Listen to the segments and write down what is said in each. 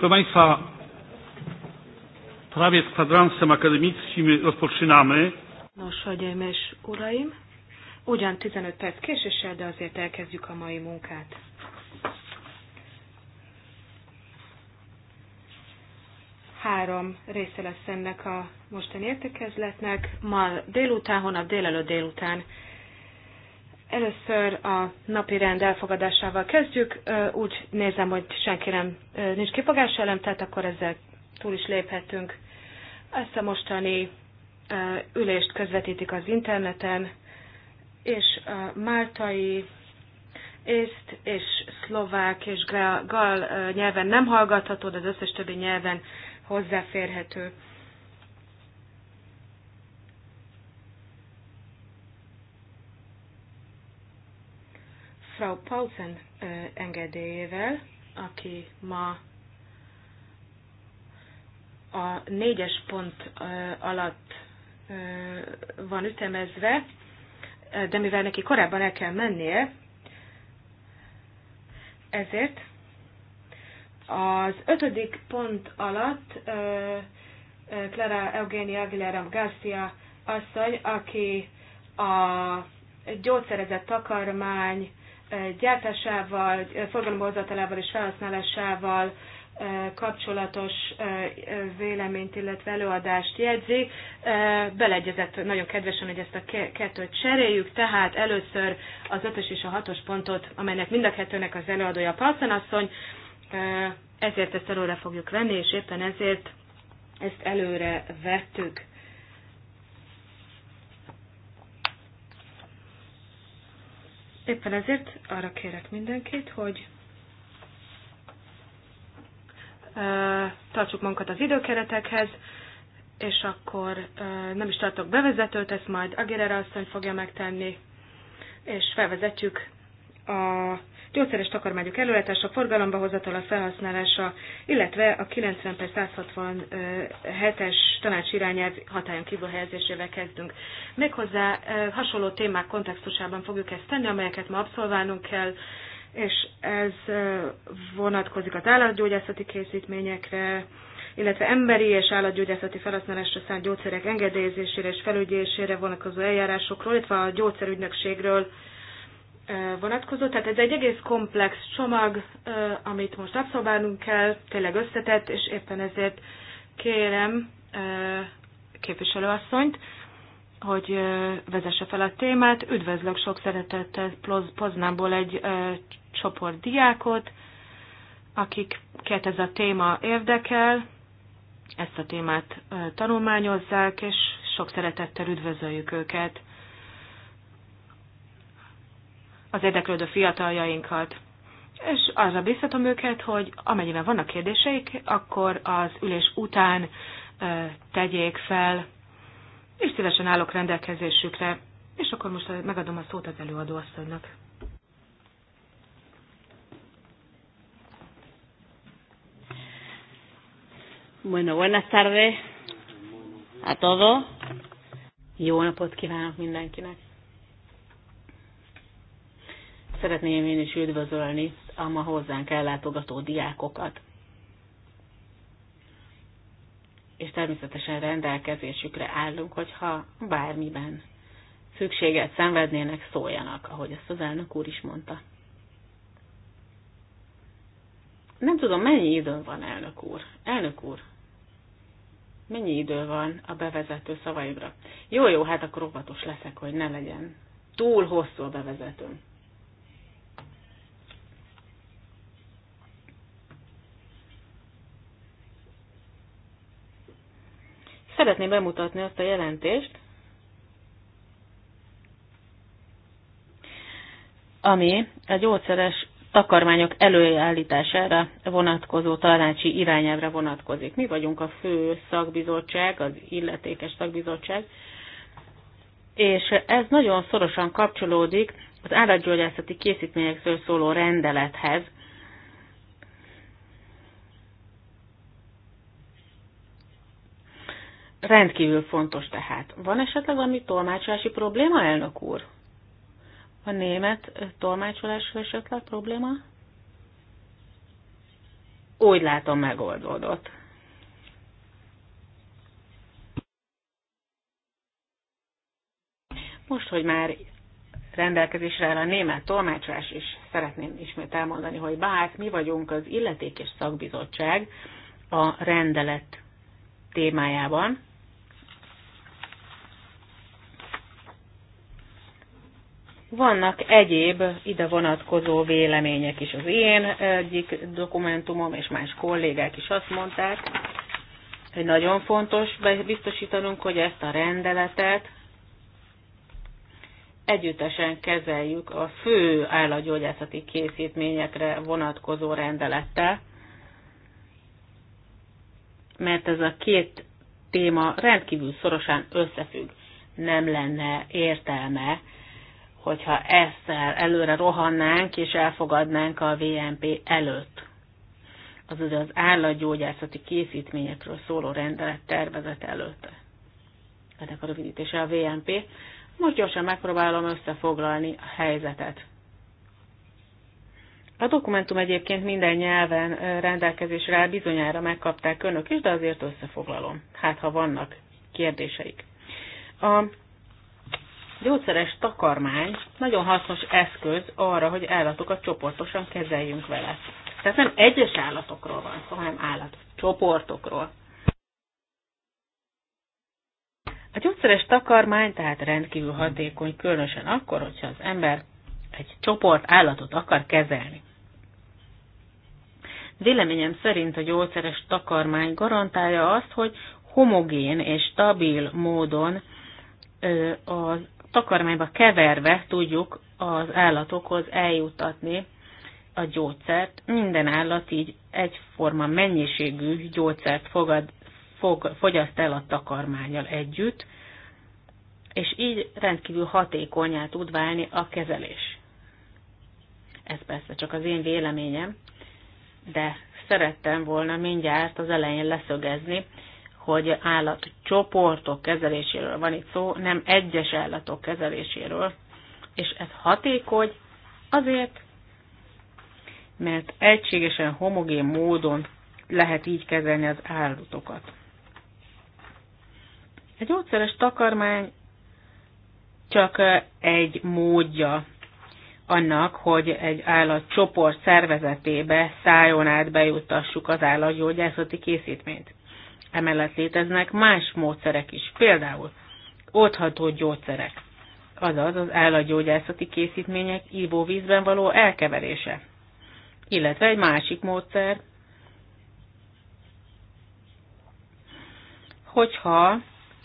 Proszę Państwa, prawie z kwadransem akademickim rozpoczynamy. Nos, hölgyeim és uraim, ugyan 15 perc késéssel, de azért elkezdjük a mai munkát. Három része lesz ennek a mostani értekezletnek. Ma délután, holnap délelőtt délután Először a napi rend elfogadásával kezdjük. Úgy nézem, hogy senki nem nincs kifogás ellen, tehát akkor ezzel túl is léphetünk. Ezt a mostani ülést közvetítik az interneten, és a máltai, észt és szlovák és gal nyelven nem hallgatható, de az összes többi nyelven hozzáférhető. Frau Paulsen engedélyével, aki ma a négyes pont alatt van ütemezve, de mivel neki korábban el kell mennie, ezért az ötödik pont alatt Clara Eugenia Aguilera Garcia asszony, aki a gyógyszerezett takarmány gyártásával, forgalomba és felhasználásával kapcsolatos véleményt, illetve előadást jegyzi. Beleegyezett nagyon kedvesen, hogy ezt a kettőt cseréljük, tehát először az ötös és a hatos pontot, amelynek mind a kettőnek az előadója Palszenasszony, ezért ezt előre fogjuk venni, és éppen ezért ezt előre vettük. Éppen ezért arra kérek mindenkit, hogy tartsuk magunkat az időkeretekhez, és akkor nem is tartok bevezetőt, ezt majd Agirera asszony fogja megtenni, és felvezetjük a gyógyszeres takarmányok előállítása, forgalomba hozatala, felhasználása, illetve a 90 per 167-es tanács irányelv hatályon kívül helyezésével kezdünk. Méghozzá hasonló témák kontextusában fogjuk ezt tenni, amelyeket ma abszolválnunk kell, és ez vonatkozik az állatgyógyászati készítményekre, illetve emberi és állatgyógyászati felhasználásra szánt gyógyszerek engedélyezésére és felügyésére vonatkozó eljárásokról, illetve a gyógyszerügynökségről vonatkozó, tehát ez egy egész komplex csomag, amit most abszolválnunk kell, tényleg összetett, és éppen ezért kérem képviselőasszonyt, hogy vezesse fel a témát. Üdvözlök sok szeretettel Poznából egy csoport diákot, akiket ez a téma érdekel, ezt a témát tanulmányozzák, és sok szeretettel üdvözöljük őket az érdeklődő fiataljainkat. És arra biztatom őket, hogy amennyiben vannak kérdéseik, akkor az ülés után tegyék fel, és szívesen állok rendelkezésükre. És akkor most megadom a szót az előadó asszonynak. Bueno, buenas tardes a todos. Jó napot kívánok mindenkinek! Szeretném én is üdvözölni a ma hozzánk ellátogató diákokat. És természetesen rendelkezésükre állunk, hogyha bármiben szükséget szenvednének, szóljanak, ahogy ezt az elnök úr is mondta. Nem tudom, mennyi időn van, elnök úr. Elnök úr, mennyi idő van a bevezető szavaimra? Jó, jó, hát akkor óvatos leszek, hogy ne legyen túl hosszú a bevezetőm. Szeretném bemutatni azt a jelentést, ami a gyógyszeres takarmányok előállítására vonatkozó tanácsi irányelvre vonatkozik. Mi vagyunk a fő szakbizottság, az illetékes szakbizottság, és ez nagyon szorosan kapcsolódik az állatgyógyászati készítményekről szóló rendelethez, Rendkívül fontos tehát. Van esetleg valami tolmácsolási probléma, elnök úr? A német tolmácsolás esetleg probléma? Úgy látom, megoldódott. Most, hogy már rendelkezésre áll a német tolmácsolás, és szeretném ismét elmondani, hogy bár mi vagyunk az illetékes szakbizottság a rendelet témájában, Vannak egyéb ide vonatkozó vélemények is. Az én egyik dokumentumom és más kollégák is azt mondták, hogy nagyon fontos biztosítanunk, hogy ezt a rendeletet együttesen kezeljük a fő állatgyógyászati készítményekre vonatkozó rendelettel, mert ez a két téma rendkívül szorosan összefügg. Nem lenne értelme hogyha ezzel előre rohannánk és elfogadnánk a VMP előtt. Azaz az állatgyógyászati készítményekről szóló rendelet tervezet előtt. Ennek a rövidítése a VMP. Most gyorsan megpróbálom összefoglalni a helyzetet. A dokumentum egyébként minden nyelven rendelkezésre áll, bizonyára megkapták önök is, de azért összefoglalom, hát ha vannak kérdéseik. A gyógyszeres takarmány nagyon hasznos eszköz arra, hogy állatokat csoportosan kezeljünk vele. Tehát nem egyes állatokról van szó, hanem állatcsoportokról. A gyógyszeres takarmány tehát rendkívül hatékony, különösen akkor, hogyha az ember egy csoport állatot akar kezelni. Véleményem szerint a gyógyszeres takarmány garantálja azt, hogy homogén és stabil módon az takarmányba keverve tudjuk az állatokhoz eljutatni a gyógyszert. Minden állat így egyforma mennyiségű gyógyszert fogad, fog, fogyaszt el a takarmányal együtt, és így rendkívül hatékonyá tud válni a kezelés. Ez persze csak az én véleményem, de szerettem volna mindjárt az elején leszögezni, hogy állatcsoportok kezeléséről van itt szó, nem egyes állatok kezeléséről, és ez hatékony azért, mert egységesen, homogén módon lehet így kezelni az állatokat. Egy gyógyszeres takarmány csak egy módja annak, hogy egy állatcsoport szervezetébe szájon át bejuttassuk az állatgyógyászati készítményt. Emellett léteznek más módszerek is, például oldható gyógyszerek, azaz az állatgyógyászati készítmények ivóvízben való elkeverése, illetve egy másik módszer, hogyha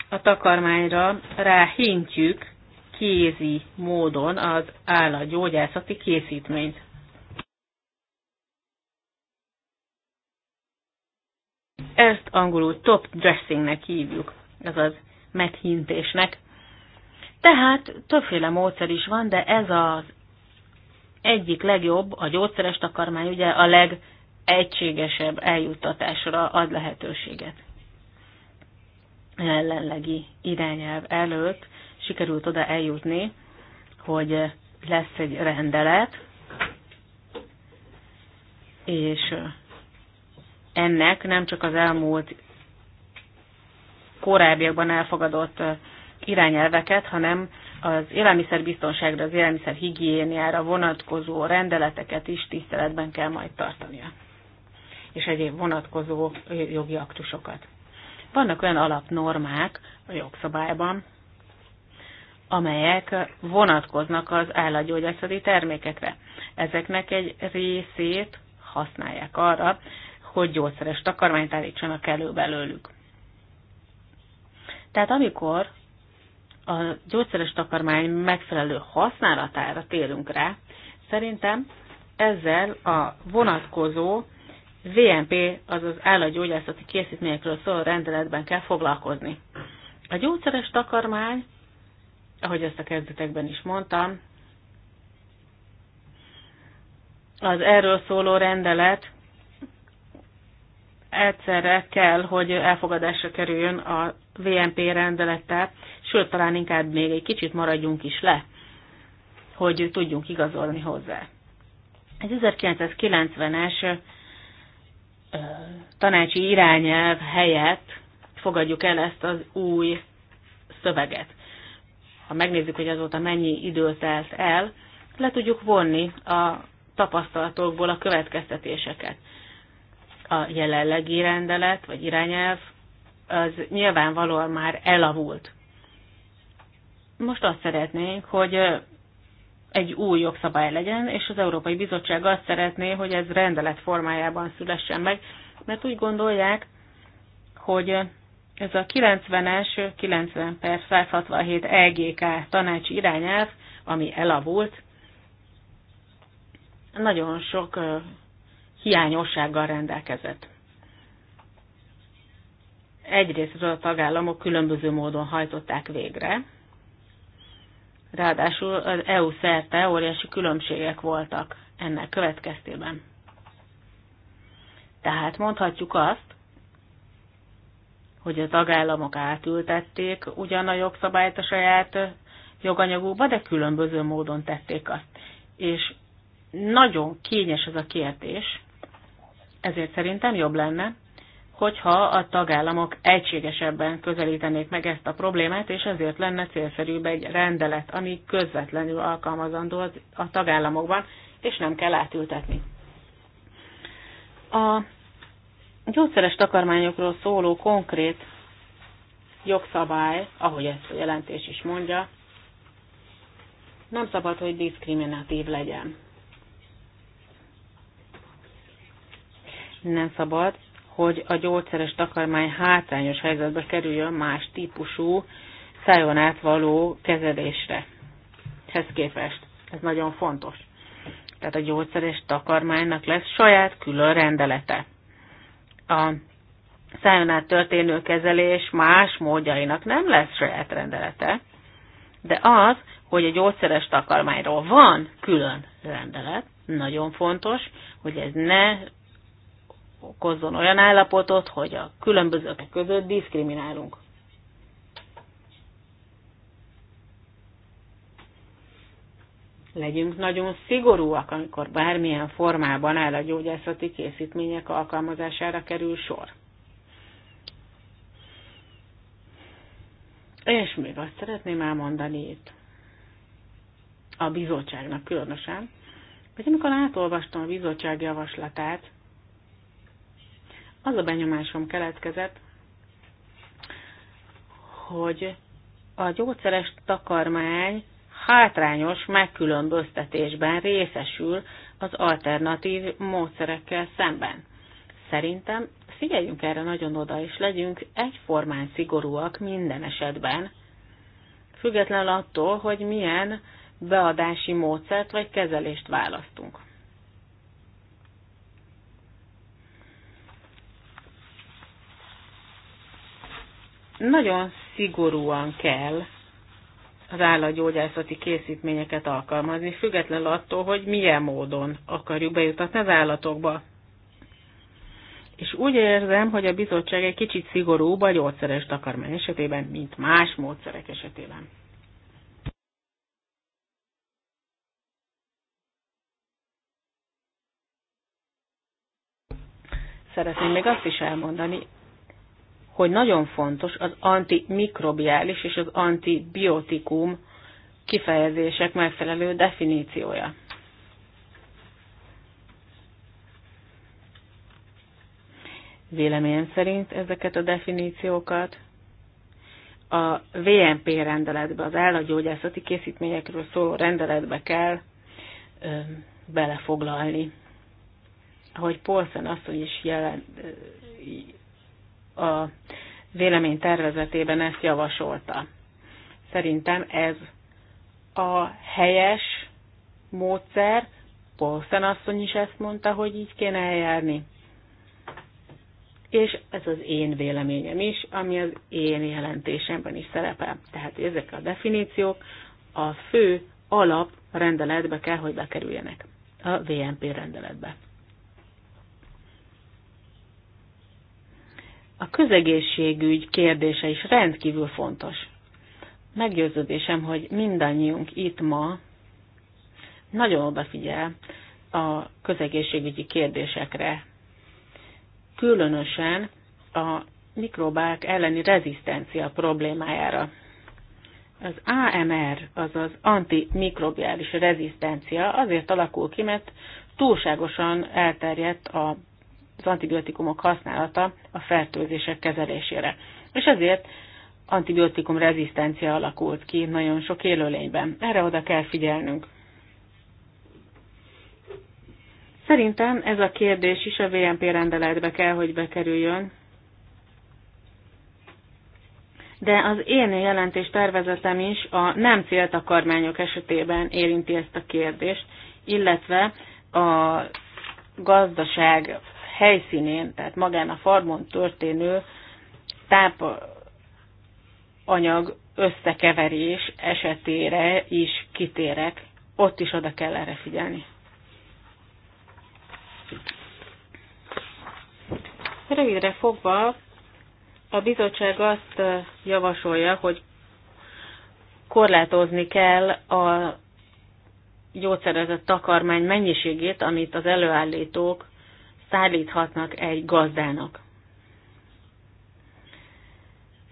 a takarmányra ráhintjük kézi módon az állatgyógyászati készítményt. Ezt angolul top dressingnek hívjuk, azaz methintésnek. Tehát többféle módszer is van, de ez az egyik legjobb, a gyógyszeres takarmány ugye a legegységesebb eljuttatásra ad lehetőséget. Ellenlegi irányelv előtt sikerült oda eljutni, hogy lesz egy rendelet, és ennek nem csak az elmúlt korábbiakban elfogadott irányelveket, hanem az élelmiszerbiztonságra, az élelmiszer higiéniára vonatkozó rendeleteket is tiszteletben kell majd tartania, és egyéb vonatkozó jogi aktusokat. Vannak olyan alapnormák a jogszabályban, amelyek vonatkoznak az állatgyógyászati termékekre. Ezeknek egy részét használják arra, hogy gyógyszeres takarmányt állítsanak elő belőlük. Tehát amikor a gyógyszeres takarmány megfelelő használatára térünk rá, szerintem ezzel a vonatkozó VNP, azaz állatgyógyászati készítményekről szóló rendeletben kell foglalkozni. A gyógyszeres takarmány, ahogy ezt a kezdetekben is mondtam, az erről szóló rendelet egyszerre kell, hogy elfogadásra kerüljön a VMP rendelettel, sőt, talán inkább még egy kicsit maradjunk is le, hogy tudjunk igazolni hozzá. Ez 1990-es tanácsi irányelv helyett fogadjuk el ezt az új szöveget. Ha megnézzük, hogy azóta mennyi idő telt el, le tudjuk vonni a tapasztalatokból a következtetéseket a jelenlegi rendelet vagy irányelv, az nyilvánvalóan már elavult. Most azt szeretnénk, hogy egy új jogszabály legyen, és az Európai Bizottság azt szeretné, hogy ez rendelet formájában szülessen meg, mert úgy gondolják, hogy ez a 90-es, 90 per 167 EGK tanácsi irányelv, ami elavult, nagyon sok hiányossággal rendelkezett. Egyrészt a tagállamok különböző módon hajtották végre, ráadásul az EU szerte óriási különbségek voltak ennek következtében. Tehát mondhatjuk azt, hogy a tagállamok átültették ugyan a jogszabályt a saját joganyagukba, de különböző módon tették azt. És nagyon kényes ez a kérdés, ezért szerintem jobb lenne, hogyha a tagállamok egységesebben közelítenék meg ezt a problémát, és ezért lenne célszerűbb egy rendelet, ami közvetlenül alkalmazandó a tagállamokban, és nem kell átültetni. A gyógyszeres takarmányokról szóló konkrét jogszabály, ahogy ezt a jelentés is mondja, nem szabad, hogy diszkriminatív legyen. Nem szabad, hogy a gyógyszeres takarmány hátrányos helyzetbe kerüljön más típusú szájon való kezelésre. Ehhez képest. Ez nagyon fontos. Tehát a gyógyszeres takarmánynak lesz saját külön rendelete. A szájon át történő kezelés más módjainak nem lesz saját rendelete, de az, hogy a gyógyszeres takarmányról van külön rendelet, nagyon fontos, hogy ez ne okozzon olyan állapotot, hogy a különbözők között diszkriminálunk. Legyünk nagyon szigorúak, amikor bármilyen formában a gyógyászati készítmények alkalmazására kerül sor. És még azt szeretném elmondani itt, a bizottságnak különösen, hogy amikor átolvastam a bizottság javaslatát, az a benyomásom keletkezett, hogy a gyógyszeres takarmány hátrányos megkülönböztetésben részesül az alternatív módszerekkel szemben. Szerintem figyeljünk erre nagyon oda, és legyünk egyformán szigorúak minden esetben, függetlenül attól, hogy milyen beadási módszert vagy kezelést választunk. nagyon szigorúan kell az állatgyógyászati készítményeket alkalmazni, függetlenül attól, hogy milyen módon akarjuk bejutatni az állatokba. És úgy érzem, hogy a bizottság egy kicsit szigorúbb a gyógyszeres takarmány esetében, mint más módszerek esetében. Szeretném még azt is elmondani, hogy nagyon fontos az antimikrobiális és az antibiotikum kifejezések megfelelő definíciója. Véleményem szerint ezeket a definíciókat a VMP rendeletbe, az állatgyógyászati készítményekről szóló rendeletbe kell ö, belefoglalni. Ahogy Polszen asszony is jelen, a vélemény tervezetében ezt javasolta. Szerintem ez a helyes módszer, Polszen asszony is ezt mondta, hogy így kéne eljárni. És ez az én véleményem is, ami az én jelentésemben is szerepel. Tehát ezek a definíciók a fő alap rendeletbe kell, hogy bekerüljenek. A VMP rendeletbe. a közegészségügy kérdése is rendkívül fontos. Meggyőződésem, hogy mindannyiunk itt ma nagyon odafigyel a közegészségügyi kérdésekre, különösen a mikrobák elleni rezisztencia problémájára. Az AMR, azaz antimikrobiális rezisztencia azért alakul ki, mert túlságosan elterjedt a az antibiotikumok használata a fertőzések kezelésére. És ezért antibiotikum rezisztencia alakult ki nagyon sok élőlényben. Erre oda kell figyelnünk. Szerintem ez a kérdés is a VMP rendeletbe kell, hogy bekerüljön. De az én jelentés tervezetem is a nem céltakarmányok esetében érinti ezt a kérdést, illetve a gazdaság helyszínén, tehát magán a farmon történő tápanyag összekeverés esetére is kitérek. Ott is oda kell erre figyelni. Rövidre fogva a bizottság azt javasolja, hogy korlátozni kell a gyógyszerezett takarmány mennyiségét, amit az előállítók szállíthatnak egy gazdának.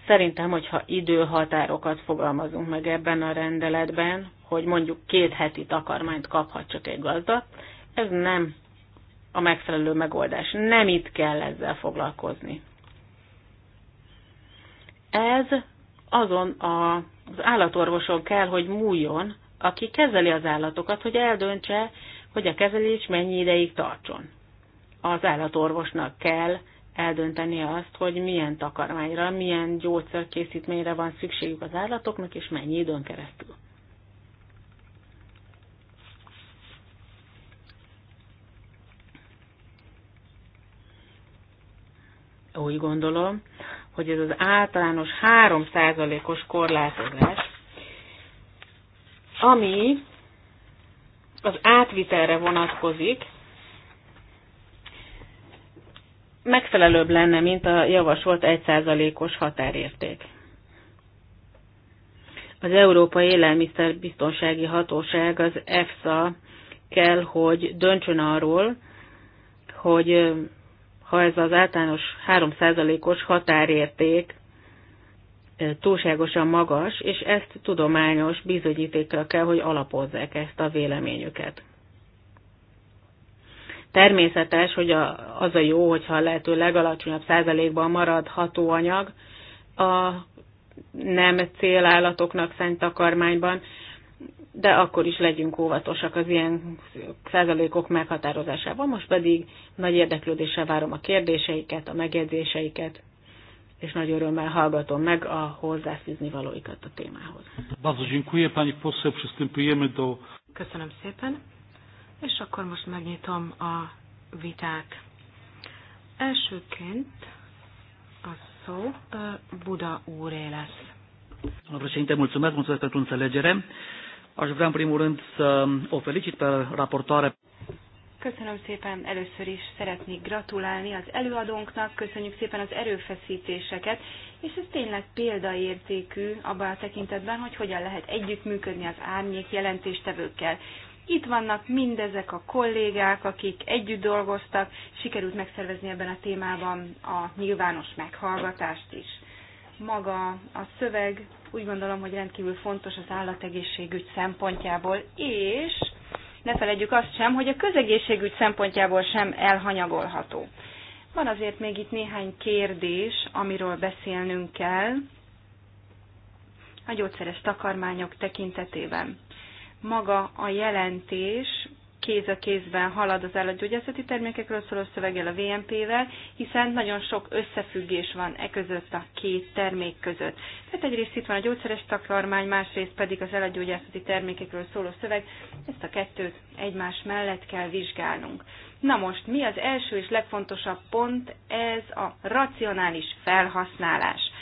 Szerintem, hogyha időhatárokat fogalmazunk meg ebben a rendeletben, hogy mondjuk két heti takarmányt kaphat csak egy gazda, ez nem a megfelelő megoldás. Nem itt kell ezzel foglalkozni. Ez azon a, az állatorvoson kell, hogy múljon, aki kezeli az állatokat, hogy eldöntse, hogy a kezelés mennyi ideig tartson az állatorvosnak kell eldönteni azt, hogy milyen takarmányra, milyen gyógyszerkészítményre van szükségük az állatoknak, és mennyi időn keresztül. Úgy gondolom, hogy ez az általános 3%-os korlátozás, ami az átvitelre vonatkozik, megfelelőbb lenne, mint a javasolt 1%-os határérték. Az Európai Élelmiszerbiztonsági Hatóság, az EFSA kell, hogy döntsön arról, hogy ha ez az általános 3%-os határérték túlságosan magas, és ezt tudományos bizonyítékra kell, hogy alapozzák ezt a véleményüket. Természetes, hogy a, az a jó, hogyha a lehető legalacsonyabb százalékban marad hatóanyag a nem célállatoknak szent takarmányban, de akkor is legyünk óvatosak az ilyen százalékok meghatározásában. Most pedig nagy érdeklődéssel várom a kérdéseiket, a megjegyzéseiket, és nagy örömmel hallgatom meg a hozzáfűzni valóikat a témához. Bardzo dziękuję, pani poseł. Przystępujemy do... Köszönöm szépen. És akkor most megnyitom a vitát. Elsőként a szó Buda úré lesz. Domnul președinte, mulțumesc, mulțumesc pentru înțelegere. Aș vrea în primul rând să o felicit pe raportoare. Köszönöm szépen, először is szeretnék gratulálni az előadónknak, köszönjük szépen az erőfeszítéseket, és ez tényleg példaértékű abban a tekintetben, hogy hogyan lehet együttműködni az árnyék jelentéstevőkkel. Itt vannak mindezek a kollégák, akik együtt dolgoztak, sikerült megszervezni ebben a témában a nyilvános meghallgatást is. Maga a szöveg úgy gondolom, hogy rendkívül fontos az állategészségügy szempontjából, és ne felejtjük azt sem, hogy a közegészségügy szempontjából sem elhanyagolható. Van azért még itt néhány kérdés, amiről beszélnünk kell a gyógyszeres takarmányok tekintetében maga a jelentés kéz a kézben halad az állatgyógyászati termékekről szóló szöveggel a VMP-vel, hiszen nagyon sok összefüggés van e között a két termék között. Tehát egyrészt itt van a gyógyszeres takarmány, másrészt pedig az állatgyógyászati termékekről szóló szöveg, ezt a kettőt egymás mellett kell vizsgálnunk. Na most, mi az első és legfontosabb pont? Ez a racionális felhasználás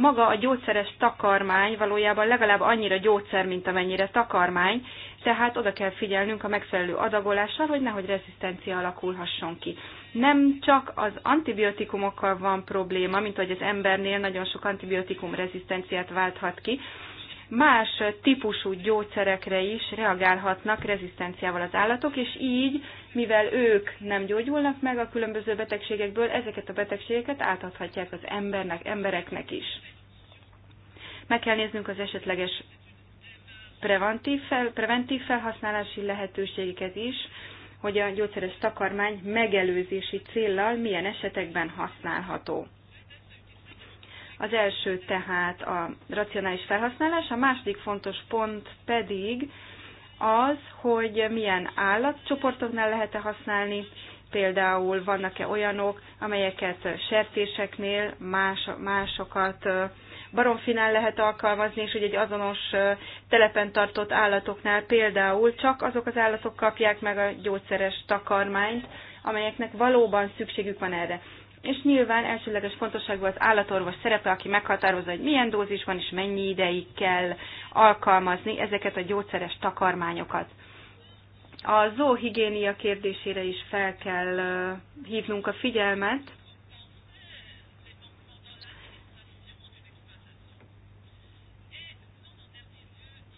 maga a gyógyszeres takarmány valójában legalább annyira gyógyszer, mint amennyire takarmány, tehát oda kell figyelnünk a megfelelő adagolással, hogy nehogy rezisztencia alakulhasson ki. Nem csak az antibiotikumokkal van probléma, mint hogy az embernél nagyon sok antibiotikum rezisztenciát válthat ki, más típusú gyógyszerekre is reagálhatnak rezisztenciával az állatok, és így, mivel ők nem gyógyulnak meg a különböző betegségekből, ezeket a betegségeket átadhatják az embernek, embereknek is. Meg kell néznünk az esetleges preventív, fel, preventív felhasználási lehetőségeket is, hogy a gyógyszeres takarmány megelőzési céllal milyen esetekben használható. Az első tehát a racionális felhasználás, a második fontos pont pedig az, hogy milyen állatcsoportoknál lehet-e használni, például vannak-e olyanok, amelyeket sertéseknél, más, másokat baromfinál lehet alkalmazni, és hogy egy azonos telepen tartott állatoknál például csak azok az állatok kapják meg a gyógyszeres takarmányt, amelyeknek valóban szükségük van erre és nyilván elsőleges fontosságú az állatorvos szerepe, aki meghatározza, hogy milyen dózisban és mennyi ideig kell alkalmazni ezeket a gyógyszeres takarmányokat. A zoohigiénia kérdésére is fel kell hívnunk a figyelmet,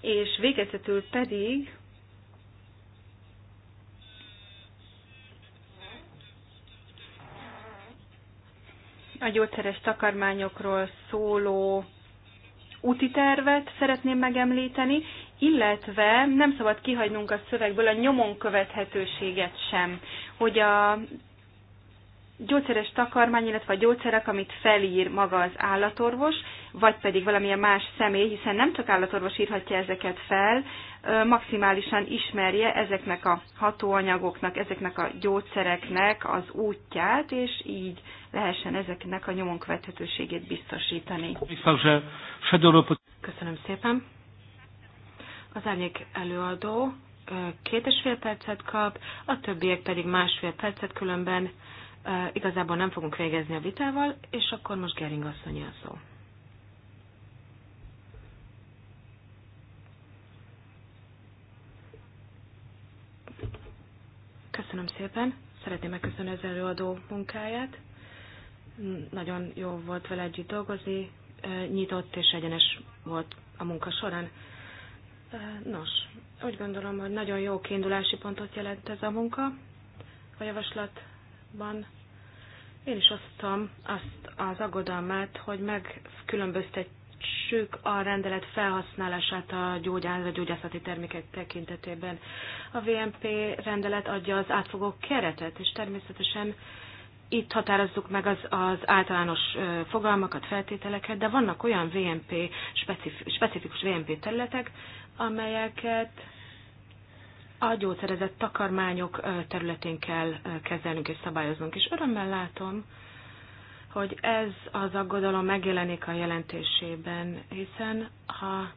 és végezetül pedig a gyógyszeres takarmányokról szóló úti tervet szeretném megemlíteni, illetve nem szabad kihagynunk a szövegből a nyomon követhetőséget sem, hogy a gyógyszeres takarmány, illetve a gyógyszerek, amit felír maga az állatorvos, vagy pedig valamilyen más személy, hiszen nem csak állatorvos írhatja ezeket fel, maximálisan ismerje ezeknek a hatóanyagoknak, ezeknek a gyógyszereknek az útját, és így lehessen ezeknek a nyomon követhetőségét biztosítani. Köszönöm szépen. Az árnyék előadó két és fél percet kap, a többiek pedig másfél percet különben igazából nem fogunk végezni a vitával, és akkor most Gering asszony a szó. Köszönöm szépen. Szeretném megköszönni az előadó munkáját. Nagyon jó volt vele együtt dolgozni, nyitott és egyenes volt a munka során. Nos, úgy gondolom, hogy nagyon jó kiindulási pontot jelent ez a munka, a javaslat korábban én is osztam azt az aggodalmát, hogy megkülönböztetjük a rendelet felhasználását a gyógyász, a gyógyászati termékek tekintetében. A VMP rendelet adja az átfogó keretet, és természetesen itt határozzuk meg az, az általános fogalmakat, feltételeket, de vannak olyan VMP, specifikus VMP területek, amelyeket a gyógyszerezett takarmányok területén kell kezelnünk és szabályoznunk. És örömmel látom, hogy ez az aggodalom megjelenik a jelentésében, hiszen ha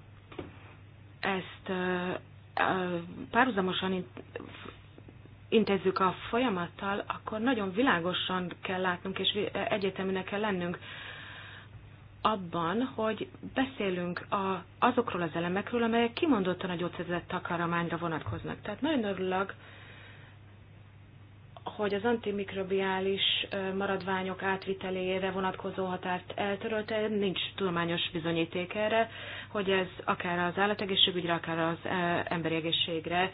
ezt párhuzamosan intézzük a folyamattal, akkor nagyon világosan kell látnunk, és egyeteműnek kell lennünk abban, hogy beszélünk a, azokról az elemekről, amelyek kimondottan a gyógyszerzett takaramányra vonatkoznak. Tehát nagyon örülök, hogy az antimikrobiális maradványok átvitelére vonatkozó határt eltörölte, nincs tudományos bizonyíték erre, hogy ez akár az állategészségügyre, akár az emberi egészségre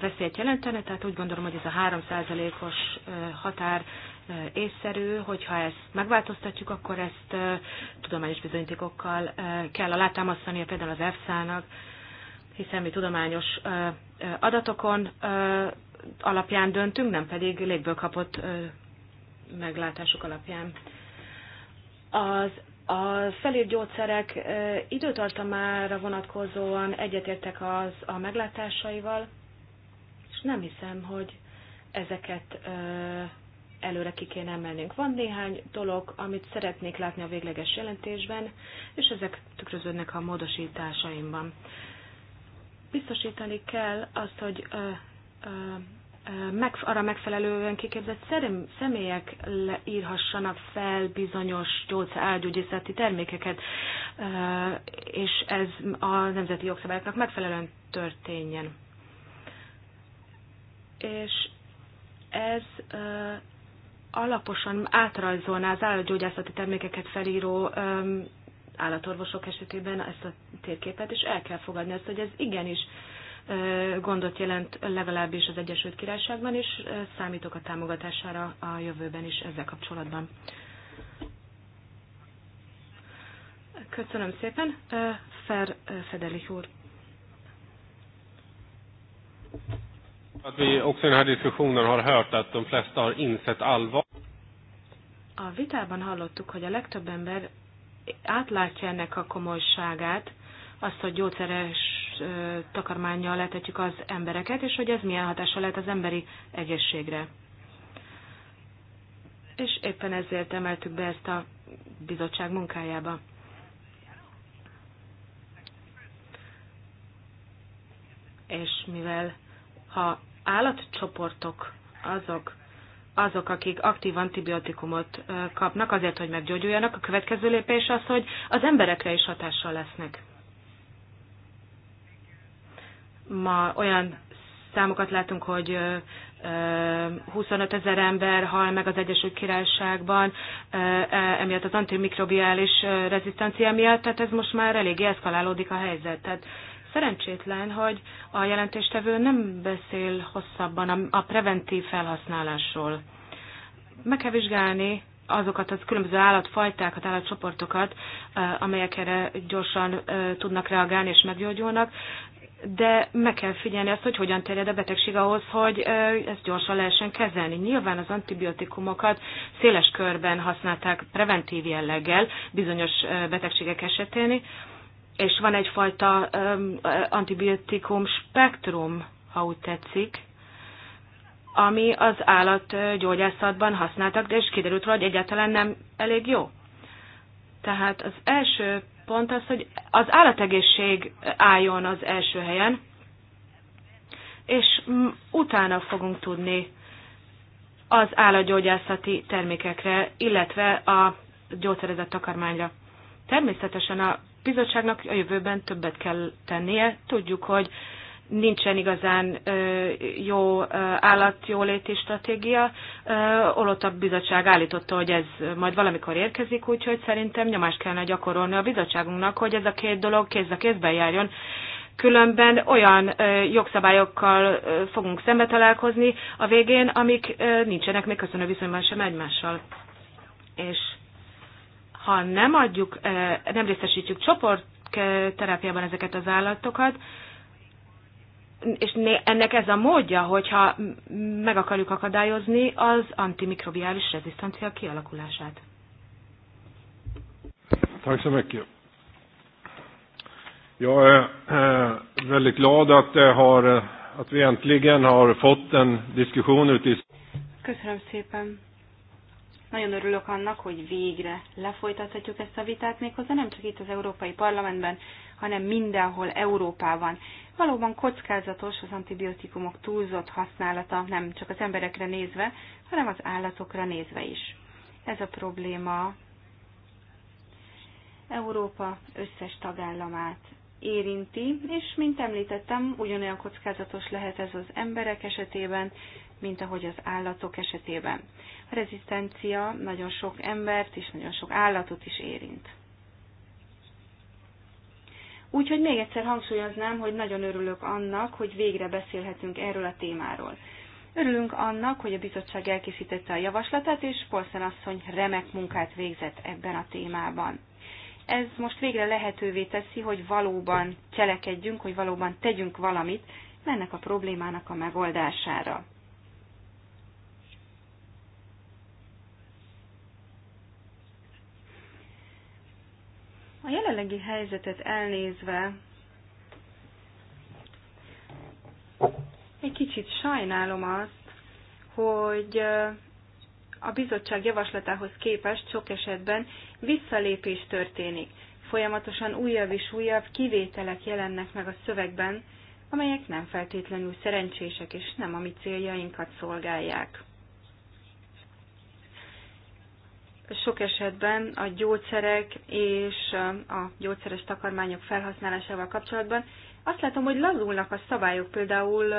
veszélyt jelentene, tehát úgy gondolom, hogy ez a 3%-os határ észszerű, hogyha ezt megváltoztatjuk, akkor ezt tudományos bizonyítékokkal kell alátámasztani, például az EFSA-nak, hiszen mi tudományos adatokon alapján döntünk, nem pedig légből kapott meglátások alapján. Az a felírt gyógyszerek időtartamára vonatkozóan egyetértek az a meglátásaival, és nem hiszem, hogy ezeket előre ki kéne emelnünk. Van néhány dolog, amit szeretnék látni a végleges jelentésben, és ezek tükröződnek a módosításaimban. Biztosítani kell azt, hogy ö, ö, meg, arra megfelelően kiképzett személyek írhassanak fel bizonyos gyógyszergyógyászati termékeket, és ez a nemzeti jogszabályoknak megfelelően történjen. És ez alaposan átrajzolná az állatgyógyászati termékeket felíró öm, állatorvosok esetében ezt a térképet, és el kell fogadni ezt, hogy ez igenis gondot jelent legalábbis az Egyesült Királyságban, és számítok a támogatására a jövőben is ezzel kapcsolatban. Köszönöm szépen. Fer Fedeli úr. Att vi också i den här diskussionen har hört att de flesta har insett allvar. A vitában hallottuk, hogy a legtöbb ember átlátja ennek a komolyságát, azt, hogy gyógyszeres takarmányjal letetjük az embereket, és hogy ez milyen hatása lehet az emberi egészségre. És éppen ezért emeltük be ezt a bizottság munkájába. És mivel ha állatcsoportok azok, azok, akik aktív antibiotikumot kapnak azért, hogy meggyógyuljanak, a következő lépés az, hogy az emberekre is hatással lesznek. Ma olyan számokat látunk, hogy 25 ezer ember hal meg az Egyesült Királyságban e, emiatt az antimikrobiális rezisztencia miatt, tehát ez most már eléggé eszkalálódik a helyzet. Tehát Szerencsétlen, hogy a jelentéstevő nem beszél hosszabban a preventív felhasználásról. Meg kell vizsgálni azokat az különböző állatfajtákat, állatcsoportokat, amelyek erre gyorsan tudnak reagálni és meggyógyulnak, de meg kell figyelni azt, hogy hogyan terjed a betegség ahhoz, hogy ezt gyorsan lehessen kezelni. Nyilván az antibiotikumokat széles körben használták preventív jelleggel bizonyos betegségek esetén, és van egyfajta antibiotikum spektrum, ha úgy tetszik, ami az állatgyógyászatban használtak, de és kiderült róla, hogy egyáltalán nem elég jó. Tehát az első pont az, hogy az állategészség álljon az első helyen, és utána fogunk tudni az állatgyógyászati termékekre, illetve a gyógyszerezett takarmányra. Természetesen a bizottságnak a jövőben többet kell tennie. Tudjuk, hogy nincsen igazán jó állatjóléti stratégia, Olott a bizottság állította, hogy ez majd valamikor érkezik, úgyhogy szerintem nyomást kellene gyakorolni a bizottságunknak, hogy ez a két dolog kéz a kézben járjon, különben olyan jogszabályokkal fogunk szembe találkozni a végén, amik nincsenek még köszönő viszonyban sem egymással. És ha nem adjuk, eh, nem részesítjük csoportterápiában eh, ezeket az állatokat, és ennek ez a módja, hogyha meg akarjuk akadályozni az antimikrobiális rezisztencia kialakulását. Tack så Jag är eh, väldigt glad att, det har, att vi äntligen har fått en diskussion ute i... Köszönöm szépen. Nagyon örülök annak, hogy végre lefolytathatjuk ezt a vitát méghozzá nem csak itt az Európai Parlamentben, hanem mindenhol Európában. Valóban kockázatos az antibiotikumok túlzott használata, nem csak az emberekre nézve, hanem az állatokra nézve is. Ez a probléma Európa összes tagállamát érinti, és mint említettem, ugyanolyan kockázatos lehet ez az emberek esetében, mint ahogy az állatok esetében. A rezisztencia nagyon sok embert és nagyon sok állatot is érint. Úgyhogy még egyszer hangsúlyoznám, hogy nagyon örülök annak, hogy végre beszélhetünk erről a témáról. Örülünk annak, hogy a bizottság elkészítette a javaslatát, és Polszen asszony remek munkát végzett ebben a témában. Ez most végre lehetővé teszi, hogy valóban cselekedjünk, hogy valóban tegyünk valamit ennek a problémának a megoldására. A jelenlegi helyzetet elnézve egy kicsit sajnálom azt, hogy a bizottság javaslatához képest sok esetben visszalépés történik. Folyamatosan újabb és újabb kivételek jelennek meg a szövegben, amelyek nem feltétlenül szerencsések és nem a mi céljainkat szolgálják. sok esetben a gyógyszerek és a gyógyszeres takarmányok felhasználásával kapcsolatban azt látom, hogy lazulnak a szabályok, például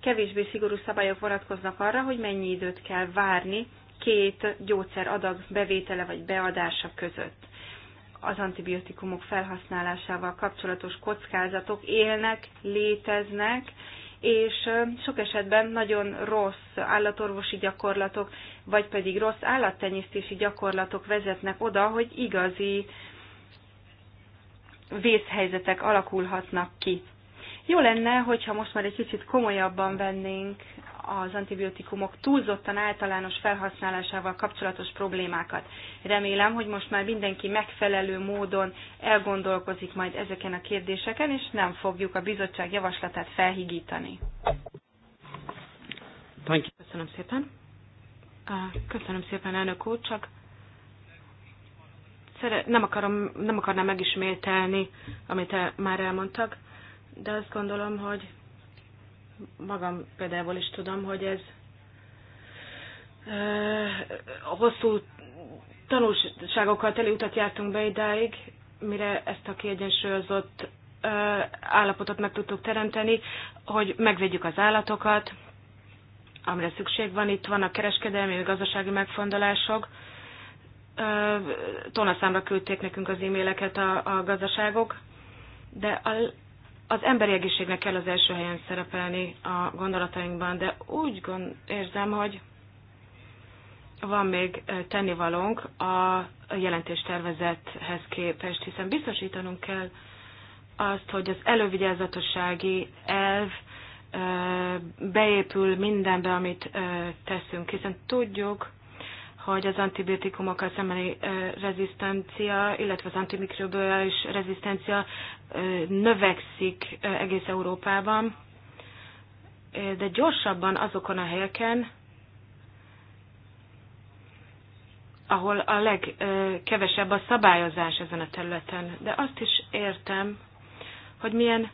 kevésbé szigorú szabályok vonatkoznak arra, hogy mennyi időt kell várni két gyógyszer adag bevétele vagy beadása között. Az antibiotikumok felhasználásával kapcsolatos kockázatok élnek, léteznek, és sok esetben nagyon rossz állatorvosi gyakorlatok, vagy pedig rossz állattenyésztési gyakorlatok vezetnek oda, hogy igazi vészhelyzetek alakulhatnak ki. Jó lenne, hogyha most már egy kicsit komolyabban vennénk az antibiotikumok túlzottan általános felhasználásával kapcsolatos problémákat. Remélem, hogy most már mindenki megfelelő módon elgondolkozik majd ezeken a kérdéseken, és nem fogjuk a bizottság javaslatát felhigítani. Köszönöm szépen. Köszönöm szépen, elnök úr, csak nem, akarom, nem akarnám megismételni, amit el, már elmondtak, de azt gondolom, hogy magam például is tudom, hogy ez eh, a hosszú tanulságokkal teli utat jártunk be idáig, mire ezt a kiegyensúlyozott eh, állapotot meg tudtuk teremteni, hogy megvédjük az állatokat, amire szükség van. Itt vannak kereskedelmi, gazdasági megfondolások. Eh, Tónaszámra küldték nekünk az e-maileket a, a gazdaságok, de a az emberi egészségnek kell az első helyen szerepelni a gondolatainkban, de úgy gond, érzem, hogy van még tennivalónk a jelentéstervezethez képest, hiszen biztosítanunk kell azt, hogy az elővigyázatossági elv beépül mindenbe, amit teszünk, hiszen tudjuk, hogy az antibiotikumokkal szembeni rezisztencia, illetve az antimikrobiális rezisztencia növekszik egész Európában, de gyorsabban azokon a helyeken, ahol a legkevesebb a szabályozás ezen a területen. De azt is értem, hogy milyen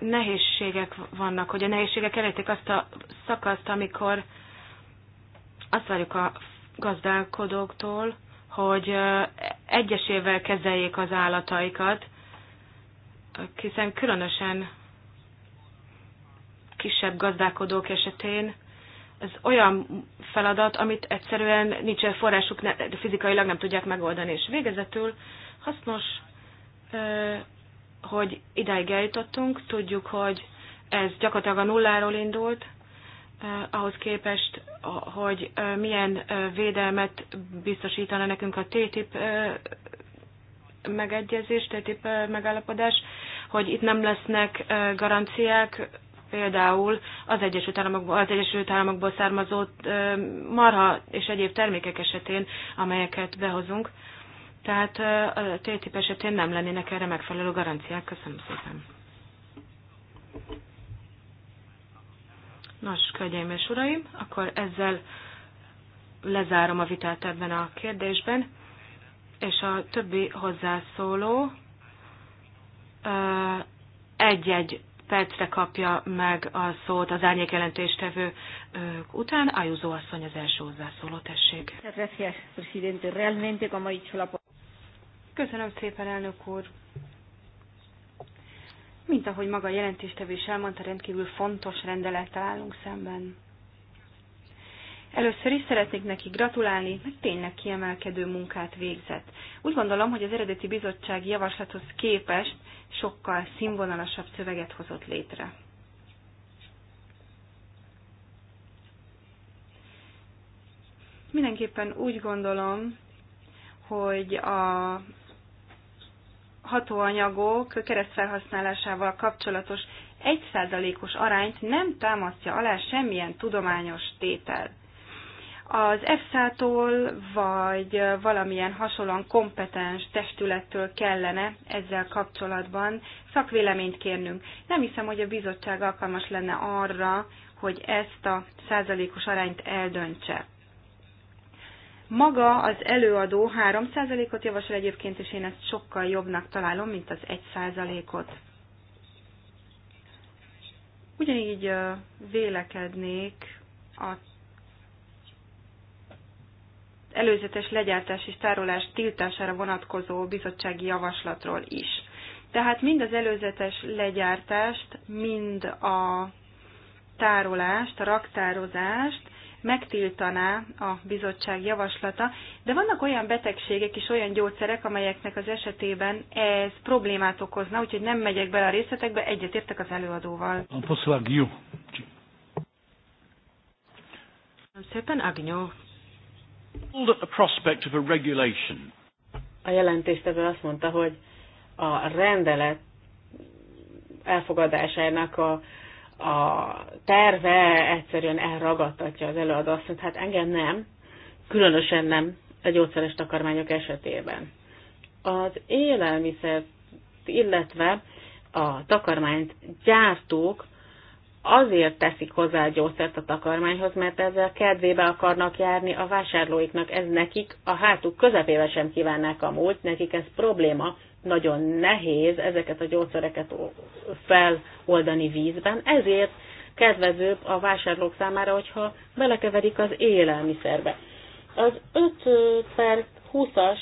nehézségek vannak, hogy a nehézségek elérték azt a szakaszt, amikor azt várjuk a gazdálkodóktól, hogy egyesével kezeljék az állataikat, hiszen különösen kisebb gazdálkodók esetén ez olyan feladat, amit egyszerűen nincs forrásuk, ne, fizikailag nem tudják megoldani. És végezetül hasznos, hogy ideig eljutottunk, tudjuk, hogy ez gyakorlatilag a nulláról indult, Eh, ahhoz képest, hogy eh, milyen eh, védelmet biztosítana nekünk a TTIP megegyezés, TTIP megállapodás, hogy itt nem lesznek garanciák, például az Egyesült, Államokból, az Egyesült Államokból származó marha és egyéb termékek esetén, amelyeket behozunk. Tehát a TTIP esetén nem lennének erre megfelelő garanciák. Köszönöm szépen. Nos, kölgyeim és uraim, akkor ezzel lezárom a vitát ebben a kérdésben, és a többi hozzászóló egy-egy percre kapja meg a szót az árnyékjelentéstevő után. Ajuzó asszony az első hozzászóló, tessék. Köszönöm szépen, elnök úr. Mint ahogy maga a jelentéstevő is elmondta, rendkívül fontos rendelettel állunk szemben. Először is szeretnék neki gratulálni, mert tényleg kiemelkedő munkát végzett. Úgy gondolom, hogy az eredeti bizottsági javaslathoz képest sokkal színvonalasabb szöveget hozott létre. Mindenképpen úgy gondolom, hogy a hatóanyagok keresztfelhasználásával kapcsolatos 1%-os arányt nem támasztja alá semmilyen tudományos tétel. Az EFSA-tól vagy valamilyen hasonlóan kompetens testülettől kellene ezzel kapcsolatban szakvéleményt kérnünk. Nem hiszem, hogy a bizottság alkalmas lenne arra, hogy ezt a százalékos arányt eldöntse. Maga az előadó 3%-ot javasol egyébként, és én ezt sokkal jobbnak találom, mint az 1%-ot. Ugyanígy vélekednék a előzetes legyártás és tárolás tiltására vonatkozó bizottsági javaslatról is. Tehát mind az előzetes legyártást, mind a tárolást, a raktározást megtiltaná a bizottság javaslata, de vannak olyan betegségek és olyan gyógyszerek, amelyeknek az esetében ez problémát okozna, úgyhogy nem megyek bele a részletekbe, egyetértek az előadóval. Köszönöm szépen, Agnyó. A jelentéstevő azt mondta, hogy a rendelet elfogadásának a a terve egyszerűen elragadtatja az előadó azt, hogy hát engem nem, különösen nem a gyógyszeres takarmányok esetében. Az élelmiszert, illetve a takarmányt gyártók azért teszik hozzá a gyógyszert a takarmányhoz, mert ezzel kedvébe akarnak járni a vásárlóiknak. Ez nekik a hátuk közepével sem kívánnák amúgy, nekik ez probléma, nagyon nehéz ezeket a gyógyszereket feloldani vízben, ezért kedvezőbb a vásárlók számára, hogyha belekeverik az élelmiszerbe. Az 5 per 20-as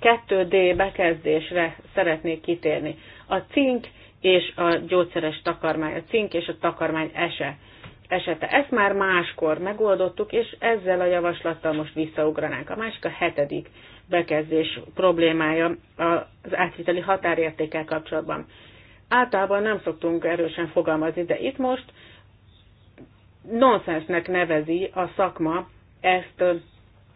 2D bekezdésre szeretnék kitérni. A cink és a gyógyszeres takarmány, a cink és a takarmány ese esete. Ezt már máskor megoldottuk, és ezzel a javaslattal most visszaugranánk. A másik a hetedik bekezdés problémája az átviteli határértékkel kapcsolatban. Általában nem szoktunk erősen fogalmazni, de itt most nonsensnek nevezi a szakma ezt a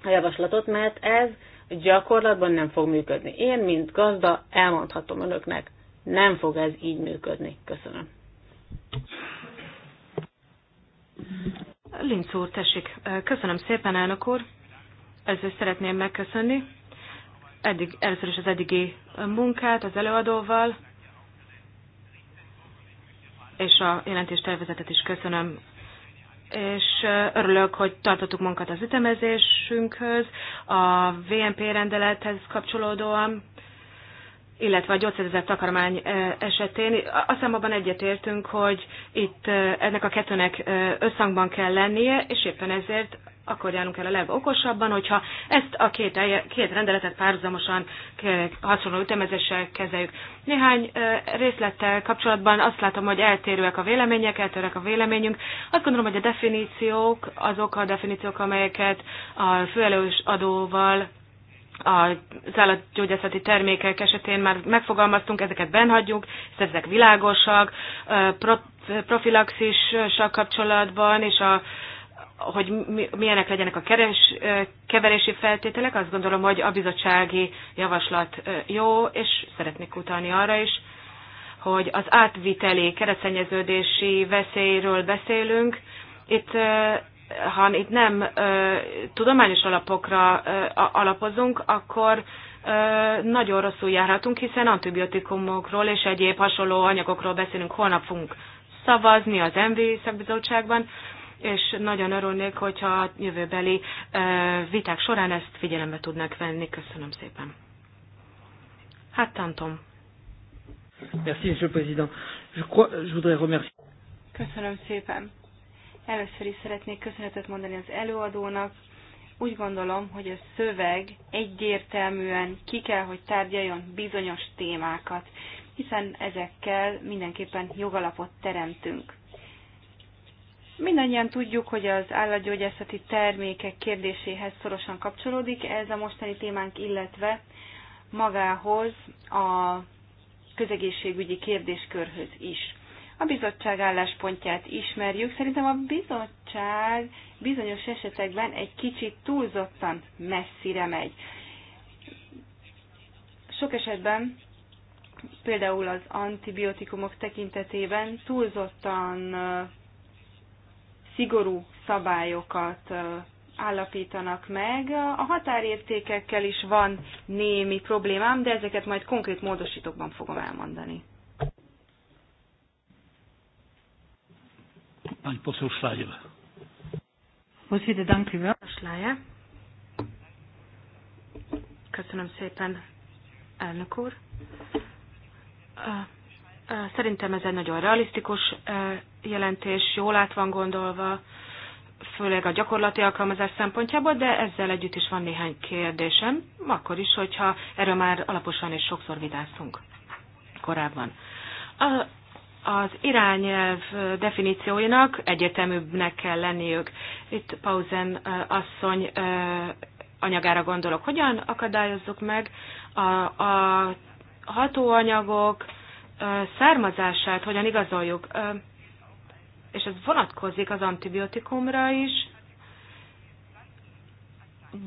javaslatot, mert ez gyakorlatban nem fog működni. Én, mint gazda, elmondhatom önöknek, nem fog ez így működni. Köszönöm. Linc úr, tessék. Köszönöm szépen, elnök úr. Ezzel szeretném megköszönni eddig, először is az eddigi munkát az előadóval, és a jelentéstervezetet is köszönöm. És örülök, hogy tartottuk munkat az ütemezésünkhöz, a VMP rendelethez kapcsolódóan, illetve a gyógyszerzett takarmány esetén. Azt hiszem abban egyetértünk, hogy itt ennek a kettőnek összhangban kell lennie, és éppen ezért akkor járunk el a legokosabban, hogyha ezt a két, elje, két rendeletet párhuzamosan hasonló ütemezéssel kezeljük. Néhány részlettel kapcsolatban azt látom, hogy eltérőek a vélemények, eltérőek a véleményünk. Azt gondolom, hogy a definíciók, azok a definíciók, amelyeket a főelős adóval az állatgyógyászati termékek esetén már megfogalmaztunk, ezeket benhagyjuk, ezek világosak, profilaxissal kapcsolatban és a hogy milyenek legyenek a keres, keverési feltételek, azt gondolom, hogy a bizottsági javaslat jó, és szeretnék utalni arra is, hogy az átviteli keretszennyeződési veszélyről beszélünk. Itt, ha itt nem tudományos alapokra alapozunk, akkor nagyon rosszul járhatunk, hiszen antibiotikumokról és egyéb hasonló anyagokról beszélünk, holnap fogunk szavazni az MV szakbizottságban, és nagyon örülnék, hogyha a jövőbeli viták során ezt figyelembe tudnak venni. Köszönöm szépen. Hát, Tantom. Merci, Monsieur le Président. Je, crois, je voudrais remercier. Köszönöm szépen. Először is szeretnék köszönetet mondani az előadónak. Úgy gondolom, hogy a szöveg egyértelműen ki kell, hogy tárgyaljon bizonyos témákat, hiszen ezekkel mindenképpen jogalapot teremtünk. Mindannyian tudjuk, hogy az állatgyógyászati termékek kérdéséhez szorosan kapcsolódik ez a mostani témánk, illetve magához a közegészségügyi kérdéskörhöz is. A bizottság álláspontját ismerjük. Szerintem a bizottság bizonyos esetekben egy kicsit túlzottan messzire megy. Sok esetben például az antibiotikumok tekintetében túlzottan szigorú szabályokat állapítanak meg. A határértékekkel is van némi problémám, de ezeket majd konkrét módosítókban fogom elmondani. Pani poseł Schleyer. Voorzitter, dank u wel. Köszönöm szépen, elnök úr. Szerintem ez egy nagyon realisztikus jelentés, jól át van gondolva, főleg a gyakorlati alkalmazás szempontjából, de ezzel együtt is van néhány kérdésem, akkor is, hogyha erről már alaposan és sokszor vitáztunk korábban. A, az irányelv definícióinak egyeteműbbnek kell lenniük. Itt Pausen asszony anyagára gondolok. Hogyan akadályozzuk meg a, a hatóanyagok, származását hogyan igazoljuk. És ez vonatkozik az antibiotikumra is,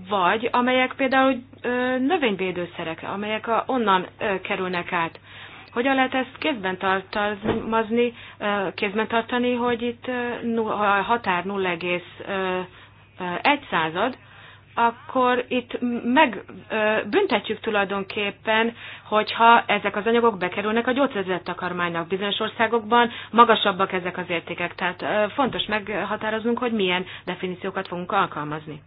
vagy amelyek például növényvédőszerek, amelyek a, onnan kerülnek át. Hogyan lehet ezt kézben tartalmazni, kézben tartani, hogy itt a határ 0,1 század, akkor itt megbüntetjük tulajdonképpen, hogyha ezek az anyagok bekerülnek a gyógyszerzett takarmánynak. Bizonyos országokban magasabbak ezek az értékek, tehát fontos meghatároznunk, hogy milyen definíciókat fogunk alkalmazni.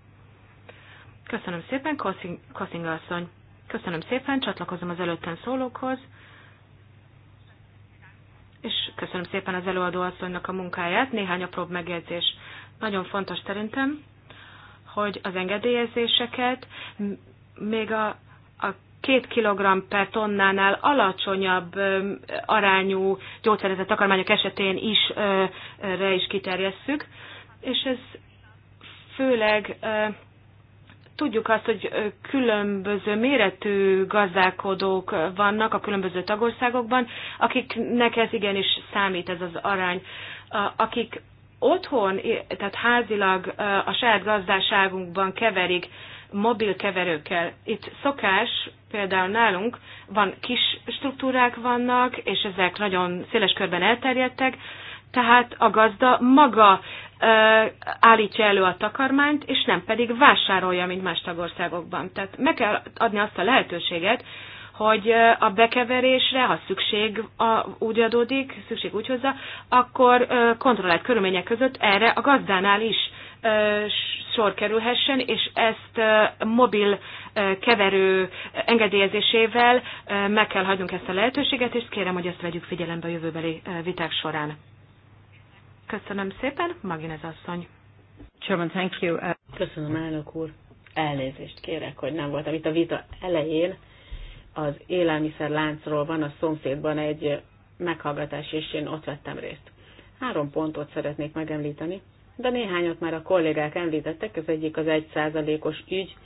Köszönöm szépen, Kossing, Kossing asszony. Köszönöm szépen, csatlakozom az előttem szólókhoz, és köszönöm szépen az előadó asszonynak a munkáját. Néhány apróbb megjegyzés. Nagyon fontos szerintem, hogy az engedélyezéseket még a, a két kilogramm per tonnánál alacsonyabb arányú gyógyszerezett takarmányok esetén is ö, re is kiterjesszük, és ez főleg tudjuk azt, hogy különböző méretű gazdálkodók vannak a különböző tagországokban, akiknek ez igenis számít ez az arány, akik otthon, tehát házilag a saját gazdaságunkban keverik mobil keverőkkel. Itt szokás, például nálunk van kis struktúrák vannak, és ezek nagyon széles körben elterjedtek, tehát a gazda maga ö, állítja elő a takarmányt, és nem pedig vásárolja, mint más tagországokban. Tehát meg kell adni azt a lehetőséget, hogy a bekeverésre, ha szükség a, úgy adódik, szükség úgy hozza, akkor kontrollált körülmények között erre a gazdánál is sor kerülhessen, és ezt mobil keverő engedélyezésével meg kell hagynunk ezt a lehetőséget, és kérem, hogy ezt vegyük figyelembe a jövőbeli viták során. Köszönöm szépen, Maginez asszony. Chairman, thank you. Köszönöm, elnök úr. Elnézést kérek, hogy nem voltam itt a vita elején az élelmiszerláncról van a szomszédban egy meghallgatás, és én ott vettem részt. Három pontot szeretnék megemlíteni, de néhányat már a kollégák említettek, ez egyik az egy százalékos ügy,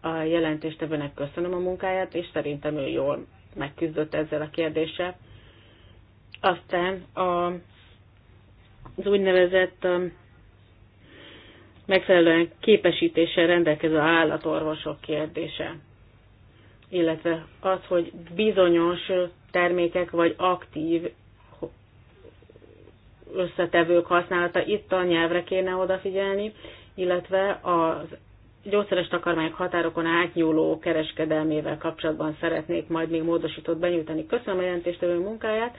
a jelentéstevőnek köszönöm a munkáját, és szerintem ő jól megküzdött ezzel a kérdéssel. Aztán a, az úgynevezett um, megfelelően képesítéssel rendelkező állatorvosok kérdése illetve az, hogy bizonyos termékek vagy aktív összetevők használata, itt a nyelvre kéne odafigyelni, illetve az gyógyszeres takarmányok határokon átnyúló kereskedelmével kapcsolatban szeretnék majd még módosított benyújtani. Köszönöm a jelentéstevő munkáját.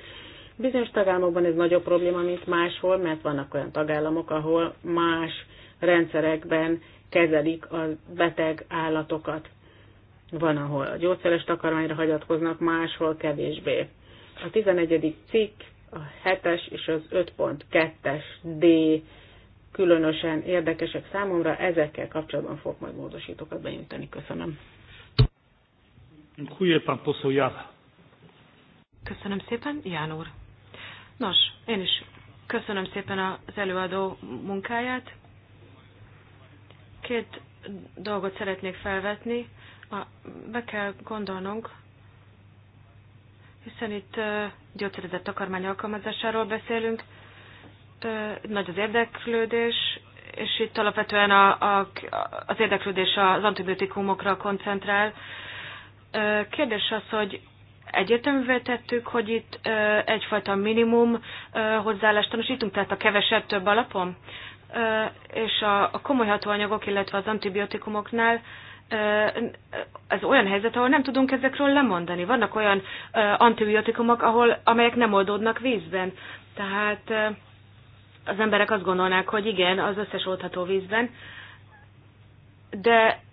Bizonyos tagállamokban ez nagyobb probléma, mint máshol, mert vannak olyan tagállamok, ahol más rendszerekben kezelik a beteg állatokat. Van, ahol a gyógyszeres takarmányra hagyatkoznak, máshol kevésbé. A 11. cikk, a 7-es és az 5.2-es D különösen érdekesek számomra, ezekkel kapcsolatban fogok majd módosítókat benyújtani. Köszönöm. Köszönöm szépen, Ján úr. Nos, én is köszönöm szépen az előadó munkáját. Két dolgot szeretnék felvetni be kell gondolnunk, hiszen itt gyógyszerezett takarmány alkalmazásáról beszélünk, nagy az érdeklődés, és itt alapvetően a, a, az érdeklődés az antibiotikumokra koncentrál. Kérdés az, hogy egyértelművé tettük, hogy itt egyfajta minimum hozzáállást tanúsítunk, tehát a kevesebb több alapon, és a, a komoly hatóanyagok, illetve az antibiotikumoknál ez olyan helyzet, ahol nem tudunk ezekről lemondani. Vannak olyan antibiotikumok, ahol, amelyek nem oldódnak vízben. Tehát az emberek azt gondolnák, hogy igen, az összes oldható vízben, de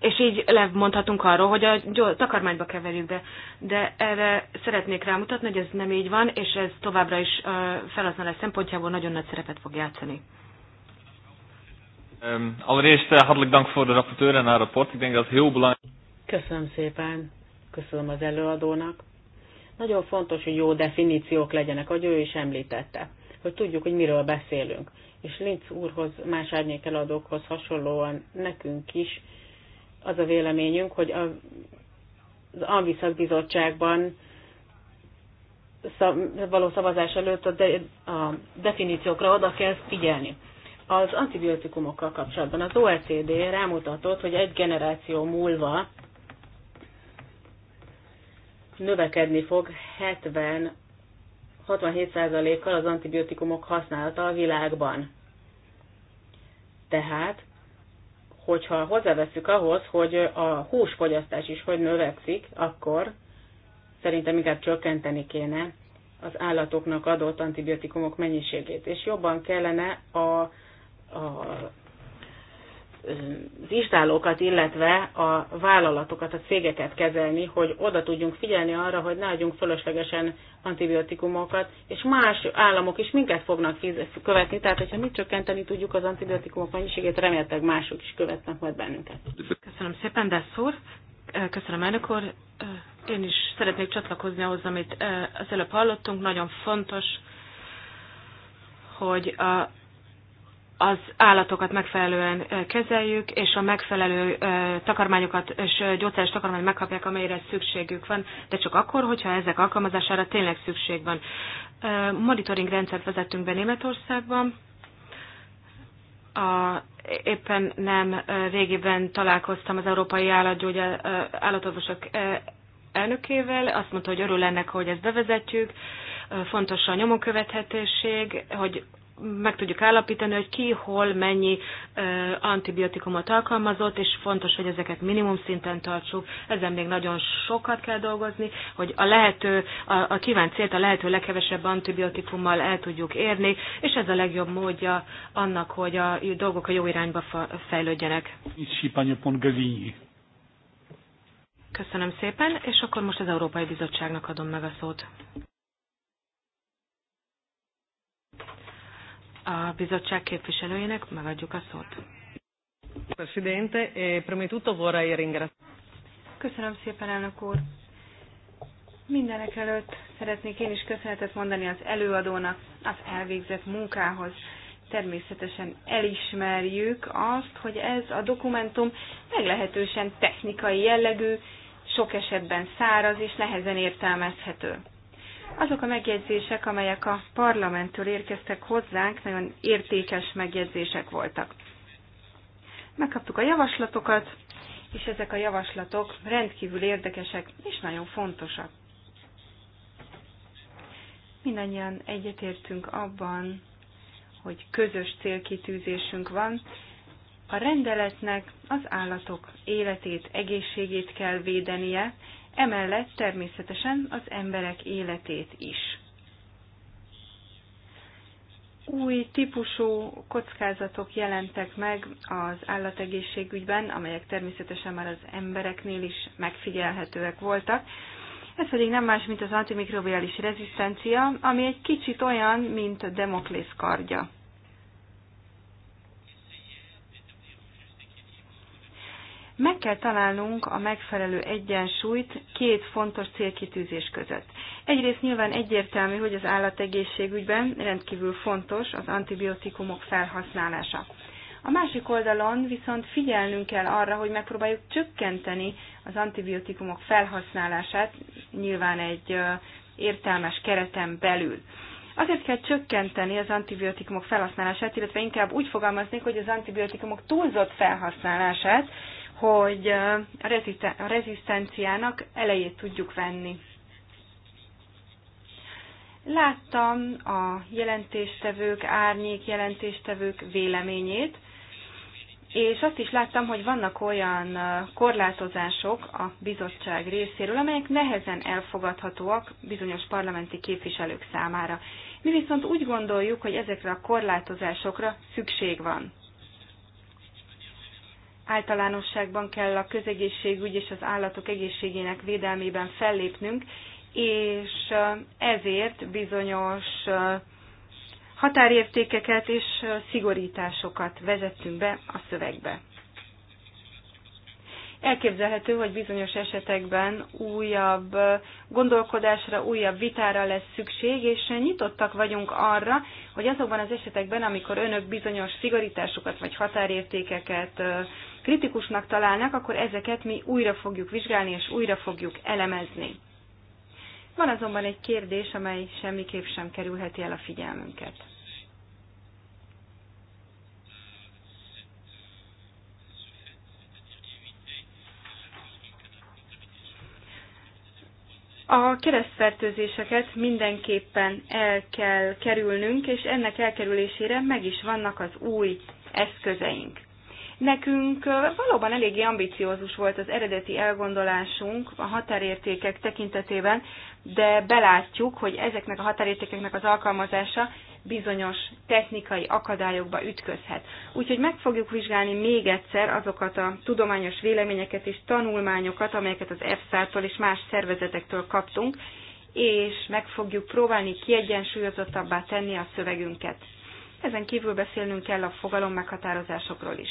és így lemondhatunk arról, hogy a takarmányba keverjük be. De erre szeretnék rámutatni, hogy ez nem így van, és ez továbbra is felhasználás szempontjából nagyon nagy szerepet fog játszani. Um, allereerst uh, hartelijk dank voor de rapporteur en haar rapport. Ik denk dat heel belangrijk. Köszönöm szépen, köszönöm az előadónak. Nagyon fontos, hogy jó definíciók legyenek, ahogy ő is említette, hogy tudjuk, hogy miről beszélünk. És Linz úrhoz, más árnyék eladókhoz hasonlóan nekünk is az a véleményünk, hogy a, az Anviszak Bizottságban szav, való szavazás előtt a, de, a definíciókra oda kell figyelni. Az antibiotikumokkal kapcsolatban az OECD rámutatott, hogy egy generáció múlva növekedni fog 70 67%-kal az antibiotikumok használata a világban. Tehát, hogyha hozzáveszünk ahhoz, hogy a húsfogyasztás is hogy növekszik, akkor szerintem inkább csökkenteni kéne az állatoknak adott antibiotikumok mennyiségét, és jobban kellene a a az illetve a vállalatokat, a cégeket kezelni, hogy oda tudjunk figyelni arra, hogy ne adjunk fölöslegesen antibiotikumokat, és más államok is minket fognak követni, tehát hogyha mi csökkenteni tudjuk az antibiotikumok mennyiségét, reméltek mások is követnek majd bennünket. Köszönöm szépen, Dessz úr. Köszönöm, elnök úr. Én is szeretnék csatlakozni ahhoz, amit az előbb hallottunk. Nagyon fontos, hogy a az állatokat megfelelően kezeljük, és a megfelelő takarmányokat és gyógyszeres takarmányt megkapják, amelyre szükségük van, de csak akkor, hogyha ezek alkalmazására tényleg szükség van. Monitoring rendszert vezettünk be Németországban, a, éppen nem régében találkoztam az Európai Állatorvosok elnökével, azt mondta, hogy örül ennek, hogy ezt bevezetjük, fontos a nyomon követhetőség, hogy meg tudjuk állapítani, hogy ki, hol, mennyi ö, antibiotikumot alkalmazott, és fontos, hogy ezeket minimum szinten tartsuk. Ezen még nagyon sokat kell dolgozni, hogy a lehető, a, a kívánt célt a lehető legkevesebb antibiotikummal el tudjuk érni, és ez a legjobb módja annak, hogy a dolgok a jó irányba fejlődjenek. Köszönöm szépen, és akkor most az Európai Bizottságnak adom meg a szót. a bizottság képviselőjének megadjuk a szót. Presidente, e, prima tutto vorrei ringraziare. Köszönöm szépen, elnök úr. Mindenek előtt szeretnék én is köszönetet mondani az előadónak az elvégzett munkához. Természetesen elismerjük azt, hogy ez a dokumentum meglehetősen technikai jellegű, sok esetben száraz és nehezen értelmezhető. Azok a megjegyzések, amelyek a parlamenttől érkeztek hozzánk, nagyon értékes megjegyzések voltak. Megkaptuk a javaslatokat, és ezek a javaslatok rendkívül érdekesek és nagyon fontosak. Mindannyian egyetértünk abban, hogy közös célkitűzésünk van. A rendeletnek az állatok életét, egészségét kell védenie, emellett természetesen az emberek életét is. Új típusú kockázatok jelentek meg az állategészségügyben, amelyek természetesen már az embereknél is megfigyelhetőek voltak. Ez pedig nem más, mint az antimikrobiális rezisztencia, ami egy kicsit olyan, mint a demoklész kardja. Meg kell találnunk a megfelelő egyensúlyt két fontos célkitűzés között. Egyrészt nyilván egyértelmű, hogy az állategészségügyben rendkívül fontos az antibiotikumok felhasználása. A másik oldalon viszont figyelnünk kell arra, hogy megpróbáljuk csökkenteni az antibiotikumok felhasználását, nyilván egy értelmes kereten belül. Azért kell csökkenteni az antibiotikumok felhasználását, illetve inkább úgy fogalmaznék, hogy az antibiotikumok túlzott felhasználását, hogy a rezisztenciának elejét tudjuk venni. Láttam a jelentéstevők, árnyék jelentéstevők véleményét, és azt is láttam, hogy vannak olyan korlátozások a bizottság részéről, amelyek nehezen elfogadhatóak bizonyos parlamenti képviselők számára. Mi viszont úgy gondoljuk, hogy ezekre a korlátozásokra szükség van általánosságban kell a közegészségügy és az állatok egészségének védelmében fellépnünk, és eh, ezért bizonyos eh, határértékeket és eh, szigorításokat vezettünk be a szövegbe. Elképzelhető, hogy bizonyos esetekben újabb gondolkodásra, újabb vitára lesz szükség, és nyitottak vagyunk arra, hogy azokban az esetekben, amikor önök bizonyos szigorításokat vagy határértékeket kritikusnak találnak, akkor ezeket mi újra fogjuk vizsgálni és újra fogjuk elemezni. Van azonban egy kérdés, amely semmiképp sem kerülheti el a figyelmünket. A keresztfertőzéseket mindenképpen el kell kerülnünk, és ennek elkerülésére meg is vannak az új eszközeink. Nekünk valóban eléggé ambiciózus volt az eredeti elgondolásunk a határértékek tekintetében, de belátjuk, hogy ezeknek a határértékeknek az alkalmazása bizonyos technikai akadályokba ütközhet. Úgyhogy meg fogjuk vizsgálni még egyszer azokat a tudományos véleményeket és tanulmányokat, amelyeket az EFSA-tól és más szervezetektől kaptunk, és meg fogjuk próbálni kiegyensúlyozottabbá tenni a szövegünket. Ezen kívül beszélnünk kell a fogalom meghatározásokról is.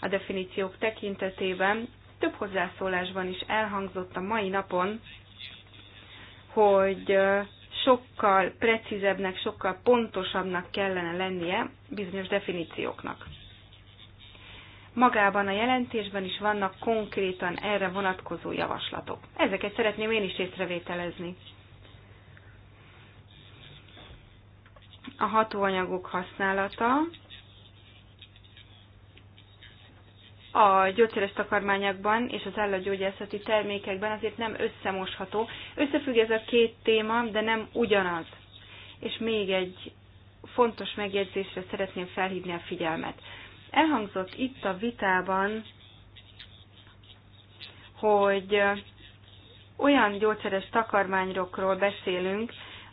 A definíciók tekintetében több hozzászólásban is elhangzott a mai napon, hogy sokkal precízebbnek, sokkal pontosabbnak kellene lennie bizonyos definícióknak. Magában a jelentésben is vannak konkrétan erre vonatkozó javaslatok. Ezeket szeretném én is észrevételezni. A hatóanyagok használata, a gyógyszeres takarmányokban és az állatgyógyászati termékekben azért nem összemosható. Összefügg ez a két téma, de nem ugyanaz. És még egy fontos megjegyzésre szeretném felhívni a figyelmet. Elhangzott itt a vitában, hogy olyan gyógyszeres takarmányokról beszélünk,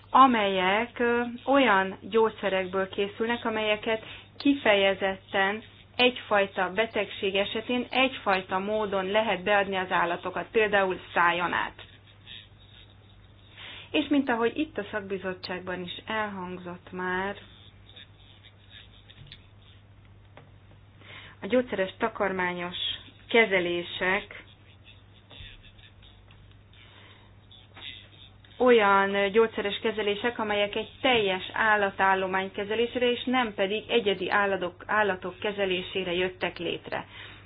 amelyek olyan gyógyszerekből készülnek, amelyeket kifejezetten egyfajta betegség esetén egyfajta módon lehet beadni az állatokat, például szájon át. És mint ahogy itt a szakbizottságban is elhangzott már, a gyógyszeres takarmányos kezelések olyan gyógyszeres kezelések, amelyek egy teljes állatállomány kezelésére, és nem pedig egyedi állatok, állatok kezelésére jöttek létre.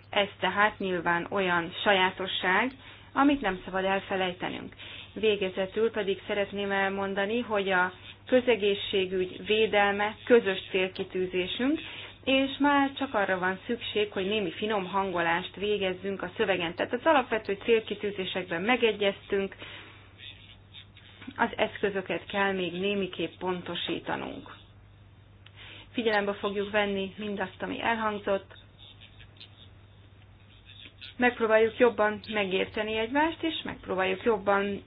Ez tehát nyilván olyan sajátosság, amit nem szabad elfelejtenünk. Végezetül pedig szeretném elmondani, hogy a közegészségügy védelme közös célkitűzésünk, és már csak arra van szükség, hogy némi finom hangolást végezzünk a szövegen. Tehát az alapvető célkitűzésekben megegyeztünk, az eszközöket kell még némiképp pontosítanunk. Figyelembe fogjuk venni mindazt, ami elhangzott, megpróbáljuk jobban megérteni egymást, és megpróbáljuk jobban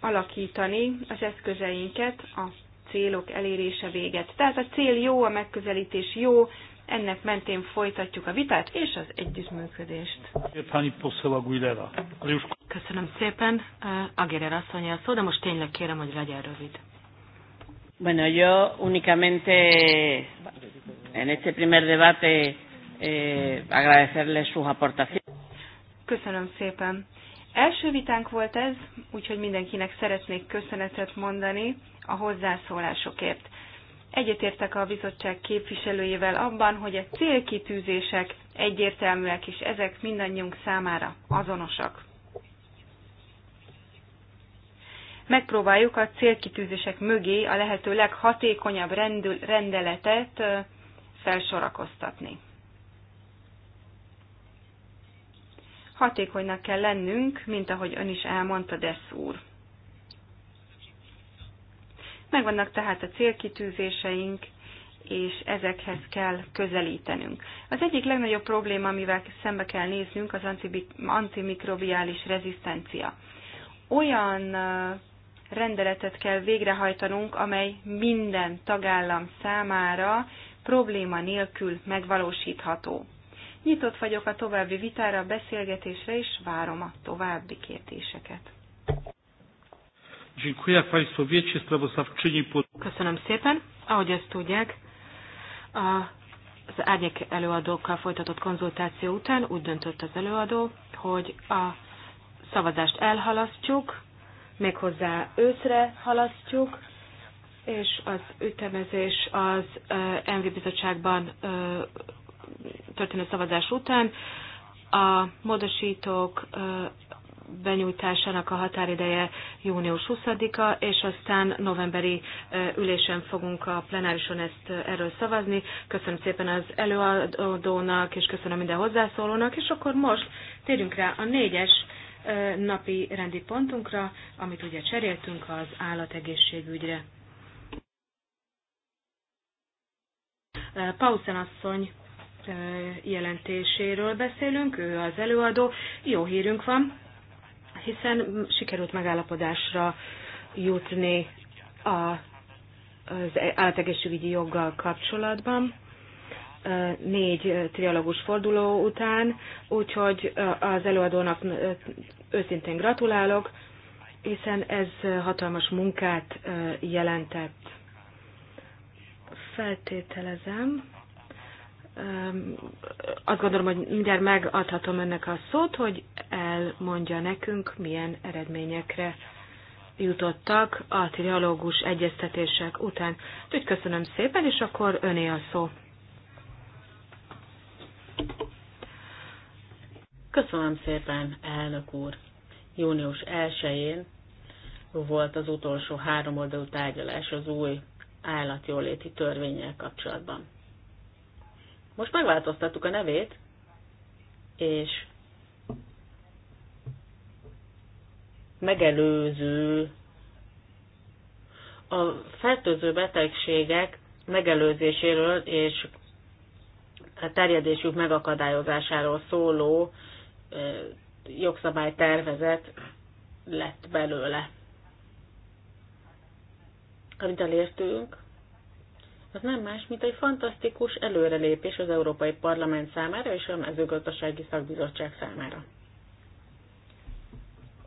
alakítani az eszközeinket a célok elérése véget. Tehát a cél jó, a megközelítés jó, ennek mentén folytatjuk a vitát és az együttműködést. Pani Köszönöm szépen. Agérer asszony a szó, de most tényleg kérem, hogy legyen rövid. Bueno, yo únicamente en este primer debate eh, agradecerle sus aportaciones. Köszönöm szépen. Első vitánk volt ez, úgyhogy mindenkinek szeretnék köszönetet mondani a hozzászólásokért. Egyetértek a bizottság képviselőjével abban, hogy a célkitűzések egyértelműek, és ezek mindannyiunk számára azonosak. megpróbáljuk a célkitűzések mögé a lehető leghatékonyabb rendül, rendeletet felsorakoztatni. Hatékonynak kell lennünk, mint ahogy ön is elmondta, Dessz úr. Megvannak tehát a célkitűzéseink, és ezekhez kell közelítenünk. Az egyik legnagyobb probléma, amivel szembe kell néznünk, az antimikrobiális rezisztencia. Olyan rendeletet kell végrehajtanunk, amely minden tagállam számára probléma nélkül megvalósítható. Nyitott vagyok a további vitára, a beszélgetésre, és várom a további kérdéseket. Köszönöm szépen. Ahogy ezt tudják, az árnyék előadókkal folytatott konzultáció után úgy döntött az előadó, hogy a szavazást elhalasztjuk, méghozzá őszre halasztjuk, és az ütemezés az MV bizottságban történő szavazás után a módosítók benyújtásának a határideje június 20-a, és aztán novemberi ülésen fogunk a plenárison ezt erről szavazni. Köszönöm szépen az előadónak, és köszönöm minden hozzászólónak, és akkor most térjünk rá a négyes napi rendi pontunkra, amit ugye cseréltünk az állategészségügyre. Pausen asszony jelentéséről beszélünk, ő az előadó. Jó hírünk van, hiszen sikerült megállapodásra jutni a, az állategészségügyi joggal kapcsolatban négy trialógus forduló után, úgyhogy az előadónak őszintén gratulálok, hiszen ez hatalmas munkát jelentett. Feltételezem, azt gondolom, hogy mindjárt megadhatom ennek a szót, hogy elmondja nekünk, milyen eredményekre jutottak a trialógus egyeztetések után. Úgy köszönöm szépen, és akkor öné a szó. Köszönöm szépen, elnök úr. Június 1-én volt az utolsó három oldalú tárgyalás az új állatjóléti törvényel kapcsolatban. Most megváltoztattuk a nevét, és megelőző a fertőző betegségek megelőzéséről és terjedésük megakadályozásáról szóló jogszabálytervezet lett belőle. Amit elértünk, az nem más, mint egy fantasztikus előrelépés az Európai Parlament számára és a mezőgazdasági szakbizottság számára.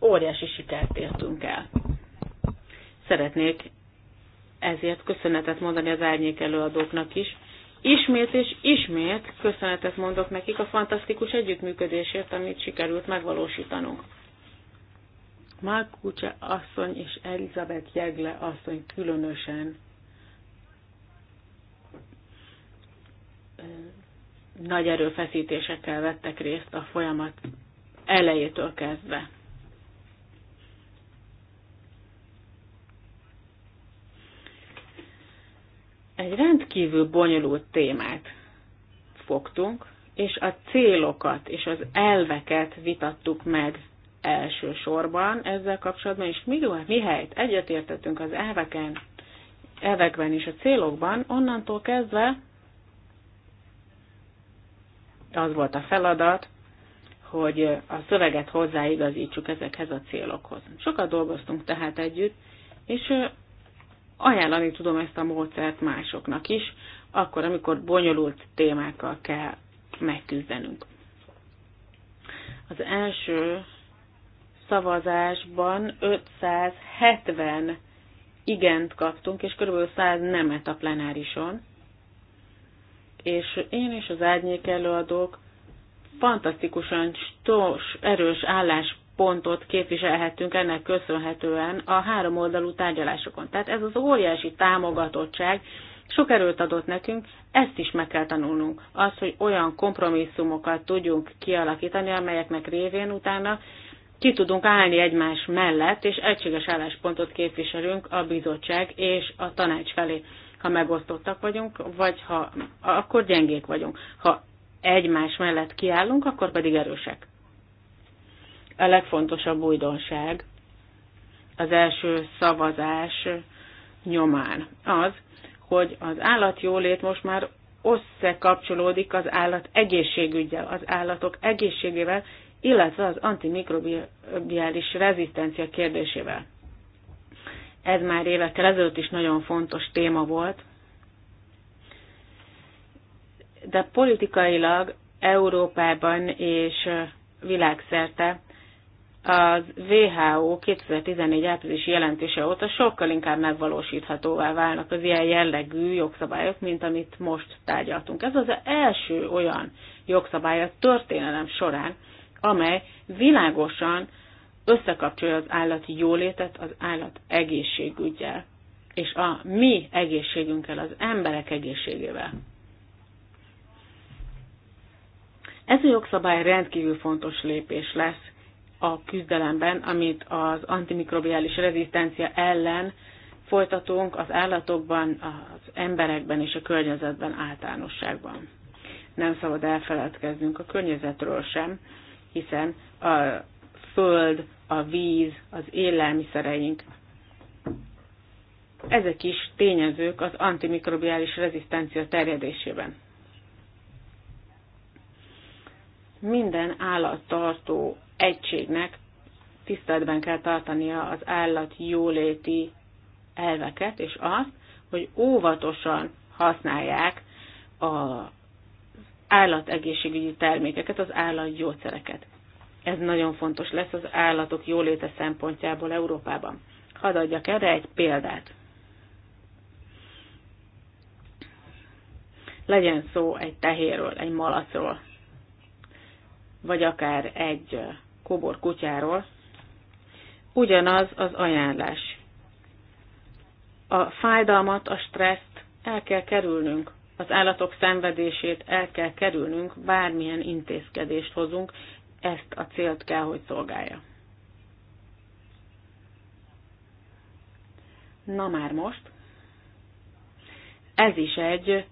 Óriási sikert értünk el. Szeretnék ezért köszönetet mondani az árnyék előadóknak is, ismét és ismét köszönetet mondok nekik a fantasztikus együttműködésért, amit sikerült megvalósítanunk. Kucse asszony és Elizabeth Jegle asszony különösen nagy erőfeszítésekkel vettek részt a folyamat elejétől kezdve. egy rendkívül bonyolult témát fogtunk, és a célokat és az elveket vitattuk meg elsősorban ezzel kapcsolatban, és mi, mihelyt egyetértettünk az elveken, elvekben és a célokban, onnantól kezdve az volt a feladat, hogy a szöveget hozzáigazítsuk ezekhez a célokhoz. Sokat dolgoztunk tehát együtt, és ajánlani tudom ezt a módszert másoknak is, akkor, amikor bonyolult témákkal kell megküzdenünk. Az első szavazásban 570 igent kaptunk, és kb. 100 nemet a plenárison. És én és az árnyék előadók fantasztikusan stós, erős állás pontot képviselhettünk ennek köszönhetően a három oldalú tárgyalásokon. Tehát ez az óriási támogatottság sok erőt adott nekünk, ezt is meg kell tanulnunk. Az, hogy olyan kompromisszumokat tudjunk kialakítani, amelyeknek révén utána ki tudunk állni egymás mellett, és egységes álláspontot képviselünk a bizottság és a tanács felé. Ha megosztottak vagyunk, vagy ha akkor gyengék vagyunk. Ha egymás mellett kiállunk, akkor pedig erősek. A legfontosabb újdonság az első szavazás nyomán az, hogy az állatjólét most már összekapcsolódik az állat egészségügyel, az állatok egészségével, illetve az antimikrobiális rezisztencia kérdésével. Ez már évekkel ezelőtt is nagyon fontos téma volt, de politikailag Európában és világszerte az WHO 2014 áprilisi jelentése óta sokkal inkább megvalósíthatóvá válnak az ilyen jellegű jogszabályok, mint amit most tárgyaltunk. Ez az első olyan jogszabály a történelem során, amely világosan összekapcsolja az állati jólétet az állat egészségügyel, és a mi egészségünkkel, az emberek egészségével. Ez a jogszabály rendkívül fontos lépés lesz a küzdelemben, amit az antimikrobiális rezisztencia ellen folytatunk az állatokban, az emberekben és a környezetben általánosságban. Nem szabad elfeledkeznünk a környezetről sem, hiszen a föld, a víz, az élelmiszereink, ezek is tényezők az antimikrobiális rezisztencia terjedésében. Minden állattartó egységnek tiszteletben kell tartania az állat jóléti elveket, és azt, hogy óvatosan használják az állategészségügyi termékeket, az állatgyógyszereket. Ez nagyon fontos lesz az állatok jóléte szempontjából Európában. Hadd adjak erre egy példát. Legyen szó egy tehéről, egy malacról, vagy akár egy kobor kutyáról. Ugyanaz az ajánlás. A fájdalmat, a stresszt el kell kerülnünk, az állatok szenvedését el kell kerülnünk, bármilyen intézkedést hozunk, ezt a célt kell, hogy szolgálja. Na már most. Ez is egy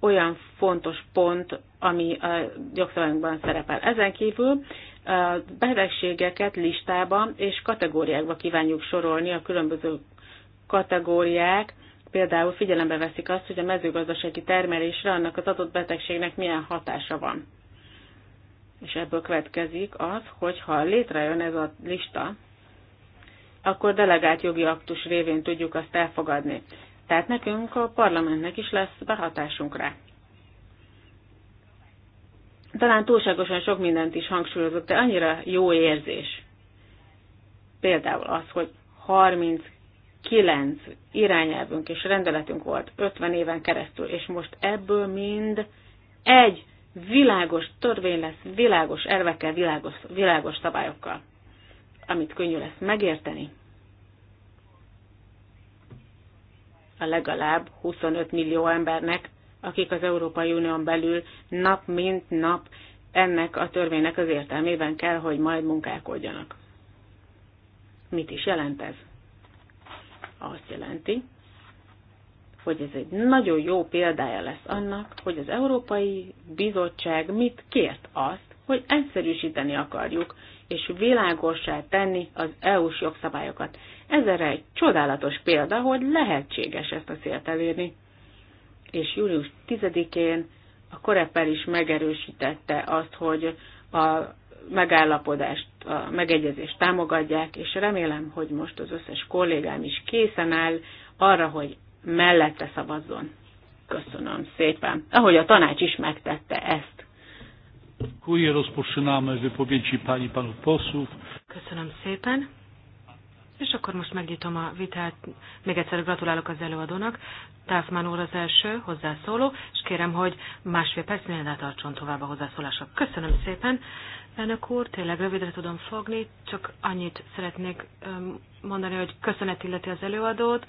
olyan fontos pont, ami a jogszabályunkban szerepel. Ezen kívül a betegségeket listában és kategóriákba kívánjuk sorolni a különböző kategóriák, például figyelembe veszik azt, hogy a mezőgazdasági termelésre annak az adott betegségnek milyen hatása van. És ebből következik az, hogy ha létrejön ez a lista, akkor delegált jogi aktus révén tudjuk azt elfogadni. Tehát nekünk a parlamentnek is lesz behatásunk rá talán túlságosan sok mindent is hangsúlyozott. de annyira jó érzés. Például az, hogy 39 irányelvünk és rendeletünk volt 50 éven keresztül, és most ebből mind egy világos törvény lesz, világos ervekkel, világos, világos szabályokkal, amit könnyű lesz megérteni. A legalább 25 millió embernek akik az Európai Unión belül nap mint nap ennek a törvénynek az értelmében kell, hogy majd munkálkodjanak. Mit is jelent ez? Azt jelenti, hogy ez egy nagyon jó példája lesz annak, hogy az Európai Bizottság mit kért azt, hogy egyszerűsíteni akarjuk, és világossá tenni az EU-s jogszabályokat. Ez erre egy csodálatos példa, hogy lehetséges ezt a célt elérni és július 10-én a Koreper is megerősítette azt, hogy a megállapodást, a megegyezést támogatják, és remélem, hogy most az összes kollégám is készen áll arra, hogy mellette szavazzon. Köszönöm szépen, ahogy a tanács is megtette ezt. Köszönöm szépen. És akkor most megnyitom a vitát. Még egyszer gratulálok az előadónak. Tászmán úr az első hozzászóló, és kérem, hogy másfél perc át tartson tovább a hozzászólása. Köszönöm szépen. Elnök úr, tényleg rövidre tudom fogni, csak annyit szeretnék mondani, hogy köszönet illeti az előadót.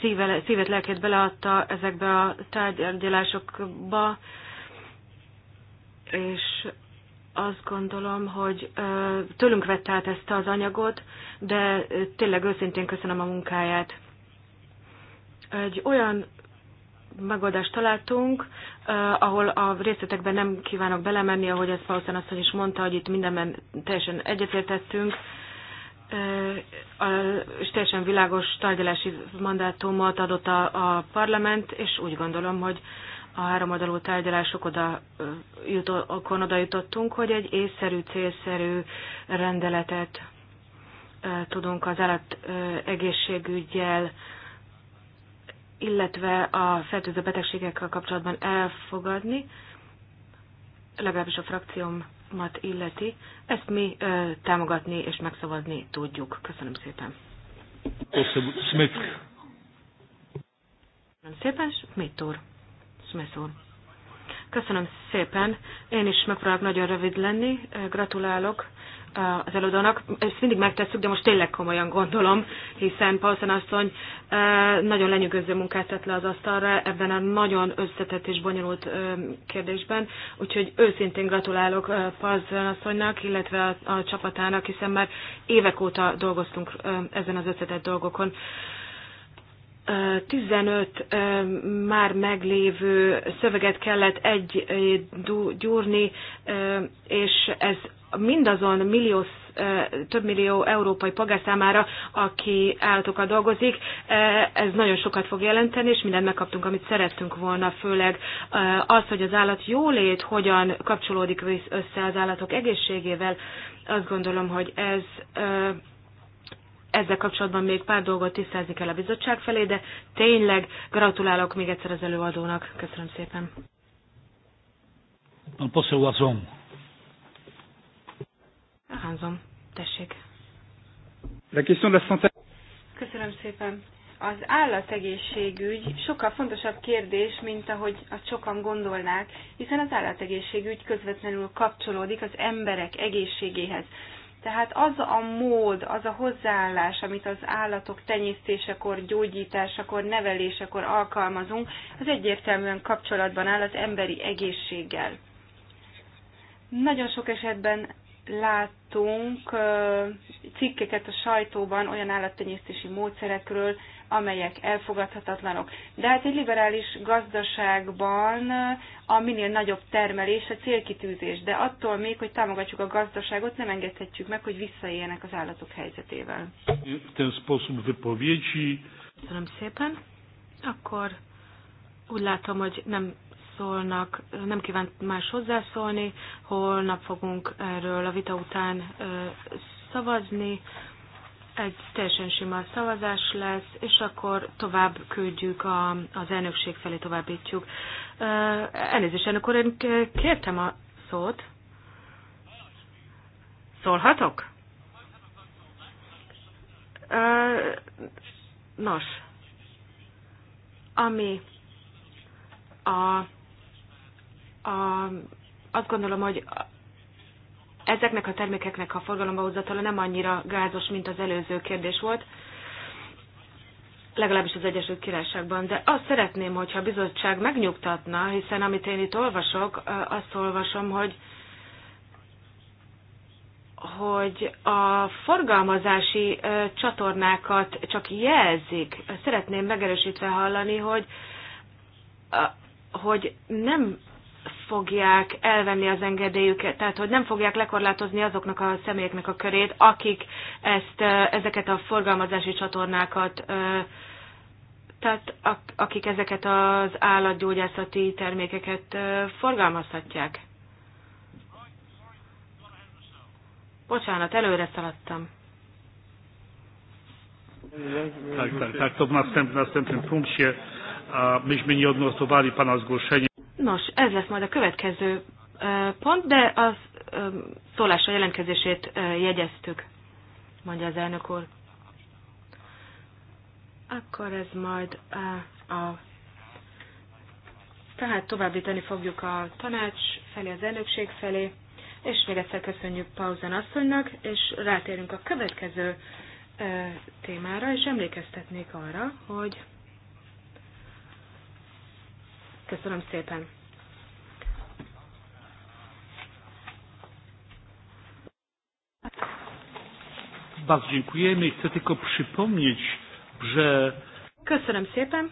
Szíve, szívet, lelkét beleadta ezekbe a tárgyalásokba, és azt gondolom, hogy tőlünk vette át ezt az anyagot, de tényleg őszintén köszönöm a munkáját. Egy olyan megoldást találtunk, ahol a részletekben nem kívánok belemenni, ahogy ezt Paulsen asszony is mondta, hogy itt mindenben teljesen egyetértettünk, és teljesen világos tárgyalási mandátumot adott a, a parlament, és úgy gondolom, hogy a háromadalú tárgyalások oda, jutokon oda jutottunk, hogy egy észszerű, célszerű rendeletet tudunk az állat egészségügyel, illetve a fertőző betegségekkel kapcsolatban elfogadni, legalábbis a frakciómat illeti. Ezt mi támogatni és megszavazni tudjuk. Köszönöm szépen. Köszönöm szépen, Smith úr. Smith úr. Köszönöm szépen. Én is megpróbálok nagyon rövid lenni. Gratulálok az előadónak. Ezt mindig megtesszük, de most tényleg komolyan gondolom, hiszen Paulsen asszony nagyon lenyűgöző munkát tett le az asztalra ebben a nagyon összetett és bonyolult kérdésben, úgyhogy őszintén gratulálok Paulsen asszonynak, illetve a, a csapatának, hiszen már évek óta dolgoztunk ezen az összetett dolgokon. 15 már meglévő szöveget kellett egy gyúrni, és ez mindazon millió, több millió európai polgár számára, aki állatokkal dolgozik, ez nagyon sokat fog jelenteni, és mindent megkaptunk, amit szerettünk volna, főleg az, hogy az állat jólét hogyan kapcsolódik össze az állatok egészségével, azt gondolom, hogy ez ezzel kapcsolatban még pár dolgot tisztázni kell a bizottság felé, de tényleg gratulálok még egyszer az előadónak. Köszönöm szépen. Pan Hánzom, tessék. La question de la santé. Köszönöm szépen. Az állategészségügy sokkal fontosabb kérdés, mint ahogy azt sokan gondolnák, hiszen az állategészségügy közvetlenül kapcsolódik az emberek egészségéhez. Tehát az a mód, az a hozzáállás, amit az állatok tenyésztésekor, gyógyításakor, nevelésekor alkalmazunk, az egyértelműen kapcsolatban áll az emberi egészséggel. Nagyon sok esetben láttunk cikkeket a sajtóban olyan állattenyésztési módszerekről, amelyek elfogadhatatlanok. De hát egy liberális gazdaságban eh, a minél nagyobb termelés a célkitűzés, de attól még, hogy támogatjuk a gazdaságot, nem engedhetjük meg, hogy visszaéljenek az állatok helyzetével. Köszönöm szépen. Akkor úgy látom, hogy nem szólnak, nem kívánt más hozzászólni. Holnap fogunk erről a vita után eh, szavazni egy teljesen sima szavazás lesz, és akkor tovább küldjük a, az elnökség felé, továbbítjuk. Elnézést, elnök úr, én kértem a szót. Szólhatok? Nos, ami a, a, azt gondolom, hogy ezeknek a termékeknek a forgalomba hozatala nem annyira gázos, mint az előző kérdés volt, legalábbis az Egyesült Királyságban. De azt szeretném, hogyha a bizottság megnyugtatna, hiszen amit én itt olvasok, azt olvasom, hogy hogy a forgalmazási csatornákat csak jelzik. Szeretném megerősítve hallani, hogy hogy nem fogják elvenni az engedélyüket, tehát hogy nem fogják lekorlátozni azoknak a személyeknek a körét, akik ezt, ezeket a forgalmazási csatornákat, tehát akik ezeket az állatgyógyászati termékeket forgalmazhatják. Bocsánat, előre szaladtam. Tak, tak, tak. To w następnym, następnym punkcie. A myśmy nie odnotowali Pana zgłoszenia. Nos, ez lesz majd a következő pont, de az szólásra jelentkezését jegyeztük, mondja az elnök úr. Akkor ez majd a, a tehát továbbítani fogjuk a tanács felé, az elnökség felé, és még egyszer köszönjük Pauzen asszonynak, és rátérünk a következő e, témára, és emlékeztetnék arra, hogy köszönöm szépen. Bardzo dziękujemy. Chcę tylko przypomnieć, że... Köszönöm szépen.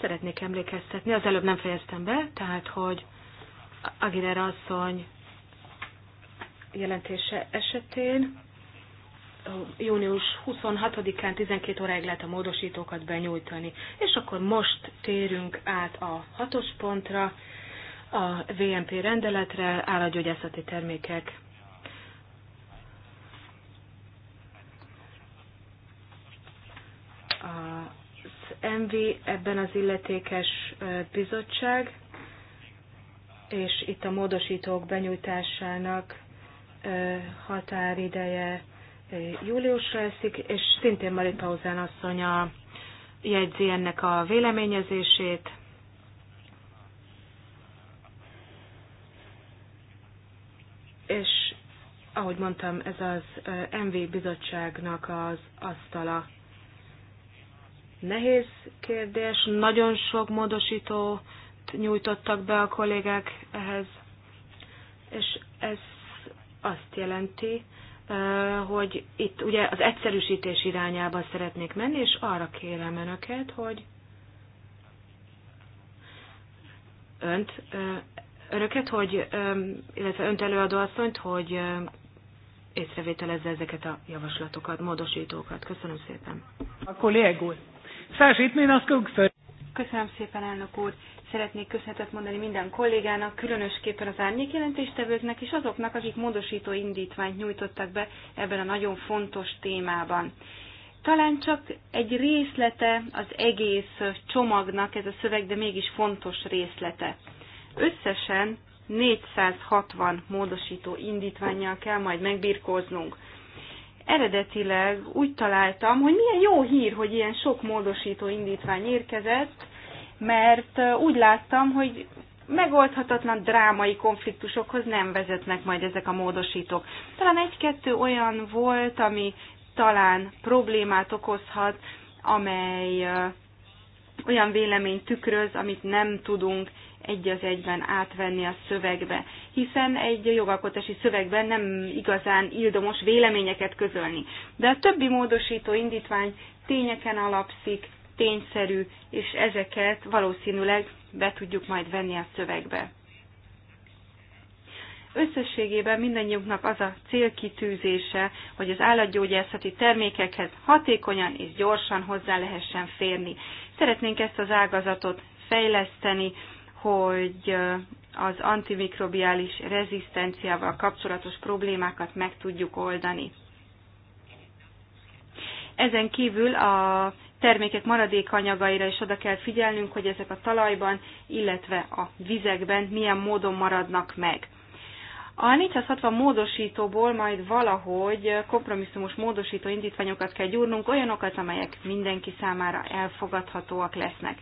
Szeretnék emlékeztetni, az előbb nem fejeztem be, tehát, hogy Aguilera asszony jelentése esetén június 26-án 12 óráig lehet a módosítókat benyújtani. És akkor most térünk át a hatos pontra, a VMP rendeletre, állatgyógyászati termékek MV ebben az illetékes bizottság, és itt a módosítók benyújtásának határideje júliusra eszik, és szintén Mari Pauzán asszony a, jegyzi ennek a véleményezését. És ahogy mondtam, ez az MV bizottságnak az asztala nehéz kérdés, nagyon sok módosítót nyújtottak be a kollégák ehhez, és ez azt jelenti, hogy itt ugye az egyszerűsítés irányába szeretnék menni, és arra kérem önöket, hogy önt, önöket, hogy, illetve önt előadó asszonyt, hogy észrevételezze ezeket a javaslatokat, módosítókat. Köszönöm szépen. A kollégul. Särskilt mina skuggför. Köszönöm szépen, elnök úr! Szeretnék köszönetet mondani minden kollégának, különösképpen az árnyék jelentéstevőknek és azoknak, akik módosító indítványt nyújtottak be ebben a nagyon fontos témában. Talán csak egy részlete az egész csomagnak ez a szöveg, de mégis fontos részlete. Összesen 460 módosító indítványjal kell majd megbirkóznunk eredetileg úgy találtam, hogy milyen jó hír, hogy ilyen sok módosító indítvány érkezett, mert úgy láttam, hogy megoldhatatlan drámai konfliktusokhoz nem vezetnek majd ezek a módosítók. Talán egy-kettő olyan volt, ami talán problémát okozhat, amely olyan vélemény tükröz, amit nem tudunk egy az egyben átvenni a szövegbe, hiszen egy jogalkotási szövegben nem igazán ildomos véleményeket közölni. De a többi módosító indítvány tényeken alapszik, tényszerű, és ezeket valószínűleg be tudjuk majd venni a szövegbe. Összességében mindannyiunknak az a célkitűzése, hogy az állatgyógyászati termékekhez hatékonyan és gyorsan hozzá lehessen férni. Szeretnénk ezt az ágazatot fejleszteni, hogy az antimikrobiális rezisztenciával kapcsolatos problémákat meg tudjuk oldani. Ezen kívül a termékek maradékanyagaira is oda kell figyelnünk, hogy ezek a talajban, illetve a vizekben milyen módon maradnak meg. A 460 módosítóból majd valahogy kompromisszumos módosító indítványokat kell gyúrnunk, olyanokat, amelyek mindenki számára elfogadhatóak lesznek.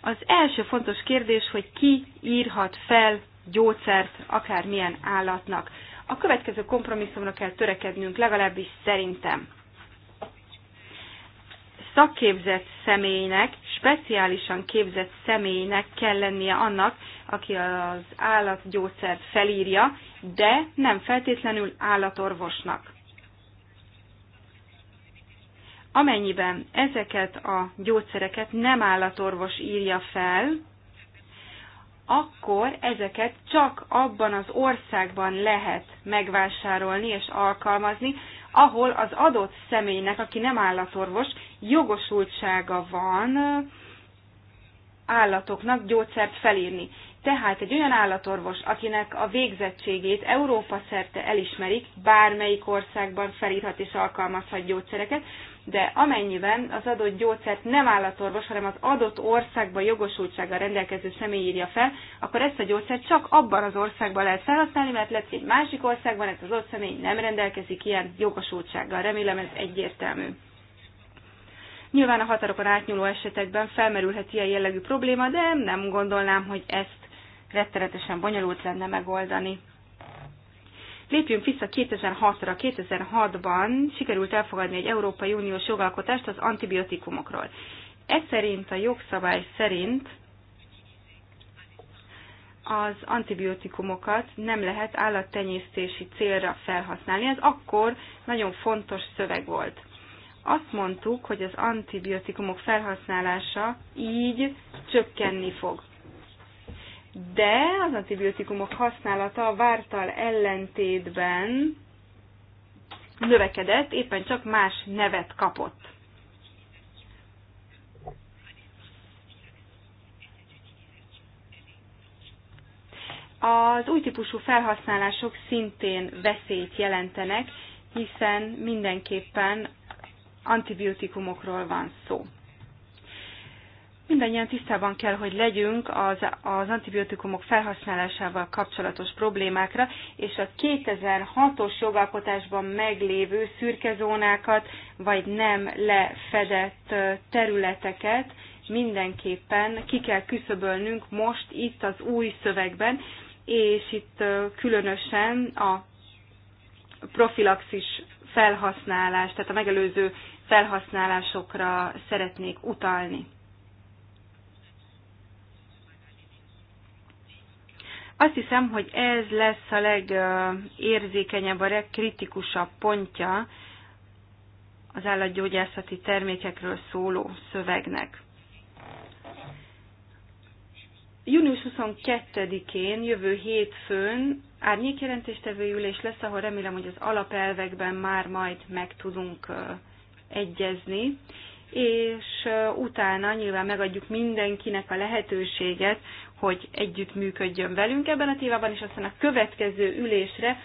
Az első fontos kérdés, hogy ki írhat fel gyógyszert akármilyen állatnak. A következő kompromisszumra kell törekednünk, legalábbis szerintem. Szakképzett személynek, speciálisan képzett személynek kell lennie annak, aki az állatgyógyszert felírja, de nem feltétlenül állatorvosnak. Amennyiben ezeket a gyógyszereket nem állatorvos írja fel, akkor ezeket csak abban az országban lehet megvásárolni és alkalmazni, ahol az adott személynek, aki nem állatorvos, jogosultsága van állatoknak gyógyszert felírni. Tehát egy olyan állatorvos, akinek a végzettségét Európa szerte elismerik, bármelyik országban felírhat és alkalmazhat gyógyszereket, de amennyiben az adott gyógyszert nem állatorvos, hanem az adott országban jogosultsággal rendelkező személy írja fel, akkor ezt a gyógyszert csak abban az országban lehet felhasználni, mert lehet, egy másik országban ez az ott személy nem rendelkezik ilyen jogosultsággal. Remélem ez egyértelmű. Nyilván a határokon átnyúló esetekben felmerülhet ilyen jellegű probléma, de nem gondolnám, hogy ezt rettenetesen bonyolult lenne megoldani. Lépjünk vissza 2006-ra. 2006-ban sikerült elfogadni egy Európai Uniós jogalkotást az antibiotikumokról. Ez szerint a jogszabály szerint az antibiotikumokat nem lehet állattenyésztési célra felhasználni. Ez akkor nagyon fontos szöveg volt. Azt mondtuk, hogy az antibiotikumok felhasználása így csökkenni fog de az antibiotikumok használata a vártal ellentétben növekedett, éppen csak más nevet kapott. Az új típusú felhasználások szintén veszélyt jelentenek, hiszen mindenképpen antibiotikumokról van szó. Mindannyian tisztában kell, hogy legyünk az, az antibiotikumok felhasználásával kapcsolatos problémákra, és a 2006-os jogalkotásban meglévő szürkezónákat, vagy nem lefedett területeket mindenképpen ki kell küszöbölnünk most itt az új szövegben, és itt különösen a profilaxis felhasználás, tehát a megelőző felhasználásokra szeretnék utalni. Azt hiszem, hogy ez lesz a legérzékenyebb, a legkritikusabb pontja az állatgyógyászati termékekről szóló szövegnek. Június 22-én, jövő hétfőn árnyékjelentéstevő ülés lesz, ahol remélem, hogy az alapelvekben már majd meg tudunk egyezni, és utána nyilván megadjuk mindenkinek a lehetőséget, hogy együtt működjön velünk ebben a témában, és aztán a következő ülésre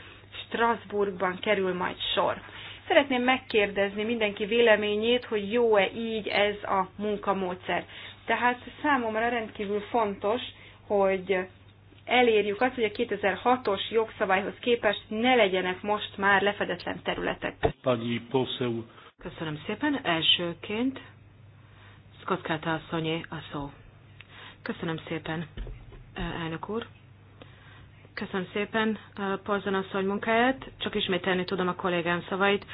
Strasbourgban kerül majd sor. Szeretném megkérdezni mindenki véleményét, hogy jó-e így ez a munkamódszer. Tehát számomra rendkívül fontos, hogy elérjük azt, hogy a 2006-os jogszabályhoz képest ne legyenek most már lefedetlen területek. Köszönöm szépen. Elsőként Szkockáta asszonyé a szó. Köszönöm szépen, elnök úr. Köszönöm szépen Polzon asszony munkáját. Csak ismételni tudom a kollégám szavait.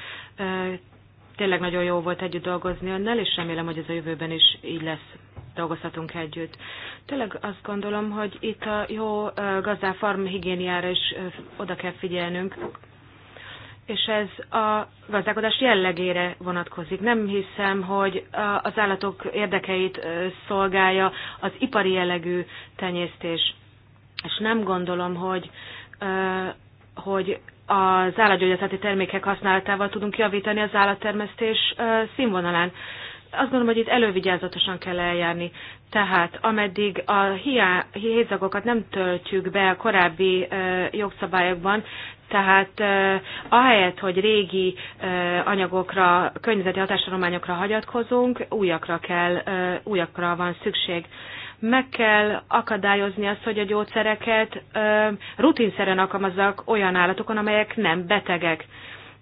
Tényleg nagyon jó volt együtt dolgozni önnel, és remélem, hogy ez a jövőben is így lesz dolgozhatunk együtt. Tényleg azt gondolom, hogy itt a jó gazdáfarm higiéniára is oda kell figyelnünk, és ez a gazdálkodás jellegére vonatkozik. Nem hiszem, hogy az állatok érdekeit szolgálja az ipari jellegű tenyésztés. És nem gondolom, hogy, hogy az állatgyógyászati termékek használatával tudunk javítani az állattermesztés színvonalán. Azt gondolom, hogy itt elővigyázatosan kell eljárni. Tehát ameddig a hiá, hézagokat nem töltjük be a korábbi jogszabályokban, tehát eh, ahelyett, hogy régi eh, anyagokra, környezeti hatástanulmányokra hagyatkozunk, újakra kell, eh, újakra van szükség. Meg kell akadályozni azt, hogy a gyógyszereket eh, rutinszerűen alkalmazzak olyan állatokon, amelyek nem betegek.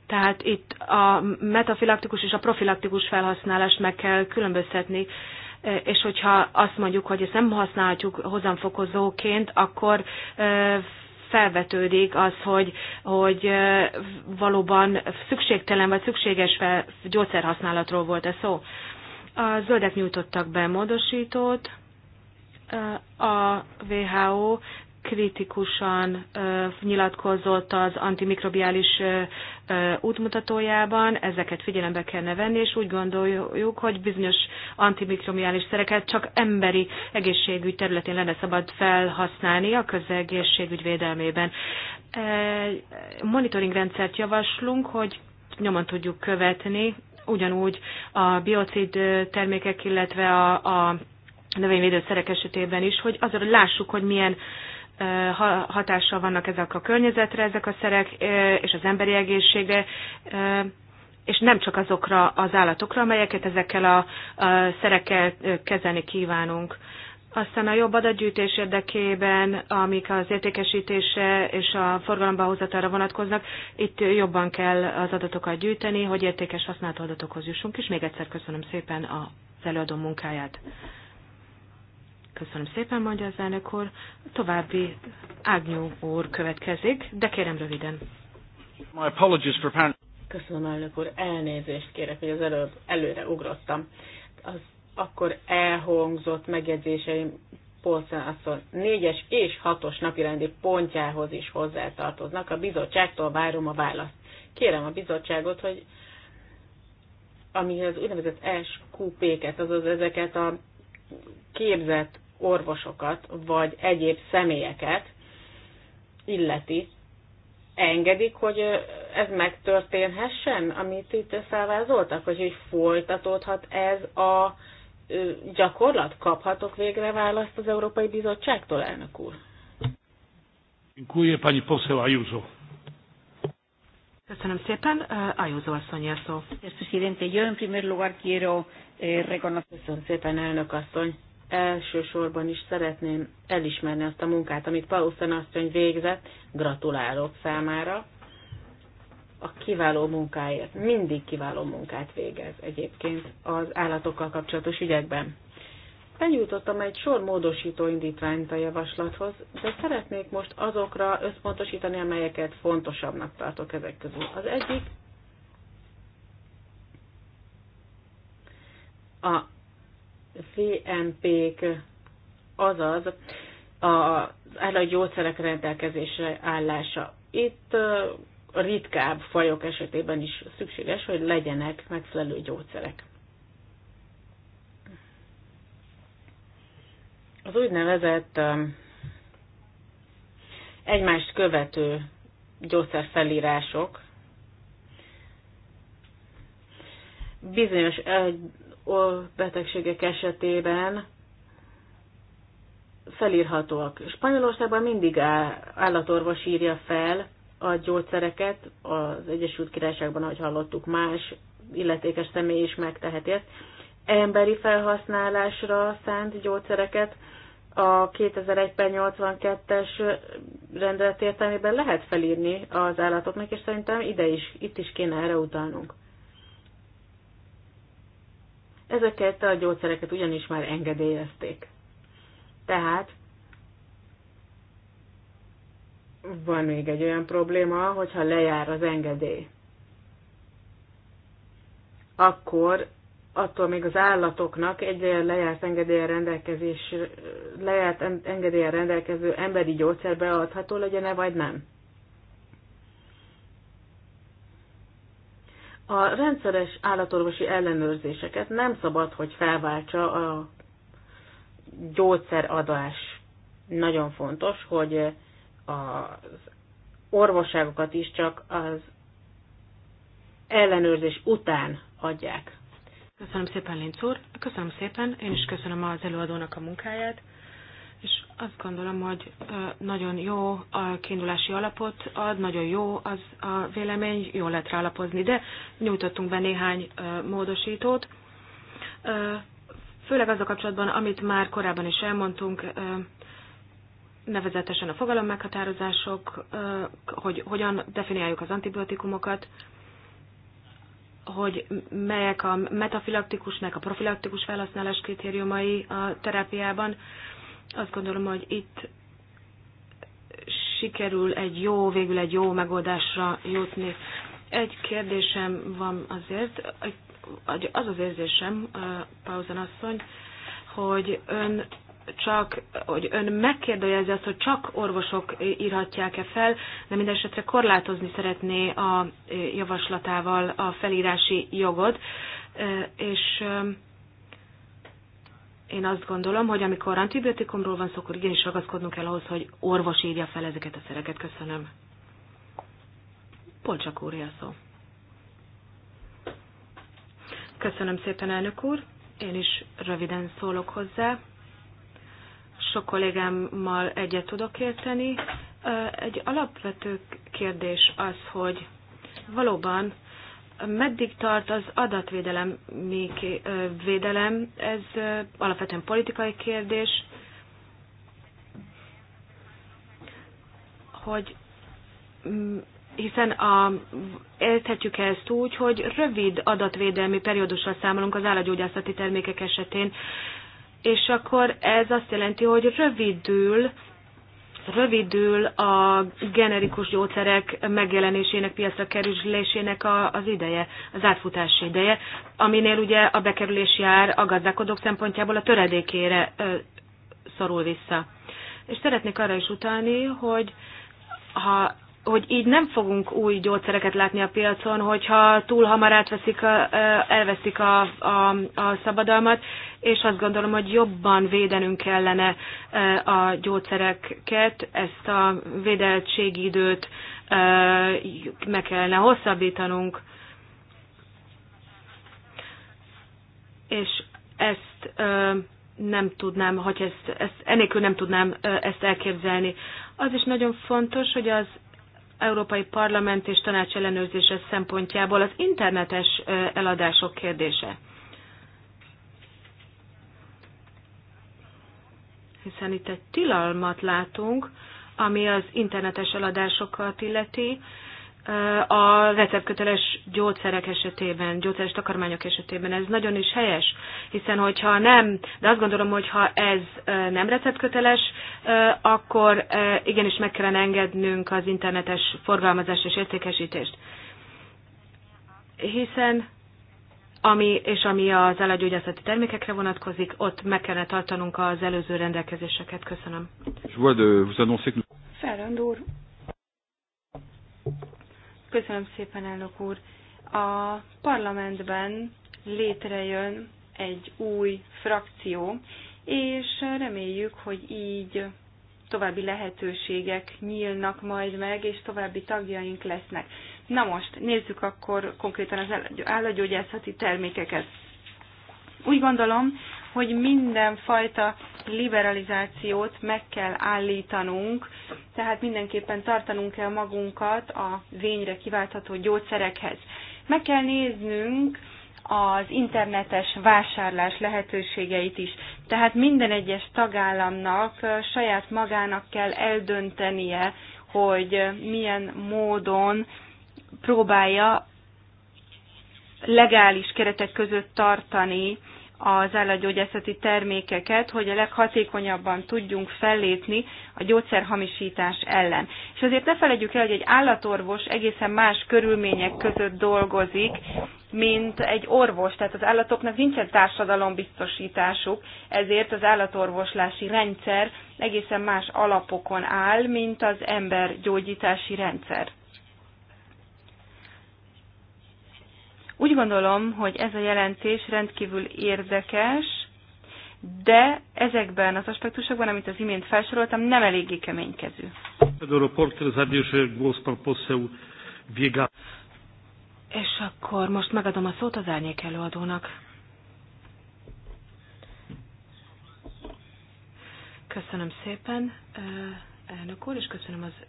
Tehát itt a metafilaktikus és a profilaktikus felhasználást meg kell különböztetni. és hogyha azt mondjuk, hogy ezt nem használhatjuk hozamfokozóként, akkor felvetődik az, hogy, hogy valóban szükségtelen vagy szükséges gyógyszerhasználatról volt ez, szó. A zöldek nyújtottak be módosítót, a WHO kritikusan nyilatkozott az antimikrobiális útmutatójában, ezeket figyelembe kellene venni, és úgy gondoljuk, hogy bizonyos antimikrobiális szereket csak emberi egészségügy területén lenne szabad felhasználni a közegészségügy védelmében. Monitoring rendszert javaslunk, hogy nyomon tudjuk követni, ugyanúgy a biocid termékek, illetve a, a növényvédőszerek esetében is, hogy azért lássuk, hogy milyen hatással vannak ezek a környezetre, ezek a szerek, és az emberi egészségre, és nem csak azokra az állatokra, amelyeket ezekkel a, szerekkel kezelni kívánunk. Aztán a jobb adatgyűjtés érdekében, amik az értékesítése és a forgalomba hozatára vonatkoznak, itt jobban kell az adatokat gyűjteni, hogy értékes használható adatokhoz jussunk, és még egyszer köszönöm szépen az előadó munkáját. Köszönöm szépen, mondja az elnök úr. További Ágnyú úr következik, de kérem röviden. My apologies for Köszönöm, elnök úr. Elnézést kérek, hogy az előbb előre ugrottam. Az akkor elhangzott megjegyzéseim Polszán asszony négyes és hatos napirendi pontjához is hozzátartoznak. A bizottságtól várom a választ. Kérem a bizottságot, hogy ami az úgynevezett SQP-ket, azaz ezeket a képzett orvosokat vagy egyéb személyeket illeti, engedik, hogy ez megtörténhessen, amit itt felvázoltak, hogy, hogy folytatódhat ez a gyakorlat? Kaphatok végre választ az Európai Bizottságtól, elnök úr? Dziękuję, pani poseł Ayuso. Köszönöm szépen. Ajúzó asszony a szó. Eh, Köszönöm szépen, elnök asszony elsősorban is szeretném elismerni azt a munkát, amit Paulsen asszony végzett. Gratulálok számára a kiváló munkáért. Mindig kiváló munkát végez egyébként az állatokkal kapcsolatos ügyekben. Benyújtottam egy sor módosító indítványt a javaslathoz, de szeretnék most azokra összpontosítani, amelyeket fontosabbnak tartok ezek közül. Az egyik a VNP-k, azaz az állati gyógyszerek rendelkezésre állása. Itt ritkább fajok esetében is szükséges, hogy legyenek megfelelő gyógyszerek. Az úgynevezett egymást követő gyógyszerfelírások bizonyos betegségek esetében felírhatóak. Spanyolországban mindig állatorvos írja fel a gyógyszereket, az Egyesült Királyságban, ahogy hallottuk, más illetékes személy is megteheti ezt. Emberi felhasználásra szánt gyógyszereket a 2001-82-es rendelet értelmében lehet felírni az állatoknak, és szerintem ide is, itt is kéne erre utalnunk. Ezeket a gyógyszereket ugyanis már engedélyezték. Tehát van még egy olyan probléma, hogyha lejár az engedély, akkor attól még az állatoknak egy lejárt engedélyen rendelkezés, lejárt engedélyen rendelkező emberi gyógyszer beadható legyen-e, vagy nem. A rendszeres állatorvosi ellenőrzéseket nem szabad, hogy felváltsa a gyógyszeradás. Nagyon fontos, hogy az orvosságokat is csak az ellenőrzés után adják. Köszönöm szépen, Linc úr. Köszönöm szépen. Én is köszönöm az előadónak a munkáját és azt gondolom, hogy nagyon jó a kiindulási alapot ad, nagyon jó az a vélemény, jól lehet rá alapozni, de nyújtottunk be néhány módosítót, főleg az a kapcsolatban, amit már korábban is elmondtunk, nevezetesen a fogalom meghatározások, hogy hogyan definiáljuk az antibiotikumokat, hogy melyek a metafilaktikusnak a profilaktikus felhasználás kritériumai a terápiában, azt gondolom, hogy itt sikerül egy jó, végül egy jó megoldásra jutni. Egy kérdésem van azért, az az érzésem, Pauzan asszony, hogy ön csak, hogy ön megkérdőjelezi azt, hogy csak orvosok írhatják-e fel, de minden esetre korlátozni szeretné a javaslatával a felírási jogot, és én azt gondolom, hogy amikor antibiotikumról van szó, akkor igenis ragaszkodnunk kell ahhoz, hogy orvos írja fel ezeket a szereket. Köszönöm. Polcsak úr, szó. Köszönöm szépen, elnök úr. Én is röviden szólok hozzá. Sok kollégámmal egyet tudok érteni. Egy alapvető kérdés az, hogy valóban Meddig tart az adatvédelem, még védelem? Ez alapvetően politikai kérdés, hogy mm, hiszen a, érthetjük ezt úgy, hogy rövid adatvédelmi periódusra számolunk az állagyógyászati termékek esetén, és akkor ez azt jelenti, hogy rövidül rövidül a generikus gyógyszerek megjelenésének, piacra kerülésének a, az ideje, az átfutási ideje, aminél ugye a bekerülés jár a gazdálkodók szempontjából a töredékére ö, szorul vissza. És szeretnék arra is utalni, hogy ha hogy így nem fogunk új gyógyszereket látni a piacon, hogyha túl hamar átveszik a, elveszik a, a, a szabadalmat, és azt gondolom, hogy jobban védenünk kellene a gyógyszereket, ezt a védeltségi időt meg kellene hosszabbítanunk. És ezt nem tudnám, hogy ezt, ezt enélkül nem tudnám ezt elképzelni. Az is nagyon fontos, hogy az Európai Parlament és Tanács ellenőrzése szempontjából az internetes eladások kérdése. Hiszen itt egy tilalmat látunk, ami az internetes eladásokat illeti, a receptköteles gyógyszerek esetében, gyógyszeres takarmányok esetében. Ez nagyon is helyes, hiszen hogyha nem, de azt gondolom, hogy ha ez nem receptköteles, akkor igenis meg kellene engednünk az internetes forgalmazást és értékesítést. Hiszen ami, és ami az állatgyógyászati termékekre vonatkozik, ott meg kellene tartanunk az előző rendelkezéseket. Köszönöm. Ferrand úr, Köszönöm szépen, elnök úr. A parlamentben létrejön egy új frakció, és reméljük, hogy így további lehetőségek nyílnak majd meg, és további tagjaink lesznek. Na most, nézzük akkor konkrétan az állagyógyászati termékeket. Úgy gondolom, hogy mindenfajta liberalizációt meg kell állítanunk, tehát mindenképpen tartanunk kell magunkat a vényre kiváltható gyógyszerekhez. Meg kell néznünk az internetes vásárlás lehetőségeit is. Tehát minden egyes tagállamnak saját magának kell eldöntenie, hogy milyen módon próbálja legális keretek között tartani az állatgyógyászati termékeket, hogy a leghatékonyabban tudjunk fellépni a gyógyszerhamisítás ellen. És azért ne felejtjük el, hogy egy állatorvos egészen más körülmények között dolgozik, mint egy orvos, tehát az állatoknak nincsen társadalombiztosításuk, ezért az állatorvoslási rendszer egészen más alapokon áll, mint az gyógyítási rendszer. Úgy gondolom, hogy ez a jelentés rendkívül érdekes, de ezekben az aspektusokban, amit az imént felsoroltam, nem eléggé keménykező. És akkor most megadom a szót az árnyék előadónak. Köszönöm szépen, elnök úr, és köszönöm az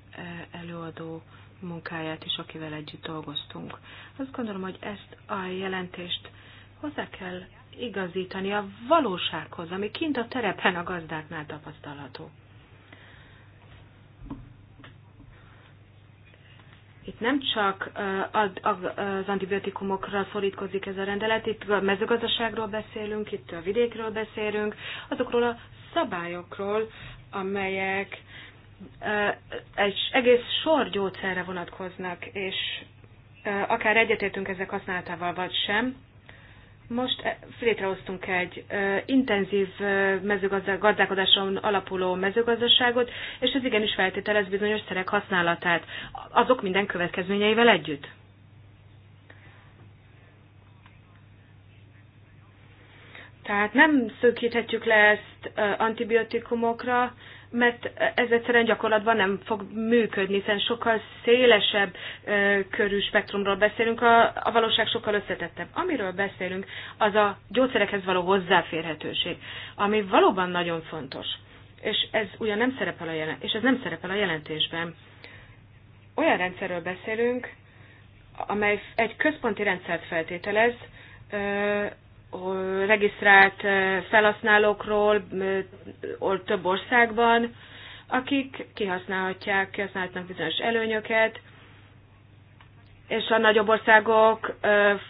előadó munkáját is, akivel együtt dolgoztunk. Azt gondolom, hogy ezt a jelentést hozzá kell igazítani a valósághoz, ami kint a terepen a gazdáknál tapasztalható. Itt nem csak az antibiotikumokra szorítkozik ez a rendelet, itt a mezőgazdaságról beszélünk, itt a vidékről beszélünk, azokról a szabályokról, amelyek egy egész sor gyógyszerre vonatkoznak, és akár egyetértünk ezek használatával vagy sem, most létrehoztunk egy intenzív gazdálkodáson alapuló mezőgazdaságot, és ez igenis feltételez bizonyos szerek használatát, azok minden következményeivel együtt. Tehát nem szökíthetjük le ezt antibiotikumokra, mert ez egyszerűen gyakorlatban nem fog működni, hiszen sokkal szélesebb ö, körű spektrumról beszélünk, a, a valóság sokkal összetettebb. Amiről beszélünk, az a gyógyszerekhez való hozzáférhetőség, ami valóban nagyon fontos. És ez ugyan nem szerepel a, jelen, és ez nem szerepel a jelentésben. Olyan rendszerről beszélünk, amely egy központi rendszert feltételez, ö, regisztrált felhasználókról több országban, akik kihasználhatják, kihasználhatnak bizonyos előnyöket, és a nagyobb országok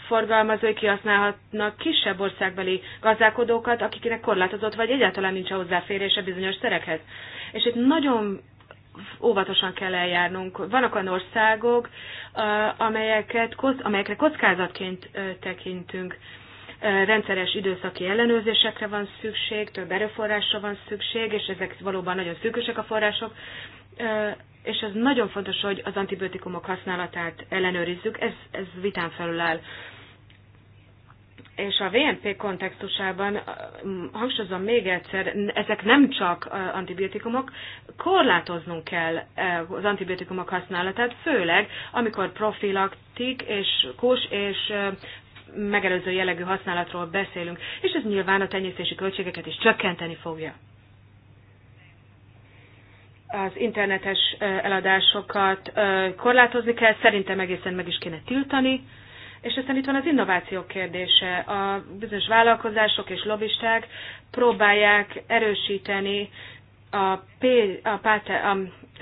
forgalmazói kihasználhatnak kisebb országbeli gazdálkodókat, akiknek korlátozott vagy egyáltalán nincs hozzáférése bizonyos szerekhez. És itt nagyon óvatosan kell eljárnunk. Vannak olyan országok, amelyeket, amelyekre kockázatként tekintünk rendszeres időszaki ellenőrzésekre van szükség, több erőforrásra van szükség, és ezek valóban nagyon szűkösek a források, és ez nagyon fontos, hogy az antibiotikumok használatát ellenőrizzük, ez, ez vitán felül áll. És a VNP kontextusában, hangsúlyozom még egyszer, ezek nem csak antibiotikumok, korlátoznunk kell az antibiotikumok használatát, főleg amikor profilaktik és kós és megelőző jellegű használatról beszélünk, és ez nyilván a tenyésztési költségeket is csökkenteni fogja. Az internetes eladásokat korlátozni kell, szerintem egészen meg is kéne tiltani, és aztán itt van az innováció kérdése. A bizonyos vállalkozások és lobbisták próbálják erősíteni a, p a, páte, a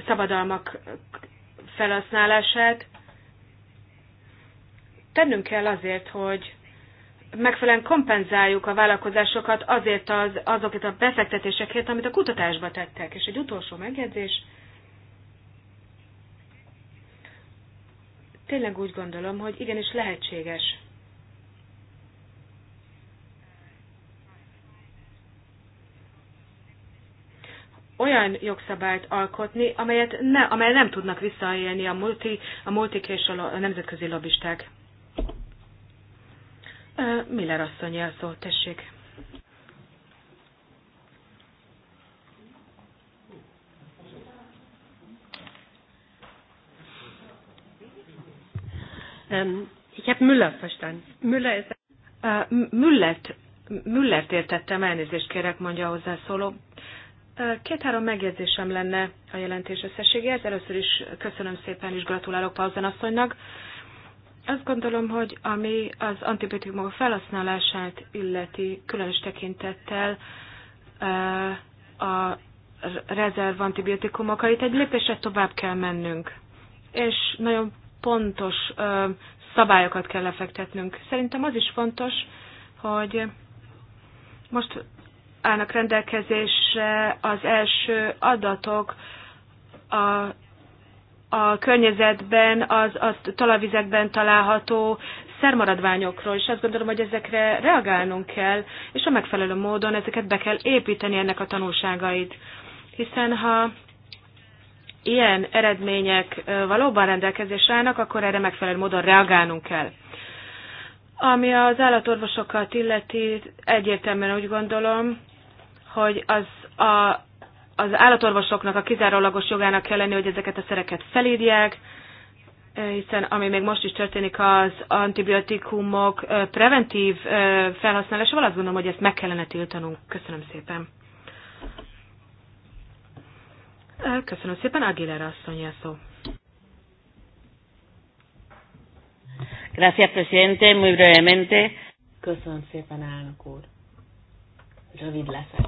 szabadalmak felhasználását, tennünk kell azért, hogy megfelelően kompenzáljuk a vállalkozásokat azért az, azokat a befektetésekért, amit a kutatásba tettek. És egy utolsó megjegyzés. Tényleg úgy gondolom, hogy igenis lehetséges olyan jogszabályt alkotni, amelyet ne, amely nem tudnak visszaélni a multi, a multik és a, a nemzetközi lobbisták. Miller asszony jelszó, tessék. Ich habe Müller verstanden. Müller ist... Müllert, Müllert értettem, elnézést kérek, mondja a hozzászóló. Két-három megjegyzésem lenne a jelentés összességéhez. Először is köszönöm szépen, és gratulálok Pauzen asszonynak. Azt gondolom, hogy ami az antibiotikumok felhasználását illeti különös tekintettel a rezerv antibiotikumokkal, itt egy lépésre tovább kell mennünk, és nagyon pontos szabályokat kell lefektetnünk. Szerintem az is fontos, hogy most állnak rendelkezésre az első adatok a a környezetben, az, a talavizekben található szermaradványokról, és azt gondolom, hogy ezekre reagálnunk kell, és a megfelelő módon ezeket be kell építeni ennek a tanulságait. Hiszen ha ilyen eredmények valóban rendelkezésre állnak, akkor erre megfelelő módon reagálnunk kell. Ami az állatorvosokat illeti, egyértelműen úgy gondolom, hogy az a az állatorvosoknak a kizárólagos jogának kell lenni, hogy ezeket a szereket felírják, hiszen ami még most is történik az antibiotikumok preventív felhasználásával, szóval azt gondolom, hogy ezt meg kellene tiltanunk. Köszönöm szépen. Köszönöm szépen, Aguilera asszony a szó. Gracias, presidente. Muy brevemente. Köszönöm szépen, elnök úr. Rövid leszek.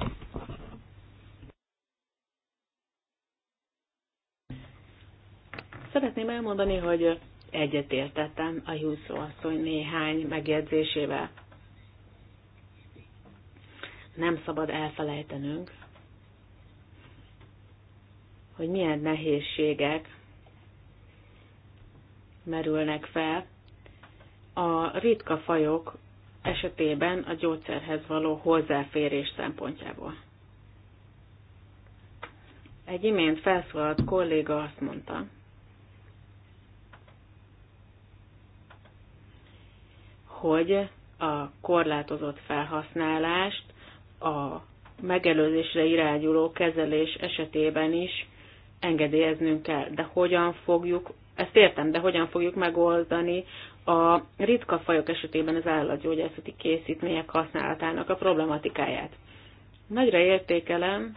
Szeretném elmondani, hogy egyetértettem a Júzó asszony néhány megjegyzésével. Nem szabad elfelejtenünk, hogy milyen nehézségek merülnek fel a ritka fajok esetében a gyógyszerhez való hozzáférés szempontjából. Egy imént felszólalt kolléga azt mondta, hogy a korlátozott felhasználást a megelőzésre irányuló kezelés esetében is engedélyeznünk kell. De hogyan fogjuk, ezt értem, de hogyan fogjuk megoldani a ritka fajok esetében az állatgyógyászati készítmények használatának a problematikáját. Nagyra értékelem,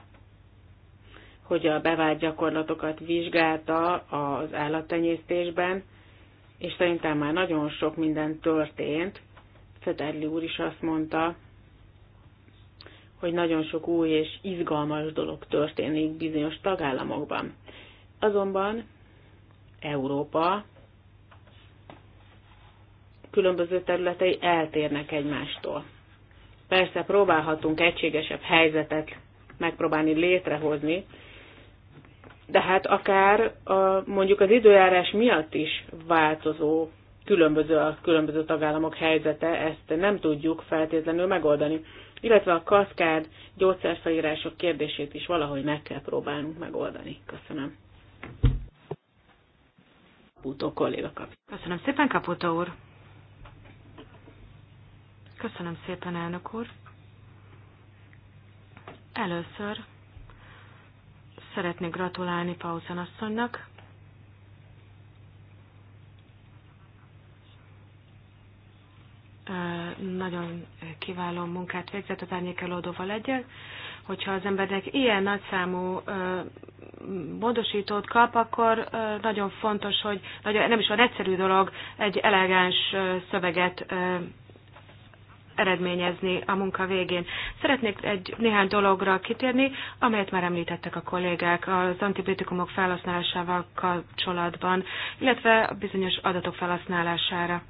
hogy a bevált gyakorlatokat vizsgálta az állattenyésztésben, és szerintem már nagyon sok minden történt. Federli úr is azt mondta, hogy nagyon sok új és izgalmas dolog történik bizonyos tagállamokban. Azonban Európa különböző területei eltérnek egymástól. Persze próbálhatunk egységesebb helyzetet megpróbálni létrehozni, de hát akár a, mondjuk az időjárás miatt is változó különböző a különböző tagállamok helyzete, ezt nem tudjuk feltétlenül megoldani. Illetve a kaszkád gyógyszerfelírások kérdését is valahogy meg kell próbálnunk megoldani. Köszönöm. Kaputó kolléga kap. Köszönöm szépen, Kaputó úr. Köszönöm szépen, elnök úr. Először Szeretnék gratulálni Paulsen asszonynak. Nagyon kiváló munkát végzett az árnyékelódóval egyet. Hogyha az embernek ilyen nagyszámú módosítót kap, akkor nagyon fontos, hogy nagyon, nem is van egyszerű dolog egy elegáns szöveget eredményezni a munka végén. Szeretnék egy néhány dologra kitérni, amelyet már említettek a kollégák az antibiotikumok felhasználásával kapcsolatban, illetve a bizonyos adatok felhasználására.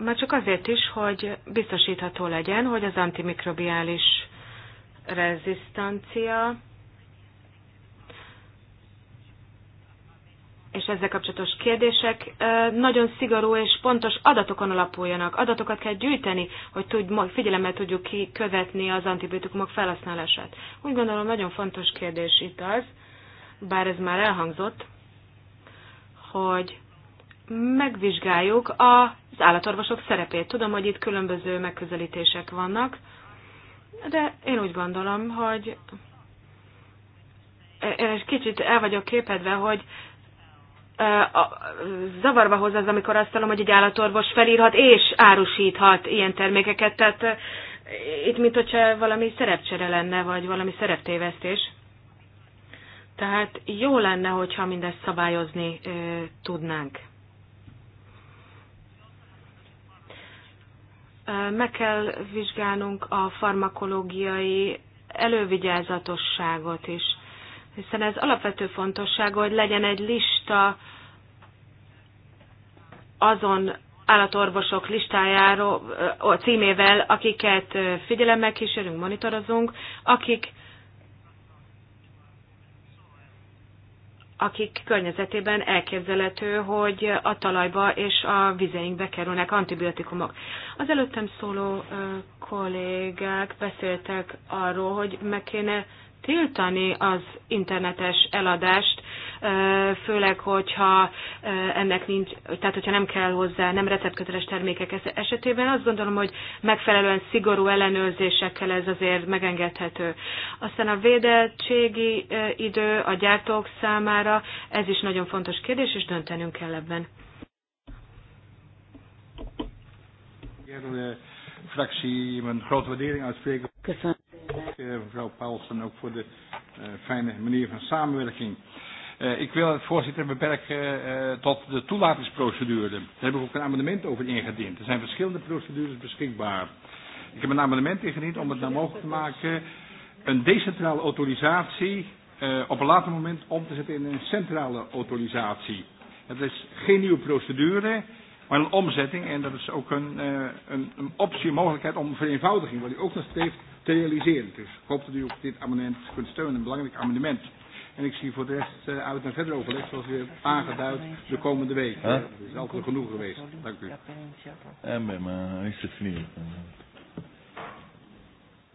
Már csak azért is, hogy biztosítható legyen, hogy az antimikrobiális rezisztancia és ezzel kapcsolatos kérdések nagyon szigorú és pontos adatokon alapuljanak. Adatokat kell gyűjteni, hogy tud, figyelemmel tudjuk követni az antibiotikumok felhasználását. Úgy gondolom, nagyon fontos kérdés itt az, bár ez már elhangzott, hogy megvizsgáljuk az állatorvosok szerepét. Tudom, hogy itt különböző megközelítések vannak, de én úgy gondolom, hogy én egy kicsit el vagyok képedve, hogy zavarba hoz az, amikor azt hallom, hogy egy állatorvos felírhat és árusíthat ilyen termékeket, tehát itt mint hogyha valami szerepcsere lenne, vagy valami szereptévesztés. Tehát jó lenne, hogyha mindezt szabályozni e, tudnánk. Meg kell vizsgálnunk a farmakológiai elővigyázatosságot is hiszen ez alapvető fontosság, hogy legyen egy lista azon állatorvosok listájáról, a címével, akiket figyelemmel kísérünk, monitorozunk, akik akik környezetében elképzelhető, hogy a talajba és a vizeinkbe kerülnek antibiotikumok. Az előttem szóló kollégák beszéltek arról, hogy meg kéne tiltani az internetes eladást, főleg, hogyha ennek nincs, tehát hogyha nem kell hozzá, nem receptköteles termékek esetében, azt gondolom, hogy megfelelően szigorú ellenőrzésekkel ez azért megengedhető. Aztán a védettségi idő a gyártók számára, ez is nagyon fontos kérdés, és döntenünk kell ebben fractie mijn grote waardering uitspreken. Kussen. Eh, mevrouw Paulsen ook voor de uh, fijne manier van samenwerking. Uh, ik wil het voorzitter beperken uh, tot de toelatingsprocedure. Daar heb ik ook een amendement over ingediend. Er zijn verschillende procedures beschikbaar. Ik heb een amendement ingediend om het nou mogelijk te maken een decentrale autorisatie uh, op een later moment om te zetten in een centrale autorisatie. Het is geen nieuwe procedure maar een omzetting. En dat is ook een, uh, een, een optie, een mogelijkheid om vereenvoudiging, wat u ook nog streeft, te realiseren. Dus ik hoop dat u ook dit amendement kunt steunen, een belangrijk amendement. En ik zie voor de rest uh, uit naar verder overleg, zoals u hebt aangeduid, de komende week. Huh? Dat is altijd genoeg geweest. Dank u. En bij mij is het niet.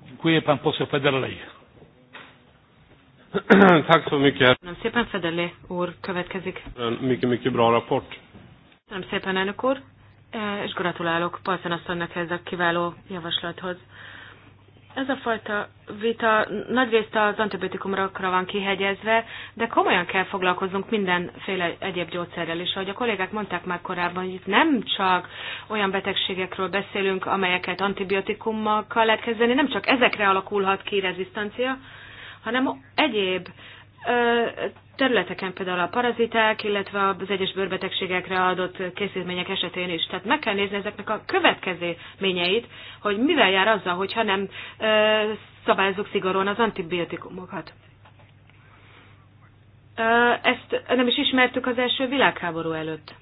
Dziękuję pan poseł Federley. Tack så mycket. Szépen Federley úr következik. Mycket, mycket bra rapport. Köszönöm szépen, elnök úr, e, és gratulálok Palcán asszonynak ez a kiváló javaslathoz. Ez a fajta vita nagyrészt az antibiotikumokra van kihegyezve, de komolyan kell foglalkoznunk mindenféle egyéb gyógyszerrel is. Ahogy a kollégák mondták már korábban, hogy itt nem csak olyan betegségekről beszélünk, amelyeket antibiotikumokkal lehet kezdeni, nem csak ezekre alakulhat ki rezisztancia, hanem egyéb területeken, például a paraziták, illetve az egyes bőrbetegségekre adott készítmények esetén is. Tehát meg kell nézni ezeknek a következményeit, hogy mivel jár azzal, hogyha nem szabályozzuk szigorúan az antibiotikumokat. ezt nem is ismertük az első világháború előtt.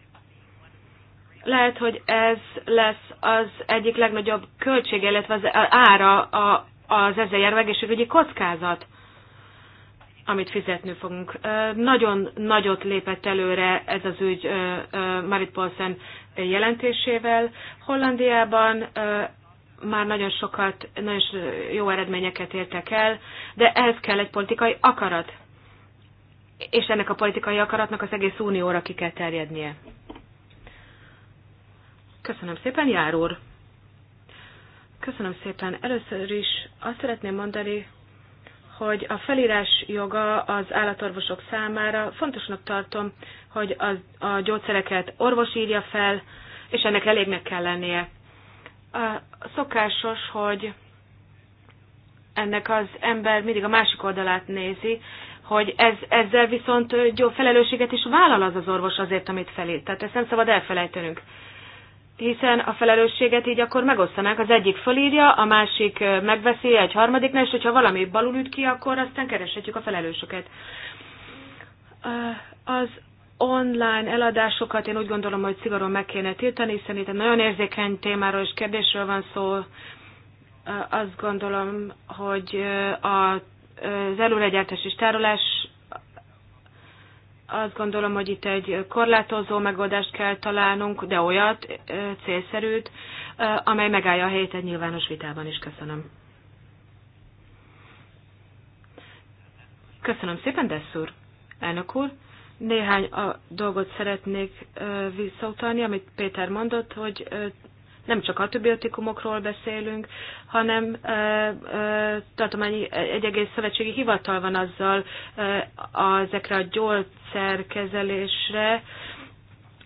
Lehet, hogy ez lesz az egyik legnagyobb költsége, illetve az ára a, az ezzel járó egészségügyi kockázat amit fizetni fogunk. Nagyon nagyot lépett előre ez az ügy Marit Paulsen jelentésével. Hollandiában már nagyon sokat, nagyon jó eredményeket értek el, de ehhez kell egy politikai akarat. És ennek a politikai akaratnak az egész unióra ki kell terjednie. Köszönöm szépen, Jár úr! Köszönöm szépen. Először is azt szeretném mondani, hogy a felírás joga az állatorvosok számára fontosnak tartom, hogy az, a gyógyszereket orvos írja fel, és ennek elégnek kell lennie. A szokásos, hogy ennek az ember mindig a másik oldalát nézi, hogy ez, ezzel viszont jó felelősséget is vállal az az orvos azért, amit felír. Tehát ezt nem szabad elfelejtenünk hiszen a felelősséget így akkor megosztanák, az egyik fölírja, a másik megveszi egy harmadiknál, és hogyha valami balul üt ki, akkor aztán kereshetjük a felelősöket. Az online eladásokat én úgy gondolom, hogy szigorúan meg kéne tiltani, hiszen itt egy nagyon érzékeny témáról és kérdésről van szó. Azt gondolom, hogy az előregyártás és tárolás azt gondolom, hogy itt egy korlátozó megoldást kell találnunk, de olyat, célszerűt, amely megállja a helyét egy nyilvános vitában is. Köszönöm. Köszönöm szépen, Desszúr, elnök úr. Néhány a dolgot szeretnék visszautalni, amit Péter mondott, hogy nem csak antibiotikumokról beszélünk, hanem ö, ö, tartományi, egy egész szövetségi hivatal van azzal ö, ezekre a gyógyszerkezelésre,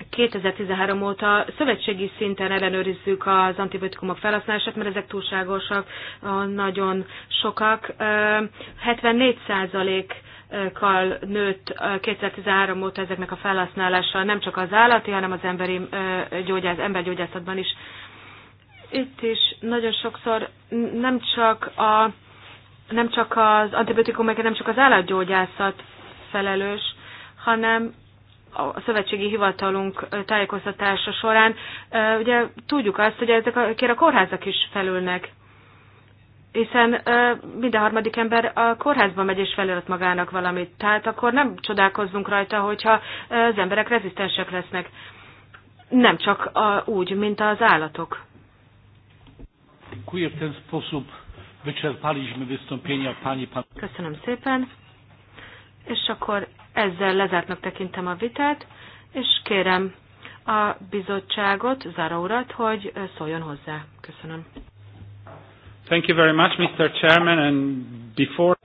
2013 óta szövetségi szinten ellenőrizzük az antibiotikumok felhasználását, mert ezek túlságosak, nagyon sokak. 74 kal nőtt 2013 óta ezeknek a felhasználása nem csak az állati, hanem az emberi gyógyász, embergyógyászatban is itt is nagyon sokszor nem csak, a, nem csak az meg nem csak az állatgyógyászat felelős, hanem a szövetségi hivatalunk tájékoztatása során, ugye tudjuk azt, hogy ezek a, kér a kórházak is felülnek, hiszen minden harmadik ember a kórházba megy és felölt magának valamit, tehát akkor nem csodálkozzunk rajta, hogyha az emberek rezisztensek lesznek. Nem csak a, úgy, mint az állatok. Dziękuję. W ten sposób wyczerpaliśmy wystąpienia pani pan. Köszönöm szépen. És akkor ezzel lezártnak tekintem a vitát, és kérem a bizottságot, Zara urat, hogy szóljon hozzá. Köszönöm. Thank you very much, Mr. Chairman, and before...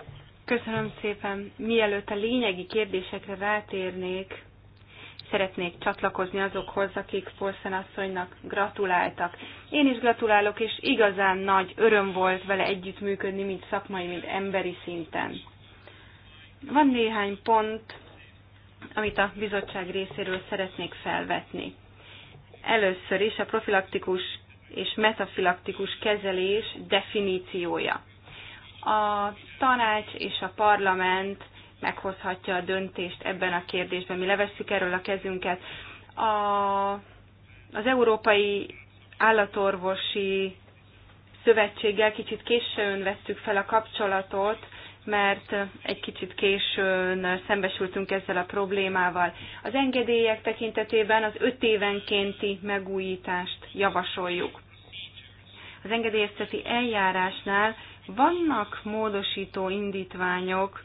Köszönöm szépen. Mielőtt a lényegi kérdésekre rátérnék, szeretnék csatlakozni azokhoz, akik Polszen asszonynak gratuláltak. Én is gratulálok, és igazán nagy öröm volt vele együttműködni, mind szakmai, mind emberi szinten. Van néhány pont, amit a bizottság részéről szeretnék felvetni. Először is a profilaktikus és metafilaktikus kezelés definíciója. A tanács és a parlament meghozhatja a döntést ebben a kérdésben. Mi levesszük erről a kezünket. A, az Európai Állatorvosi Szövetséggel kicsit későn vettük fel a kapcsolatot, mert egy kicsit későn szembesültünk ezzel a problémával. Az engedélyek tekintetében az öt évenkénti megújítást javasoljuk. Az engedélyezteti eljárásnál vannak módosító indítványok,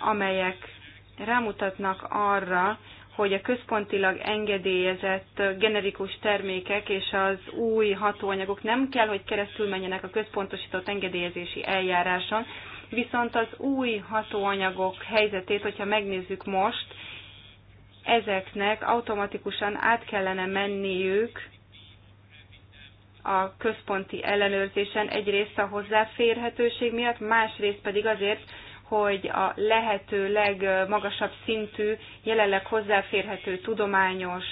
amelyek rámutatnak arra, hogy a központilag engedélyezett generikus termékek és az új hatóanyagok nem kell, hogy keresztül menjenek a központosított engedélyezési eljáráson, viszont az új hatóanyagok helyzetét, hogyha megnézzük most, ezeknek automatikusan át kellene menniük a központi ellenőrzésen egyrészt a hozzáférhetőség miatt, másrészt pedig azért, hogy a lehető legmagasabb szintű, jelenleg hozzáférhető tudományos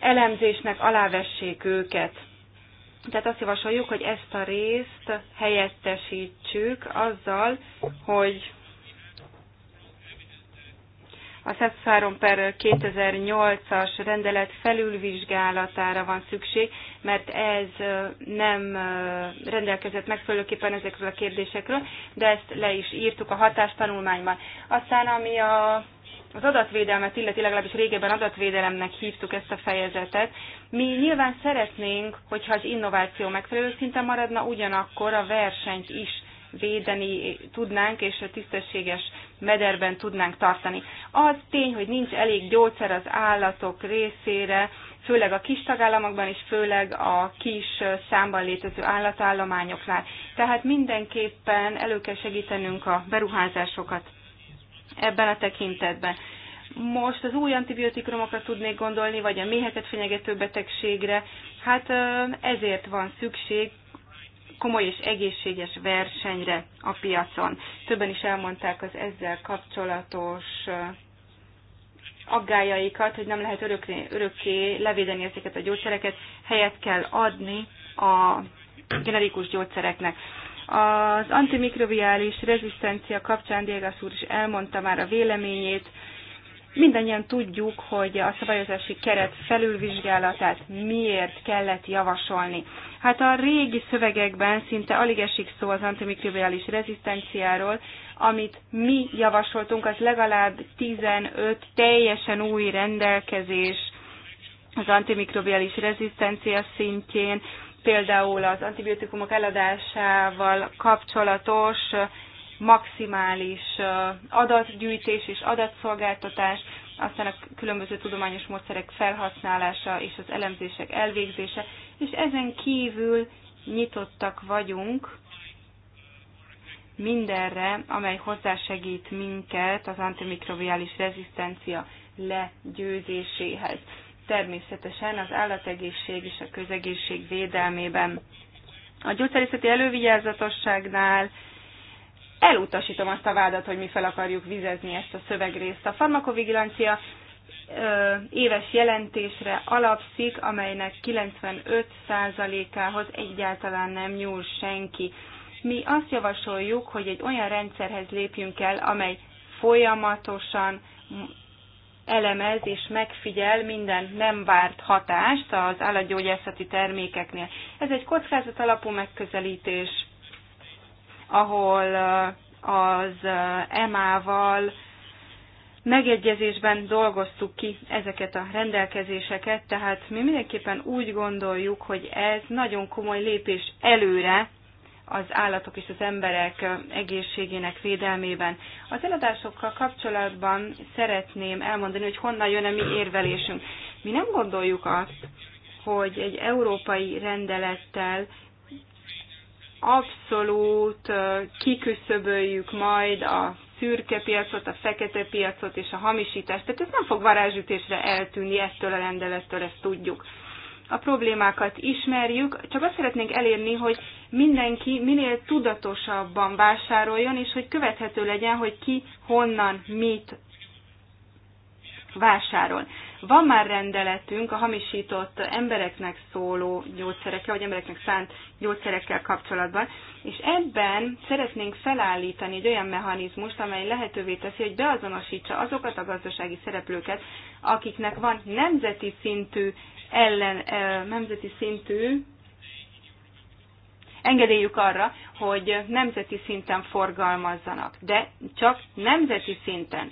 elemzésnek alávessék őket. Tehát azt javasoljuk, hogy ezt a részt helyettesítsük azzal, hogy a 103 per 2008-as rendelet felülvizsgálatára van szükség, mert ez nem rendelkezett megfelelőképpen ezekről a kérdésekről, de ezt le is írtuk a hatástanulmányban. Aztán ami a az adatvédelmet illeti, legalábbis régebben adatvédelemnek hívtuk ezt a fejezetet. Mi nyilván szeretnénk, hogyha az innováció megfelelő szinten maradna, ugyanakkor a versenyt is védeni tudnánk, és a tisztességes mederben tudnánk tartani. Az tény, hogy nincs elég gyógyszer az állatok részére, főleg a kis tagállamokban és főleg a kis számban létező állatállományoknál. Tehát mindenképpen elő kell segítenünk a beruházásokat ebben a tekintetben. Most az új antibiotikumokra tudnék gondolni, vagy a méheket fenyegető betegségre. Hát ezért van szükség komoly és egészséges versenyre a piacon. Többen is elmondták az ezzel kapcsolatos aggájaikat, hogy nem lehet örökké, örökké levédeni ezeket a gyógyszereket, helyet kell adni a generikus gyógyszereknek. Az antimikrobiális rezisztencia kapcsán Diegas úr is elmondta már a véleményét, Mindannyian tudjuk, hogy a szabályozási keret felülvizsgálatát miért kellett javasolni. Hát a régi szövegekben szinte alig esik szó az antimikrobiális rezisztenciáról, amit mi javasoltunk, az legalább 15 teljesen új rendelkezés az antimikrobiális rezisztencia szintjén, például az antibiotikumok eladásával kapcsolatos maximális adatgyűjtés és adatszolgáltatás, aztán a különböző tudományos módszerek felhasználása és az elemzések elvégzése, és ezen kívül nyitottak vagyunk mindenre, amely hozzásegít minket az antimikrobiális rezisztencia legyőzéséhez. Természetesen az állategészség és a közegészség védelmében. A gyógyszerészeti elővigyázatosságnál elutasítom azt a vádat, hogy mi fel akarjuk vizezni ezt a szövegrészt. A farmakovigilancia éves jelentésre alapszik, amelynek 95%-ához egyáltalán nem nyúl senki. Mi azt javasoljuk, hogy egy olyan rendszerhez lépjünk el, amely folyamatosan elemez és megfigyel minden nem várt hatást az állatgyógyászati termékeknél. Ez egy kockázat alapú megközelítés ahol uh, az uh, EMA-val megegyezésben dolgoztuk ki ezeket a rendelkezéseket, tehát mi mindenképpen úgy gondoljuk, hogy ez nagyon komoly lépés előre az állatok és az emberek uh, egészségének védelmében. Az eladásokkal kapcsolatban szeretném elmondani, hogy honnan jön a mi érvelésünk. Mi nem gondoljuk azt, hogy egy európai rendelettel abszolút kiküszöböljük majd a szürke piacot, a fekete piacot és a hamisítást. Tehát ez nem fog varázsütésre eltűnni ettől a rendelettől, ezt tudjuk. A problémákat ismerjük, csak azt szeretnénk elérni, hogy mindenki minél tudatosabban vásároljon, és hogy követhető legyen, hogy ki honnan mit vásárol. Van már rendeletünk a hamisított embereknek szóló gyógyszerekkel, vagy embereknek szánt gyógyszerekkel kapcsolatban, és ebben szeretnénk felállítani egy olyan mechanizmust, amely lehetővé teszi, hogy beazonosítsa azokat a gazdasági szereplőket, akiknek van nemzeti szintű ellen, nemzeti szintű engedélyük arra, hogy nemzeti szinten forgalmazzanak, de csak nemzeti szinten.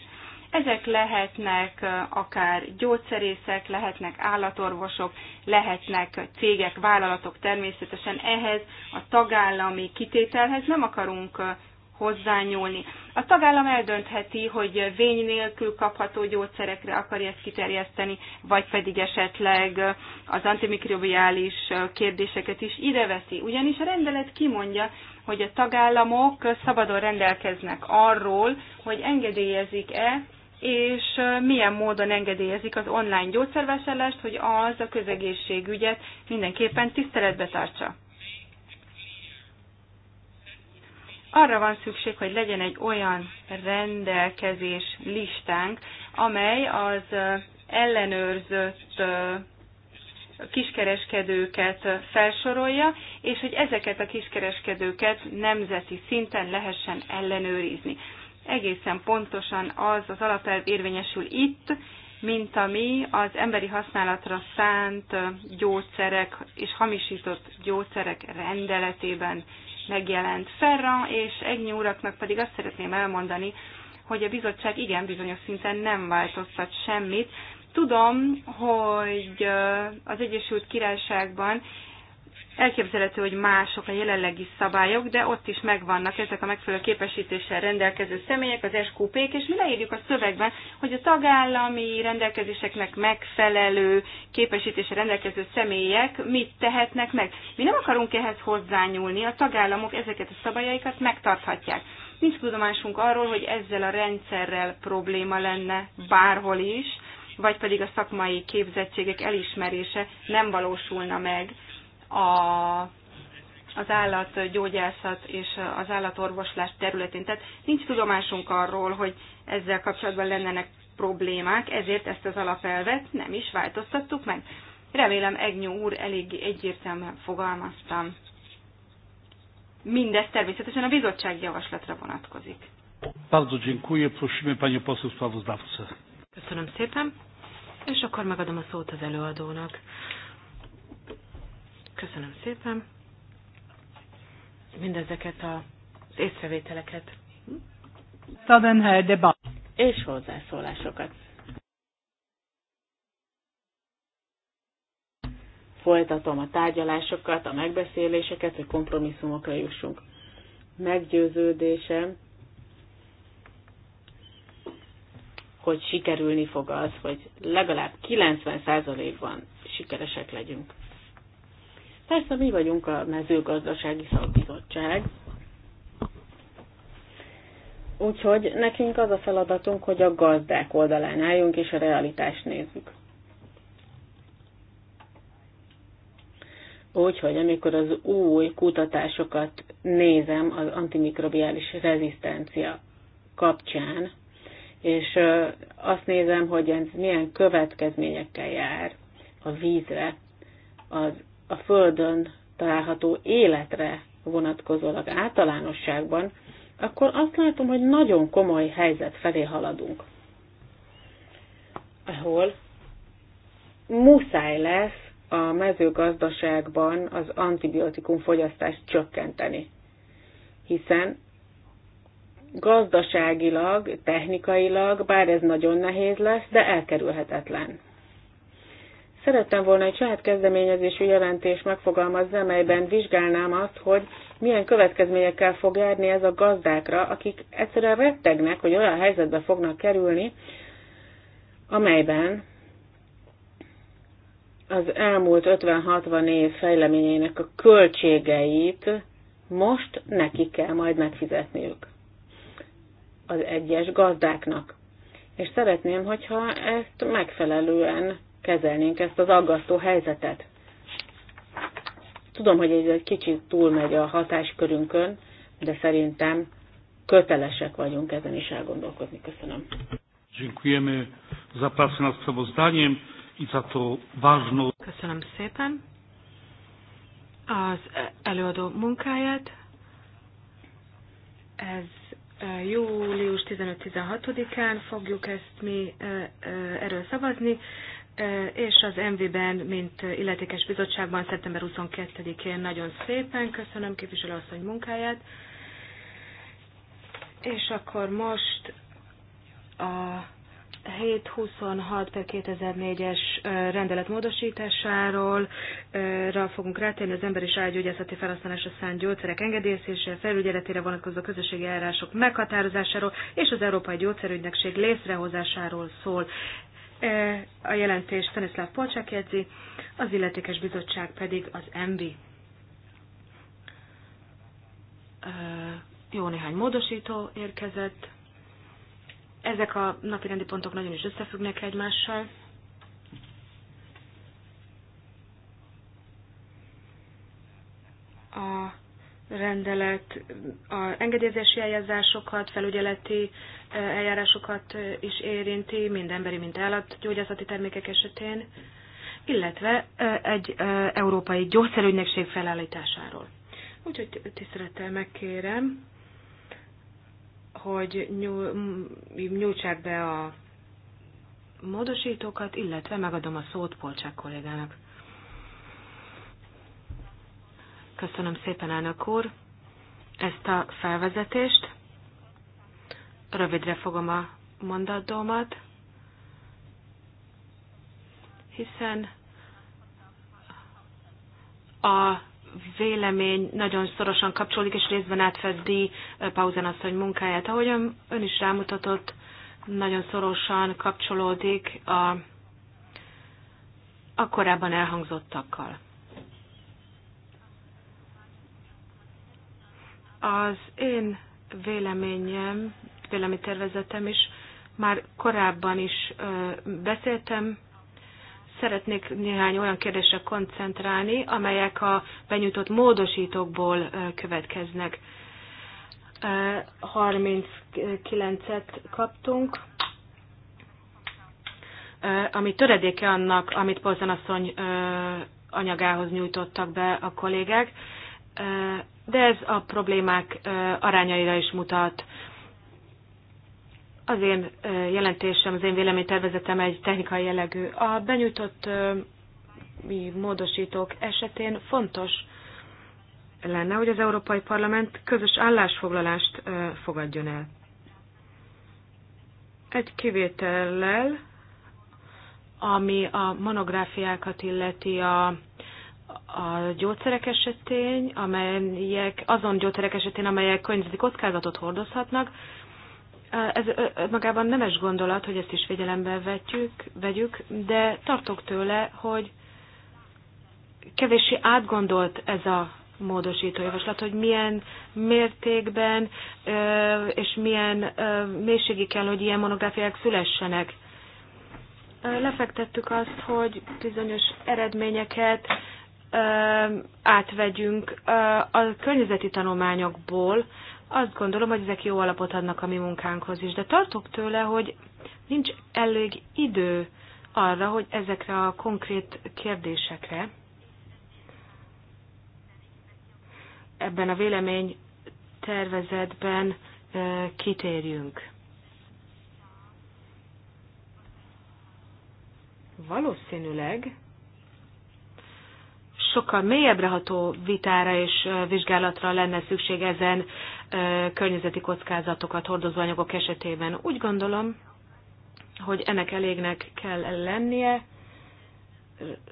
Ezek lehetnek akár gyógyszerészek, lehetnek állatorvosok, lehetnek cégek, vállalatok természetesen ehhez a tagállami kitételhez nem akarunk hozzányúlni. A tagállam eldöntheti, hogy vény nélkül kapható gyógyszerekre akarja ezt kiterjeszteni, vagy pedig esetleg az antimikrobiális kérdéseket is ideveszi. Ugyanis a rendelet kimondja, hogy a tagállamok szabadon rendelkeznek arról, hogy engedélyezik-e és milyen módon engedélyezik az online gyógyszervásárlást, hogy az a közegészségügyet mindenképpen tiszteletbe tartsa. Arra van szükség, hogy legyen egy olyan rendelkezés listánk, amely az ellenőrzött kiskereskedőket felsorolja, és hogy ezeket a kiskereskedőket nemzeti szinten lehessen ellenőrizni egészen pontosan az az alapelv érvényesül itt, mint ami az emberi használatra szánt gyógyszerek és hamisított gyógyszerek rendeletében megjelent. Ferra és Egnyi uraknak pedig azt szeretném elmondani, hogy a bizottság igen bizonyos szinten nem változtat semmit. Tudom, hogy az Egyesült Királyságban Elképzelhető, hogy mások a jelenlegi szabályok, de ott is megvannak ezek a megfelelő képesítéssel rendelkező személyek, az SQP-k, és mi leírjuk a szövegben, hogy a tagállami rendelkezéseknek megfelelő képesítéssel rendelkező személyek mit tehetnek meg. Mi nem akarunk ehhez hozzányúlni, a tagállamok ezeket a szabályaikat megtarthatják. Nincs tudomásunk arról, hogy ezzel a rendszerrel probléma lenne bárhol is, vagy pedig a szakmai képzettségek elismerése nem valósulna meg a, az állatgyógyászat és az állatorvoslás területén. Tehát nincs tudomásunk arról, hogy ezzel kapcsolatban lennének problémák, ezért ezt az alapelvet nem is változtattuk meg. Remélem Egnyó úr elég egyértelműen fogalmaztam. Mindez természetesen a bizottság javaslatra vonatkozik. Bardzo dziękuję. Prosimy panią poseł sprawozdawcę. Köszönöm szépen, és akkor megadom a szót az előadónak. Köszönöm szépen mindezeket az észrevételeket. És hozzászólásokat. Folytatom a tárgyalásokat, a megbeszéléseket, hogy kompromisszumokra jussunk. Meggyőződésem, hogy sikerülni fog az, hogy legalább 90%-ban sikeresek legyünk. Persze mi vagyunk a mezőgazdasági szakbizottság, Úgyhogy nekünk az a feladatunk, hogy a gazdák oldalán álljunk és a realitást nézzük. Úgyhogy amikor az új kutatásokat nézem az antimikrobiális rezisztencia kapcsán, és azt nézem, hogy ez milyen következményekkel jár a vízre, az a Földön található életre vonatkozólag általánosságban, akkor azt látom, hogy nagyon komoly helyzet felé haladunk, ahol muszáj lesz a mezőgazdaságban az antibiotikum fogyasztást csökkenteni, hiszen gazdaságilag, technikailag, bár ez nagyon nehéz lesz, de elkerülhetetlen. Szerettem volna egy saját kezdeményezésű jelentést megfogalmazni, amelyben vizsgálnám azt, hogy milyen következményekkel fog járni ez a gazdákra, akik egyszerűen rettegnek, hogy olyan helyzetbe fognak kerülni, amelyben az elmúlt 50-60 év fejleményének a költségeit most neki kell majd megfizetniük az egyes gazdáknak. És szeretném, hogyha ezt megfelelően kezelnénk ezt az aggasztó helyzetet. Tudom, hogy ez egy kicsit túlmegy a hatáskörünkön, de szerintem kötelesek vagyunk ezen is elgondolkodni. Köszönöm. Dziękujemy za pracę nad sprawozdaniem i za to ważną... Köszönöm szépen az előadó munkáját. Ez július 15-16-án fogjuk ezt mi erről szavazni, és az MV-ben, mint illetékes bizottságban szeptember 22-én nagyon szépen köszönöm képviselőasszony munkáját. És akkor most a 726 per 2004-es rendelet módosításáról rá fogunk rátérni az emberi sárgyógyászati felhasználásra szánt gyógyszerek engedélyezésére, felügyeletére vonatkozó közösségi eljárások meghatározásáról és az Európai Gyógyszerügynökség létrehozásáról szól. E, a jelentés Stanislav Polcsák jegyzi, az illetékes bizottság pedig az MB. E, jó néhány módosító érkezett. Ezek a napi rendi pontok nagyon is összefüggnek egymással. A rendelet a engedélyezési eljárásokat, felügyeleti eljárásokat is érinti, mind emberi, mind állatgyógyászati termékek esetén, illetve egy európai gyógyszerügynökség felállításáról. Úgyhogy tisztelettel megkérem, hogy nyújtsák be a módosítókat, illetve megadom a szót Polcsák kollégának. Köszönöm szépen, elnök úr, ezt a felvezetést. Rövidre fogom a mondatomat, hiszen a vélemény nagyon szorosan kapcsolódik, és részben átfedi eh, Pauzen asszony munkáját. Ahogy ön, ön is rámutatott, nagyon szorosan kapcsolódik a, a korábban elhangzottakkal. Az én véleményem, véleménytervezetem is már korábban is beszéltem, szeretnék néhány olyan kérdésre koncentrálni, amelyek a benyújtott módosítókból következnek. 39-et kaptunk, ami töredéke annak, amit Polzan asszony anyagához nyújtottak be a kollégák de ez a problémák arányaira is mutat. Az én jelentésem, az én véleménytervezetem egy technikai jellegű. A benyújtott módosítók esetén fontos lenne, hogy az Európai Parlament közös állásfoglalást fogadjon el. Egy kivétellel, ami a monográfiákat illeti a a gyógyszerek esetén, amelyek, azon gyógyszerek esetén, amelyek környezeti kockázatot hordozhatnak, ez magában nemes gondolat, hogy ezt is figyelembe vetjük, vegyük, de tartok tőle, hogy kevéssé átgondolt ez a javaslat, hogy milyen mértékben és milyen mélységig kell, hogy ilyen monográfiák szülessenek. Lefektettük azt, hogy bizonyos eredményeket átvegyünk a környezeti tanulmányokból, azt gondolom, hogy ezek jó alapot adnak a mi munkánkhoz is, de tartok tőle, hogy nincs elég idő arra, hogy ezekre a konkrét kérdésekre ebben a vélemény tervezetben kitérjünk. Valószínűleg sokkal mélyebbre ható vitára és vizsgálatra lenne szükség ezen környezeti kockázatokat hordozó anyagok esetében. Úgy gondolom, hogy ennek elégnek kell lennie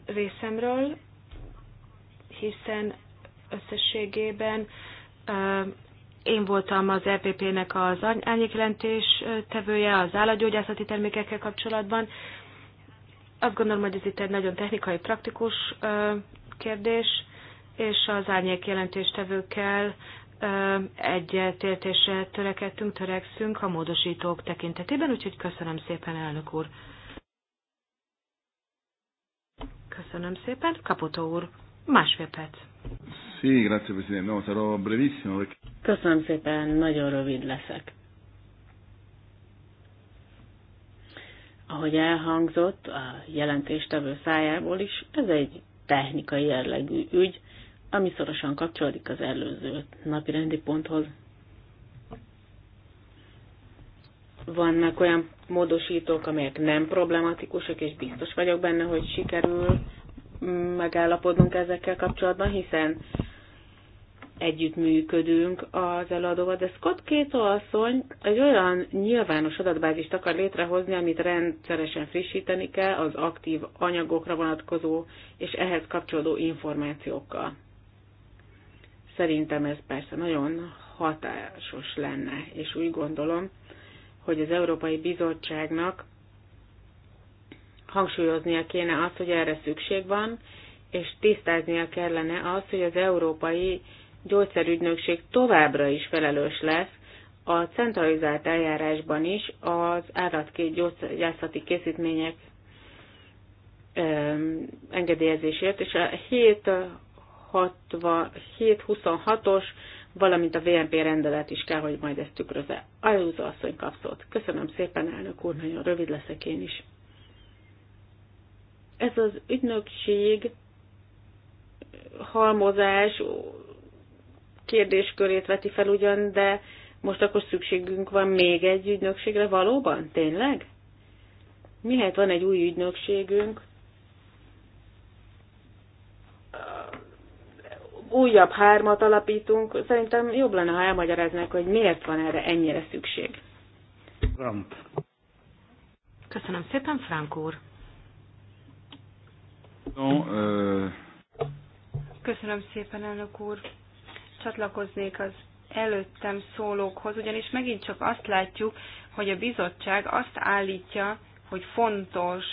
részemről, hiszen összességében én voltam az EPP-nek az ányéklentés tevője az állatgyógyászati termékekkel kapcsolatban. Azt gondolom, hogy ez itt egy nagyon technikai, praktikus kérdés, és az árnyék jelentéstevőkkel egyetértésre törekedtünk, törekszünk a módosítók tekintetében, úgyhogy köszönöm szépen, elnök úr. Köszönöm szépen. Kaputó úr, másfél perc. Köszönöm szépen, nagyon rövid leszek. Ahogy elhangzott a jelentéstevő szájából is, ez egy technikai jellegű ügy, ami szorosan kapcsolódik az előző napi rendi ponthoz. Vannak olyan módosítók, amelyek nem problematikusak, és biztos vagyok benne, hogy sikerül mm, megállapodnunk ezekkel kapcsolatban, hiszen együttműködünk az eladóval, de Scott Kéto asszony egy olyan nyilvános adatbázist akar létrehozni, amit rendszeresen frissíteni kell az aktív anyagokra vonatkozó és ehhez kapcsolódó információkkal. Szerintem ez persze nagyon hatásos lenne, és úgy gondolom, hogy az Európai Bizottságnak hangsúlyoznia kéne azt, hogy erre szükség van, és tisztáznia kellene azt, hogy az európai gyógyszerügynökség továbbra is felelős lesz a centralizált eljárásban is az állatkét gyógyászati készítmények engedélyezésért, és a 726-os, valamint a VNP rendelet is kell, hogy majd ezt tükröze. Ajúza asszony kapszott. Köszönöm szépen, elnök úr, nagyon rövid leszek én is. Ez az ügynökség halmozás kérdéskörét veti fel ugyan, de most akkor szükségünk van még egy ügynökségre valóban? Tényleg? Mihet van egy új ügynökségünk, újabb hármat alapítunk, szerintem jobb lenne, ha elmagyaráznák, hogy miért van erre ennyire szükség. Trump. Köszönöm szépen, Frank úr. No, uh... Köszönöm szépen, elnök úr csatlakoznék az előttem szólókhoz, ugyanis megint csak azt látjuk, hogy a bizottság azt állítja, hogy fontos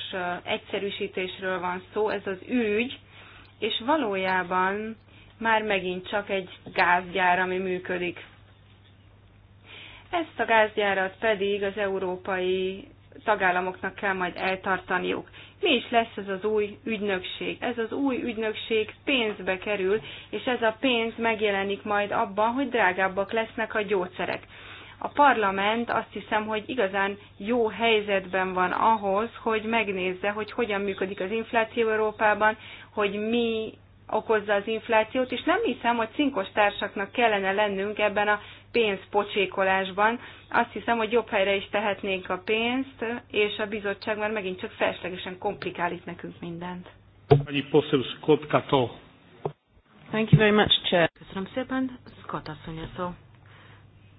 egyszerűsítésről van szó, ez az ügy, és valójában már megint csak egy gázgyár, ami működik. Ezt a gázgyárat pedig az európai tagállamoknak kell majd eltartaniuk mi is lesz ez az új ügynökség. Ez az új ügynökség pénzbe kerül, és ez a pénz megjelenik majd abban, hogy drágábbak lesznek a gyógyszerek. A parlament azt hiszem, hogy igazán jó helyzetben van ahhoz, hogy megnézze, hogy hogyan működik az infláció Európában, hogy mi okozza az inflációt, és nem hiszem, hogy cinkos társaknak kellene lennünk ebben a pénzpocsékolásban. Azt hiszem, hogy jobb helyre is tehetnénk a pénzt, és a bizottság már megint csak feleslegesen komplikál itt nekünk mindent. Thank you very much, Chair. Köszönöm szépen. Scott asszony szó.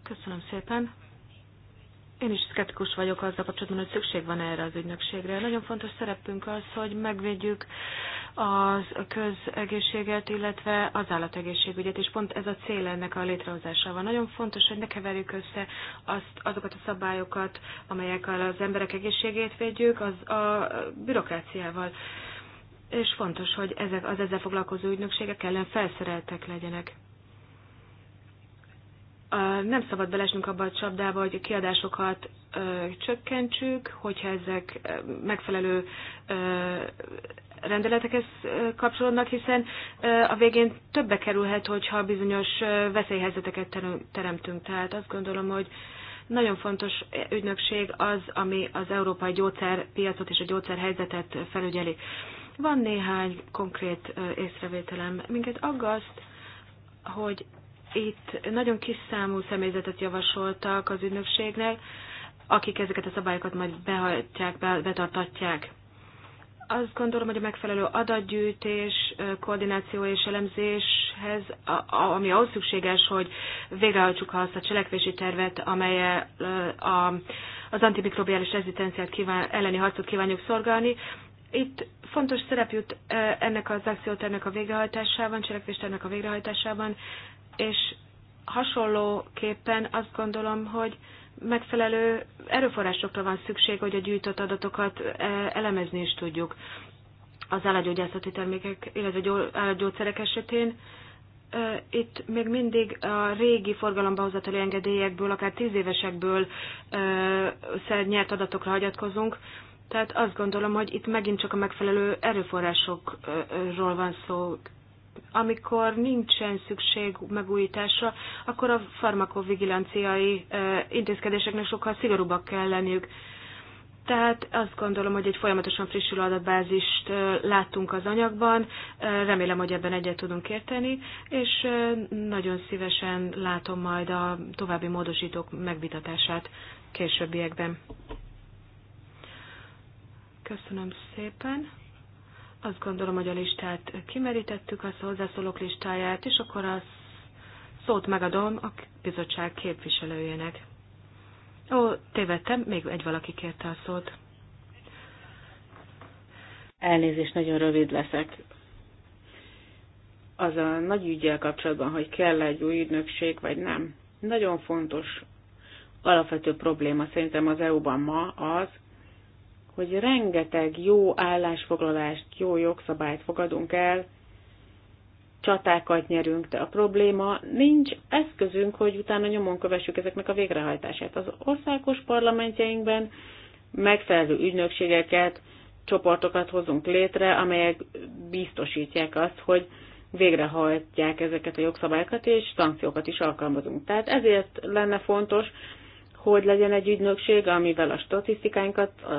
Köszönöm szépen. Én is szkeptikus vagyok azzal kapcsolatban, hogy szükség van erre az ügynökségre. Nagyon fontos szerepünk az, hogy megvédjük az közegészséget, illetve az állategészségügyet, és pont ez a cél ennek a létrehozásával. Nagyon fontos, hogy ne keverjük össze azt, azokat a szabályokat, amelyekkel az emberek egészségét védjük, az a bürokráciával. És fontos, hogy ezek az ezzel foglalkozó ügynökségek ellen felszereltek legyenek nem szabad belesnünk abba a csapdába, hogy a kiadásokat csökkentsük, hogyha ezek megfelelő rendeletekhez kapcsolódnak, hiszen a végén többe kerülhet, hogyha bizonyos veszélyhelyzeteket teremtünk. Tehát azt gondolom, hogy nagyon fontos ügynökség az, ami az európai gyógyszerpiacot és a gyógyszerhelyzetet felügyeli. Van néhány konkrét észrevételem. Minket aggaszt, hogy itt nagyon kis számú személyzetet javasoltak az ügynökségnek, akik ezeket a szabályokat majd behajtják, betartatják. Azt gondolom, hogy a megfelelő adatgyűjtés, koordináció és elemzéshez, ami ahhoz szükséges, hogy végrehajtsuk azt a cselekvési tervet, amely az antimikrobiális rezisztenciát kíván, elleni harcot kívánjuk szolgálni. itt fontos szerep jut ennek az akciótervnek a végrehajtásában, cselekvéstervnek a végrehajtásában, és hasonlóképpen azt gondolom, hogy megfelelő erőforrásokra van szükség, hogy a gyűjtött adatokat e, elemezni is tudjuk. Az állatgyógyászati termékek, illetve állatgyógyszerek esetén e, itt még mindig a régi forgalomba hozatali engedélyekből, akár tíz évesekből e, nyert adatokra hagyatkozunk, tehát azt gondolom, hogy itt megint csak a megfelelő erőforrásokról van szó, amikor nincsen szükség megújításra, akkor a farmakovigilanciai intézkedéseknek sokkal szigorúbbak kell lenniük. Tehát azt gondolom, hogy egy folyamatosan frissülő adatbázist láttunk az anyagban, remélem, hogy ebben egyet tudunk érteni, és nagyon szívesen látom majd a további módosítók megvitatását későbbiekben. Köszönöm szépen. Azt gondolom, hogy a listát kimerítettük, a hozzászólók listáját, és akkor a szót megadom a bizottság képviselőjének. Ó, tévedtem, még egy valaki kérte a szót. Elnézést, nagyon rövid leszek. Az a nagy ügyel kapcsolatban, hogy kell egy új ügynökség, vagy nem. Nagyon fontos alapvető probléma szerintem az EU-ban ma az, hogy rengeteg jó állásfoglalást, jó jogszabályt fogadunk el, csatákat nyerünk, de a probléma nincs eszközünk, hogy utána nyomon kövessük ezeknek a végrehajtását. Az országos parlamentjeinkben megfelelő ügynökségeket, csoportokat hozunk létre, amelyek biztosítják azt, hogy végrehajtják ezeket a jogszabályokat, és szankciókat is alkalmazunk. Tehát ezért lenne fontos, hogy legyen egy ügynökség, amivel a statisztikánkat, a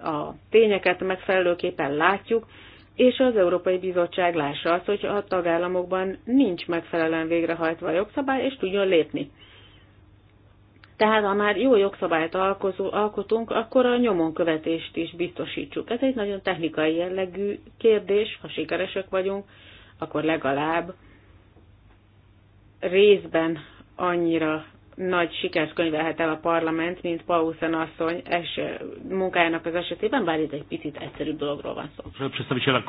a tényeket megfelelőképpen látjuk, és az Európai Bizottság lássa azt, hogy a tagállamokban nincs megfelelően végrehajtva a jogszabály, és tudjon lépni. Tehát ha már jó jogszabályt alkotunk, akkor a nyomon követést is biztosítsuk. Ez egy nagyon technikai jellegű kérdés, ha sikeresek vagyunk, akkor legalább részben annyira nagy sikert könyvelhet el a parlament, mint Paulsen asszony es, munkájának az esetében, bár itt egy picit egyszerűbb dologról van szó. Szóval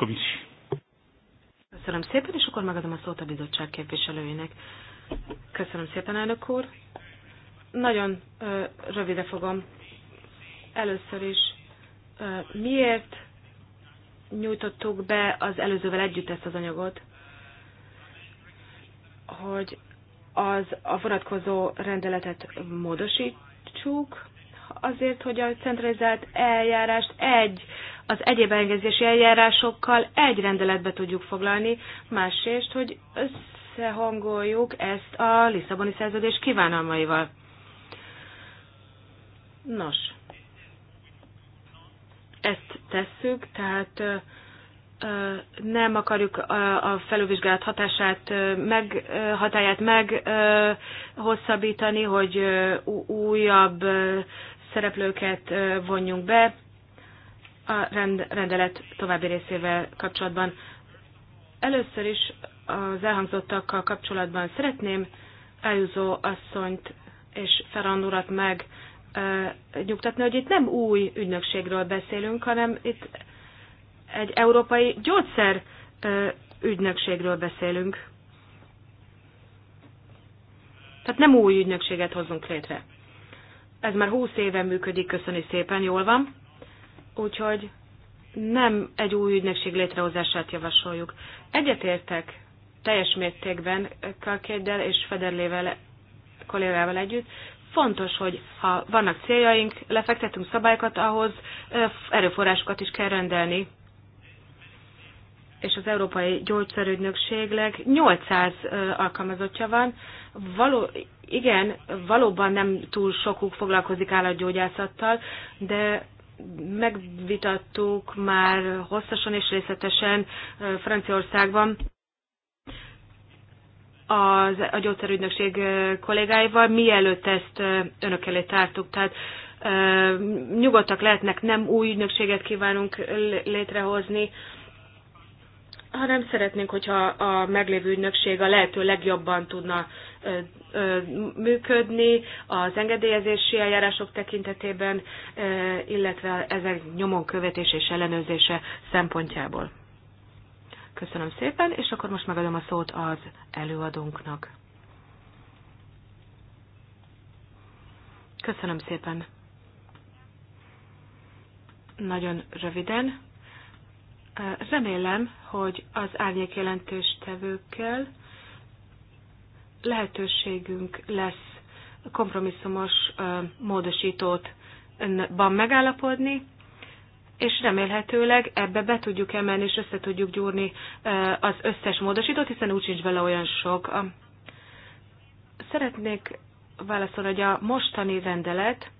Köszönöm szépen, és akkor megadom a szót a bizottság képviselőjének. Köszönöm szépen, elnök úr. Nagyon ö, rövide fogom. Először is, ö, miért nyújtottuk be az előzővel együtt ezt az anyagot? Hogy az a vonatkozó rendeletet módosítsuk, azért, hogy a centralizált eljárást egy, az egyéb engedési eljárásokkal egy rendeletbe tudjuk foglalni, másrészt, hogy összehangoljuk ezt a Lisszaboni szerződés kívánalmaival. Nos, ezt tesszük, tehát nem akarjuk a felülvizsgálat hatását, meg, hatáját meghosszabbítani, hogy újabb szereplőket vonjunk be a rendelet további részével kapcsolatban. Először is az elhangzottakkal kapcsolatban szeretném Eljúzó asszonyt és Ferran urat meg nyugtatni, hogy itt nem új ügynökségről beszélünk, hanem itt egy európai gyógyszer ügynökségről beszélünk. Tehát nem új ügynökséget hozzunk létre. Ez már húsz éve működik, köszöni szépen, jól van. Úgyhogy nem egy új ügynökség létrehozását javasoljuk. Egyetértek teljes mértékben Kalkéddel és Federlével kollégával együtt, fontos, hogy ha vannak céljaink, lefektetünk szabályokat, ahhoz erőforrásokat is kell rendelni és az Európai leg 800 alkalmazottja van. Való, igen, valóban nem túl sokuk foglalkozik állatgyógyászattal, de megvitattuk már hosszasan és részletesen Franciaországban az, a gyógyszerügynökség kollégáival, mielőtt ezt önök elé tártuk. Tehát nyugodtak lehetnek, nem új ügynökséget kívánunk létrehozni, hanem szeretnénk, hogyha a meglévő ügynökség a lehető legjobban tudna ö, ö, működni az engedélyezési eljárások tekintetében, ö, illetve ezek nyomon követés és ellenőrzése szempontjából. Köszönöm szépen, és akkor most megadom a szót az előadónknak. Köszönöm szépen. Nagyon röviden Remélem, hogy az árnyék jelentőstevőkkel lehetőségünk lesz kompromisszumos módosítótban megállapodni, és remélhetőleg ebbe be tudjuk emelni, és össze tudjuk gyúrni az összes módosítót, hiszen úgy sincs vele olyan sok. Szeretnék válaszolni, hogy a mostani rendelet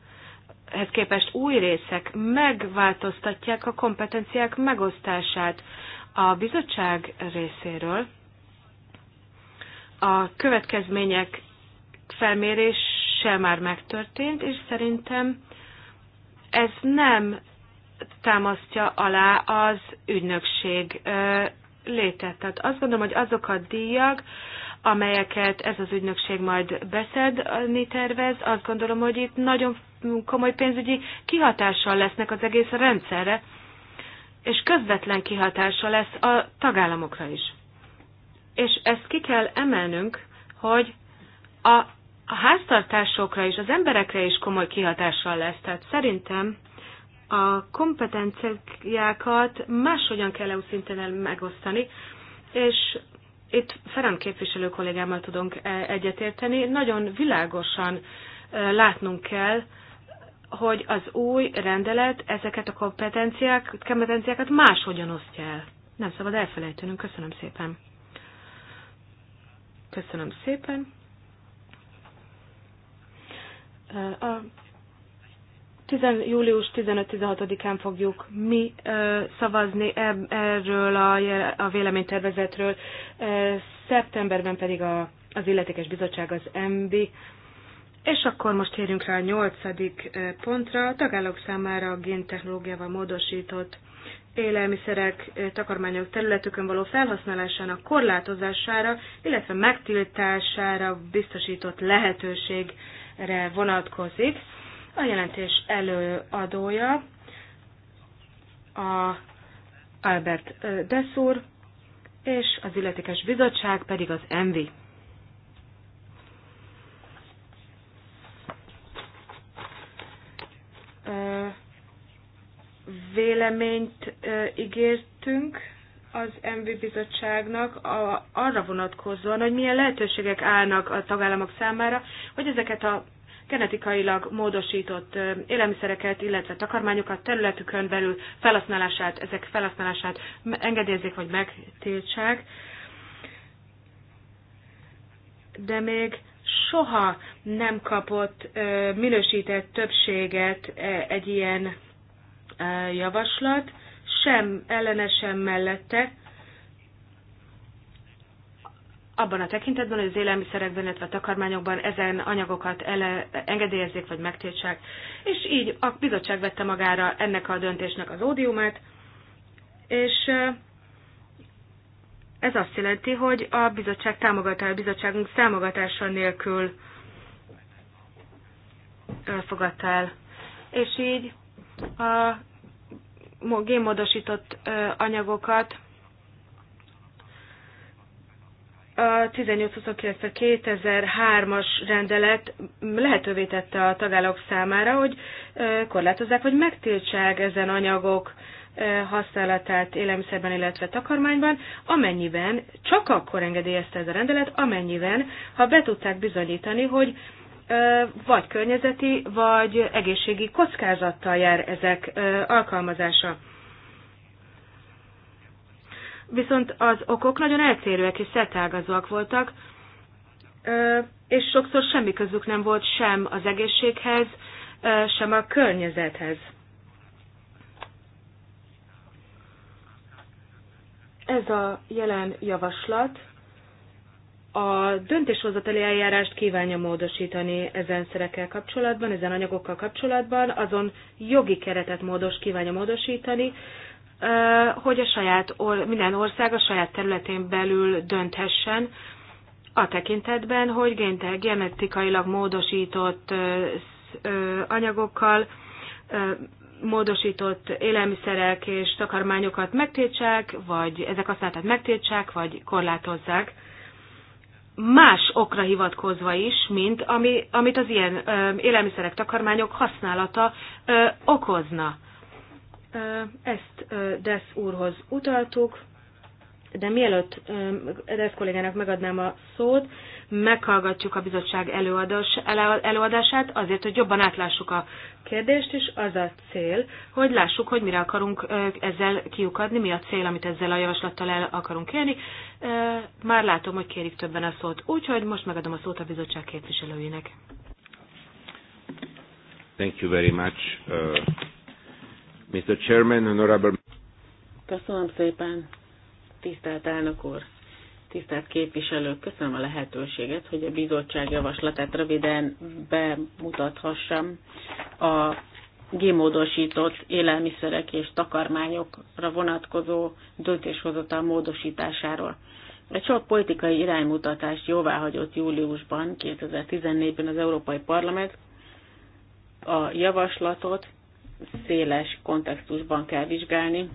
ehhez képest új részek megváltoztatják a kompetenciák megosztását a bizottság részéről. A következmények felmérése már megtörtént, és szerintem ez nem támasztja alá az ügynökség létet. Tehát azt gondolom, hogy azok a díjak, amelyeket ez az ügynökség majd beszedni tervez, azt gondolom, hogy itt nagyon komoly pénzügyi kihatással lesznek az egész rendszerre, és közvetlen kihatása lesz a tagállamokra is. És ezt ki kell emelnünk, hogy a, a háztartásokra is, az emberekre is komoly kihatással lesz. Tehát szerintem a kompetenciákat máshogyan kell EU szinten megosztani, és itt Ferem képviselő kollégámmal tudunk e- egyetérteni, nagyon világosan e, látnunk kell, hogy az új rendelet ezeket a kompetenciákat, kompetenciákat máshogyan osztja el. Nem szabad elfelejtenünk. Köszönöm szépen. Köszönöm szépen. A 10, július 15-16-án fogjuk mi szavazni erről a, a véleménytervezetről, szeptemberben pedig a, az illetékes bizottság, az MB és akkor most térjünk rá a nyolcadik eh, pontra, a tagállamok számára a géntechnológiával módosított élelmiszerek, eh, takarmányok területükön való felhasználásának korlátozására, illetve megtiltására biztosított lehetőségre vonatkozik. A jelentés előadója a Albert eh, Deszúr, és az illetékes bizottság pedig az ENVI. véleményt ígértünk az MV bizottságnak a, arra vonatkozóan, hogy milyen lehetőségek állnak a tagállamok számára, hogy ezeket a genetikailag módosított élelmiszereket, illetve takarmányokat területükön belül felhasználását, ezek felhasználását engedélyezzék vagy megtiltsák. De még soha nem kapott minősített többséget egy ilyen javaslat, sem ellene, sem mellette, abban a tekintetben, hogy az élelmiszerekben, illetve a takarmányokban ezen anyagokat ele, engedélyezzék vagy megtiltsák. És így a bizottság vette magára ennek a döntésnek az ódiumát, és ez azt jelenti, hogy a bizottság támogatása, a bizottságunk támogatása nélkül elfogadta el. És így a génmódosított anyagokat 1829-2003-as rendelet lehetővé tette a tagállamok számára, hogy korlátozzák, hogy megtiltsák ezen anyagok használatát élelmiszerben, illetve takarmányban, amennyiben csak akkor engedélyezte ez a rendelet, amennyiben, ha be tudták bizonyítani, hogy vagy környezeti, vagy egészségi kockázattal jár ezek alkalmazása. Viszont az okok nagyon eltérőek és szertágazóak voltak, és sokszor semmi közük nem volt sem az egészséghez, sem a környezethez. Ez a jelen javaslat a döntéshozatali eljárást kívánja módosítani ezen szerekkel kapcsolatban, ezen anyagokkal kapcsolatban, azon jogi keretet módos kívánja módosítani, hogy a saját, minden ország a saját területén belül dönthessen a tekintetben, hogy genetikailag módosított anyagokkal, módosított élelmiszerek és takarmányokat megtiltsák, vagy ezek használatát megtiltsák, vagy korlátozzák más okra hivatkozva is, mint ami, amit az ilyen ö, élelmiszerek, takarmányok használata ö, okozna. Ö, ezt ö, Desz úrhoz utaltuk, de mielőtt ö, Desz kollégának megadnám a szót, meghallgatjuk a bizottság előadás, előadását azért, hogy jobban átlássuk a kérdést, és az a cél, hogy lássuk, hogy mire akarunk ezzel kiukadni, mi a cél, amit ezzel a javaslattal el akarunk élni. Már látom, hogy kérik többen a szót, úgyhogy most megadom a szót a bizottság képviselőinek. Thank you very much, uh, Mr. Chairman, Honorable. Köszönöm szépen, tisztelt elnök úr, Tisztelt képviselők, köszönöm a lehetőséget, hogy a bizottság javaslatát röviden bemutathassam a gémódosított élelmiszerek és takarmányokra vonatkozó döntéshozatal módosításáról. Egy sok politikai iránymutatást jóváhagyott júliusban 2014-ben az Európai Parlament a javaslatot széles kontextusban kell vizsgálni,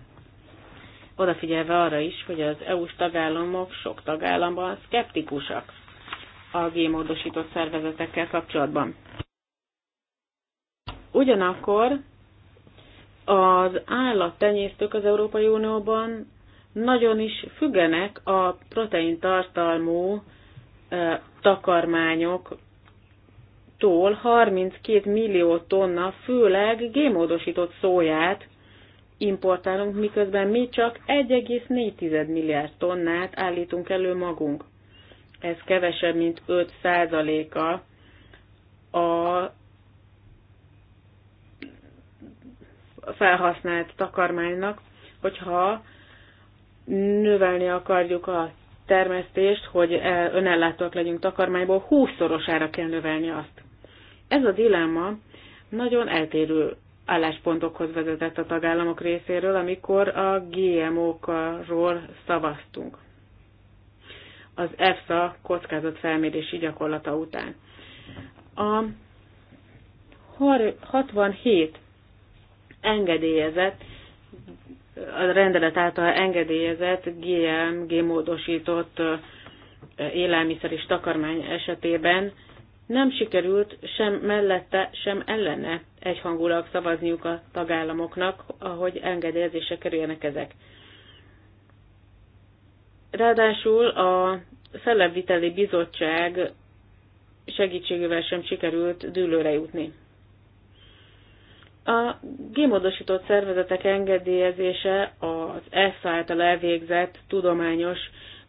odafigyelve arra is, hogy az EU-s tagállamok sok tagállamban szkeptikusak a gémódosított szervezetekkel kapcsolatban. Ugyanakkor az állattenyésztők az Európai Unióban nagyon is függenek a protein tartalmú takarmányoktól 32 millió tonna, főleg gémódosított szóját importálunk, miközben mi csak 1,4 milliárd tonnát állítunk elő magunk. Ez kevesebb, mint 5%-a a felhasznált takarmánynak, hogyha növelni akarjuk a termesztést, hogy e- önellátóak legyünk takarmányból, 20 kell növelni azt. Ez a dilemma nagyon eltérő álláspontokhoz vezetett a tagállamok részéről, amikor a GMO-król szavaztunk az EFSA kockázatfelmérési gyakorlata után. A 67 engedélyezett, a rendelet által engedélyezett gm módosított élelmiszer és takarmány esetében nem sikerült sem mellette, sem ellene egyhangulag szavazniuk a tagállamoknak, ahogy engedélyezésre kerüljenek ezek. Ráadásul a Szellemviteli Bizottság segítségével sem sikerült dűlőre jutni. A gémodosított szervezetek engedélyezése az ESZ által elvégzett tudományos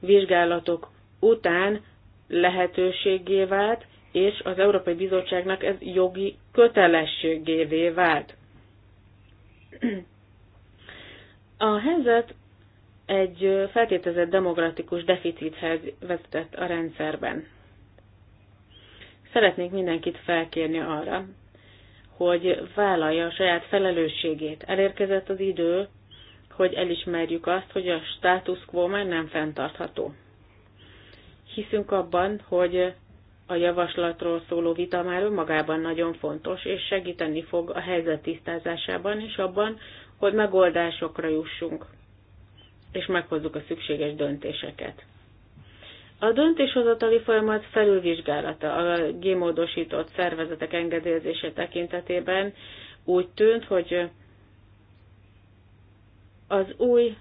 vizsgálatok után lehetőségé vált, és az Európai Bizottságnak ez jogi kötelességévé vált. A helyzet egy feltételezett demokratikus deficithez vezetett a rendszerben. Szeretnék mindenkit felkérni arra, hogy vállalja a saját felelősségét. Elérkezett az idő, hogy elismerjük azt, hogy a status quo már nem fenntartható. Hiszünk abban, hogy a javaslatról szóló vita már önmagában nagyon fontos, és segíteni fog a helyzet tisztázásában és abban, hogy megoldásokra jussunk, és meghozzuk a szükséges döntéseket. A döntéshozatali folyamat felülvizsgálata a gémódosított szervezetek engedélyezése tekintetében úgy tűnt, hogy az új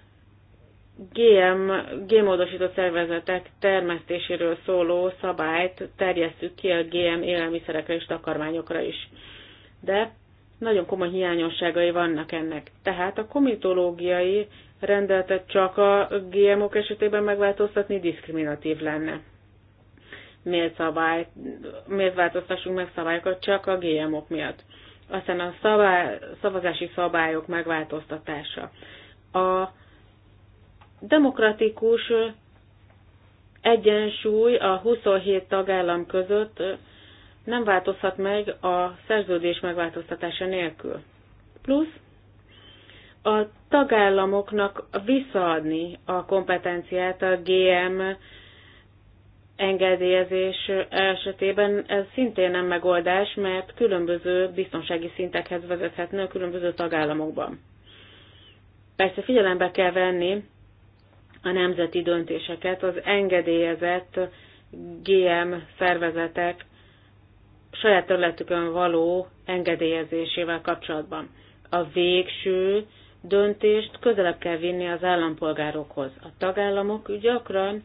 GM, G-módosított szervezetek termesztéséről szóló szabályt terjesztük ki a GM élelmiszerekre és takarmányokra is. De nagyon komoly hiányosságai vannak ennek. Tehát a komitológiai rendeletet csak a GMO-k esetében megváltoztatni diszkriminatív lenne. Miért, szabály, miért változtassunk meg szabályokat csak a GMO-k miatt? Aztán a szabály, szavazási szabályok megváltoztatása. A demokratikus egyensúly a 27 tagállam között nem változhat meg a szerződés megváltoztatása nélkül. Plusz a tagállamoknak visszaadni a kompetenciát a GM engedélyezés esetében ez szintén nem megoldás, mert különböző biztonsági szintekhez vezethetne a különböző tagállamokban. Persze figyelembe kell venni a nemzeti döntéseket az engedélyezett GM szervezetek saját területükön való engedélyezésével kapcsolatban. A végső döntést közelebb kell vinni az állampolgárokhoz. A tagállamok gyakran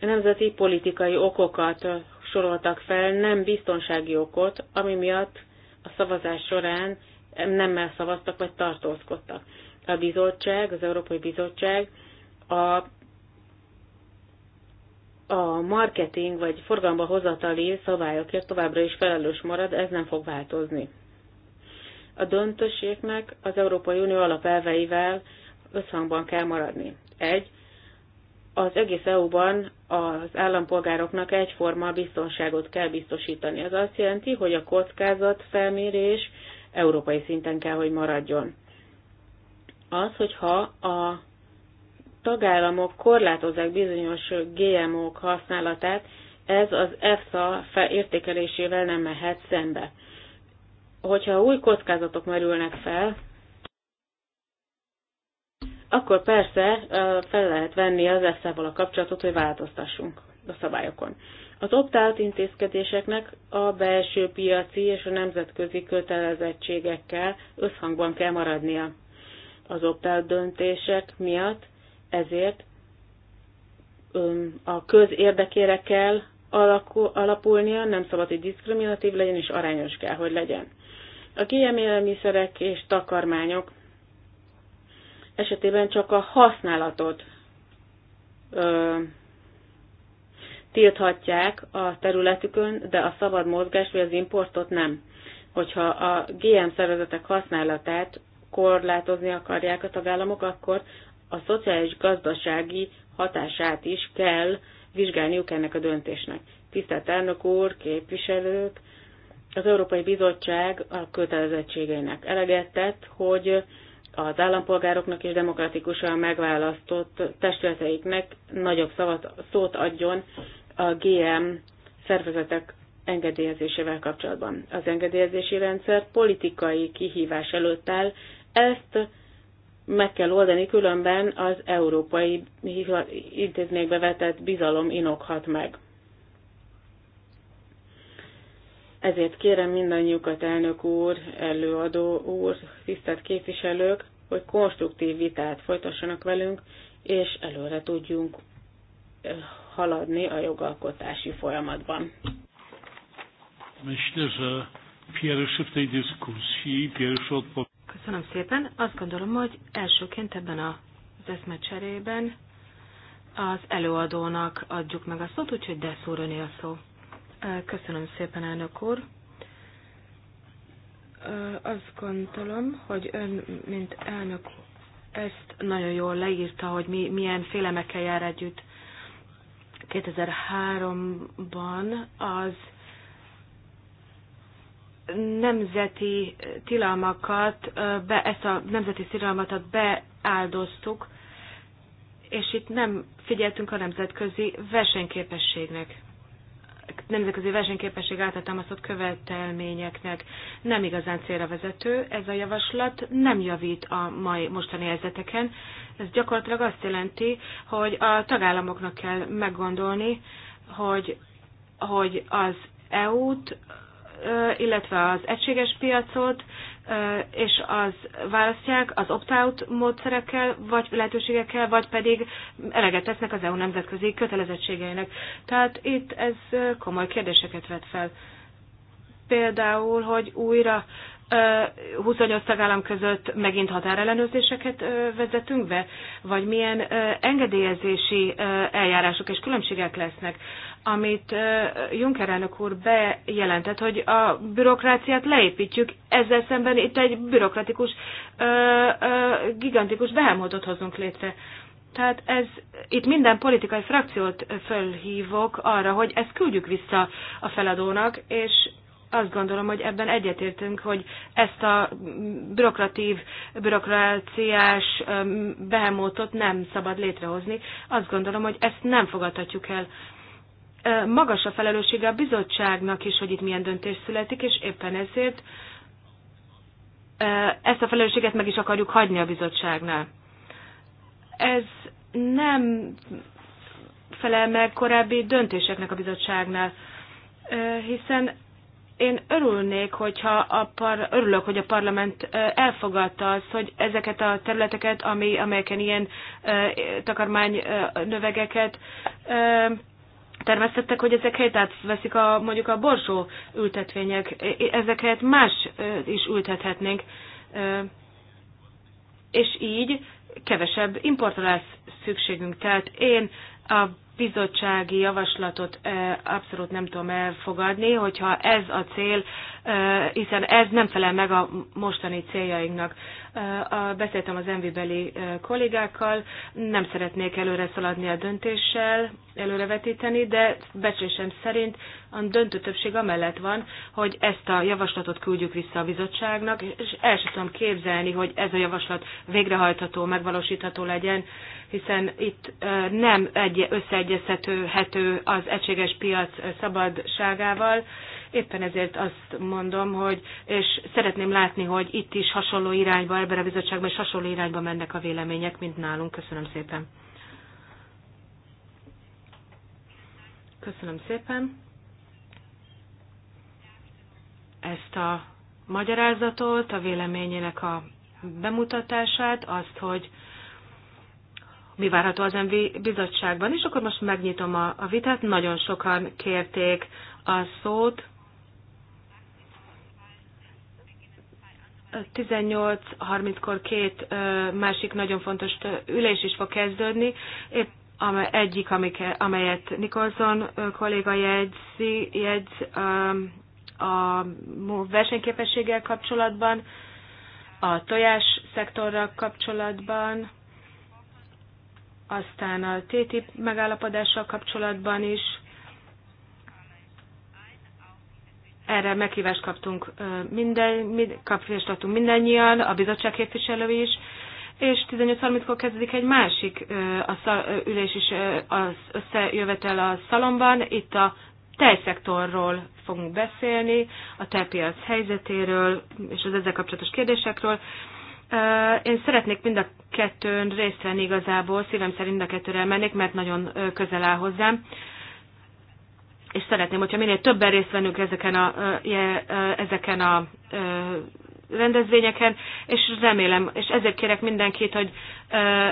nemzeti politikai okokat soroltak fel, nem biztonsági okot, ami miatt a szavazás során nem elszavaztak vagy tartózkodtak. A bizottság, az Európai Bizottság a a marketing vagy forgalomba hozatali szabályokért továbbra is felelős marad, ez nem fog változni. A döntőségnek az Európai Unió alapelveivel összhangban kell maradni. Egy, az egész EU-ban az állampolgároknak egyforma biztonságot kell biztosítani. Ez azt jelenti, hogy a kockázat felmérés európai szinten kell, hogy maradjon. Az, hogyha a tagállamok korlátozzák bizonyos GMO-k használatát, ez az EFSA értékelésével nem mehet szembe. Hogyha új kockázatok merülnek fel, akkor persze fel lehet venni az EFSA-val a kapcsolatot, hogy változtassunk a szabályokon. Az opt-out intézkedéseknek a belső piaci és a nemzetközi kötelezettségekkel összhangban kell maradnia. Az opt-out döntések miatt ezért a köz érdekére kell alapulnia, nem szabad, hogy diszkriminatív legyen, és arányos kell, hogy legyen. A kiemélemiszerek és takarmányok esetében csak a használatot ö, tilthatják a területükön, de a szabad mozgás vagy az importot nem. Hogyha a GM szervezetek használatát korlátozni akarják a tagállamok, akkor a szociális gazdasági hatását is kell vizsgálniuk ennek a döntésnek. Tisztelt elnök úr, képviselők, az Európai Bizottság a kötelezettségeinek eleget tett, hogy az állampolgároknak és demokratikusan megválasztott testületeiknek nagyobb szavat, szót adjon a GM szervezetek engedélyezésével kapcsolatban. Az engedélyezési rendszer politikai kihívás előtt áll, ezt meg kell oldani, különben az európai intézményekbe vetett bizalom inokhat meg. Ezért kérem mindannyiukat, elnök úr, előadó úr, tisztelt képviselők, hogy konstruktív vitát folytassanak velünk, és előre tudjunk eh, haladni a jogalkotási folyamatban. Myślę, że pierwszy w tej dyskusji, pierwszy odpowiedź. Köszönöm szépen. Azt gondolom, hogy elsőként ebben az eszmecserében az előadónak adjuk meg a szót, úgyhogy de szúrani a szó. Köszönöm szépen, elnök úr. Azt gondolom, hogy ön, mint elnök, ezt nagyon jól leírta, hogy mi, milyen félemekkel jár együtt 2003-ban az nemzeti tilalmakat, be, ezt a nemzeti tilalmat beáldoztuk, és itt nem figyeltünk a nemzetközi versenyképességnek nemzetközi versenyképesség által támasztott követelményeknek nem igazán célra vezető. Ez a javaslat nem javít a mai mostani helyzeteken. Ez gyakorlatilag azt jelenti, hogy a tagállamoknak kell meggondolni, hogy, hogy az EU-t illetve az egységes piacot, és az választják az opt-out módszerekkel, vagy lehetőségekkel, vagy pedig eleget tesznek az EU nemzetközi kötelezettségeinek. Tehát itt ez komoly kérdéseket vet fel. Például, hogy újra 28 tagállam között megint határellenőrzéseket vezetünk be, vagy milyen engedélyezési eljárások és különbségek lesznek, amit Juncker elnök úr bejelentett, hogy a bürokráciát leépítjük, ezzel szemben itt egy bürokratikus, gigantikus behemótot hozunk létre. Tehát ez, itt minden politikai frakciót fölhívok arra, hogy ezt küldjük vissza a feladónak, és azt gondolom, hogy ebben egyetértünk, hogy ezt a bürokratív, bürokráciás behemótot nem szabad létrehozni. Azt gondolom, hogy ezt nem fogadhatjuk el. Magas a felelőssége a bizottságnak is, hogy itt milyen döntés születik, és éppen ezért ezt a felelősséget meg is akarjuk hagyni a bizottságnál. Ez nem felel meg korábbi döntéseknek a bizottságnál, hiszen én örülnék, hogyha a par, örülök, hogy a parlament elfogadta azt, hogy ezeket a területeket, ami, amelyeken ilyen takarmány növegeket termesztettek, hogy ezek helyet átveszik a, mondjuk a borsó ültetvények, ezeket más is ültethetnénk, és így kevesebb importra lesz szükségünk. Tehát én a bizottsági javaslatot abszolút nem tudom elfogadni, hogyha ez a cél, hiszen ez nem felel meg a mostani céljainknak. Beszéltem az beli kollégákkal, nem szeretnék előre szaladni a döntéssel, előrevetíteni, de becsésem szerint a döntő többség amellett van, hogy ezt a javaslatot küldjük vissza a bizottságnak, és el sem tudom képzelni, hogy ez a javaslat végrehajtható, megvalósítható legyen, hiszen itt nem egy összeegyeztethető az egységes piac szabadságával, Éppen ezért azt mondom, hogy és szeretném látni, hogy itt is hasonló irányba, ebben a bizottságban is hasonló irányba mennek a vélemények, mint nálunk. Köszönöm szépen. Köszönöm szépen ezt a magyarázatot, a véleményének a bemutatását, azt, hogy mi várható az MV bizottságban, és akkor most megnyitom a, a vitát. Nagyon sokan kérték a szót. 18.30-kor két másik nagyon fontos ülés is fog kezdődni, épp egyik, amelyet Nikolson kolléga jegyzi, jegyz a versenyképességgel kapcsolatban, a tojás szektorral kapcsolatban, aztán a TTIP megállapodással kapcsolatban is, erre meghívást kaptunk minden, mind, kapfést adtunk mindannyian, a bizottság képviselő is, és 18.30-kor kezdődik egy másik a szal, ülés is az összejövetel a szalomban, itt a tejszektorról fogunk beszélni, a tejpiac helyzetéről és az ezzel kapcsolatos kérdésekről. Én szeretnék mind a kettőn részt venni igazából, szívem szerint mind a kettőre elmennék, mert nagyon közel áll hozzám és szeretném, hogyha minél többen részt vennünk ezeken a, ezeken a rendezvényeken, és remélem, és ezért kérek mindenkit, hogy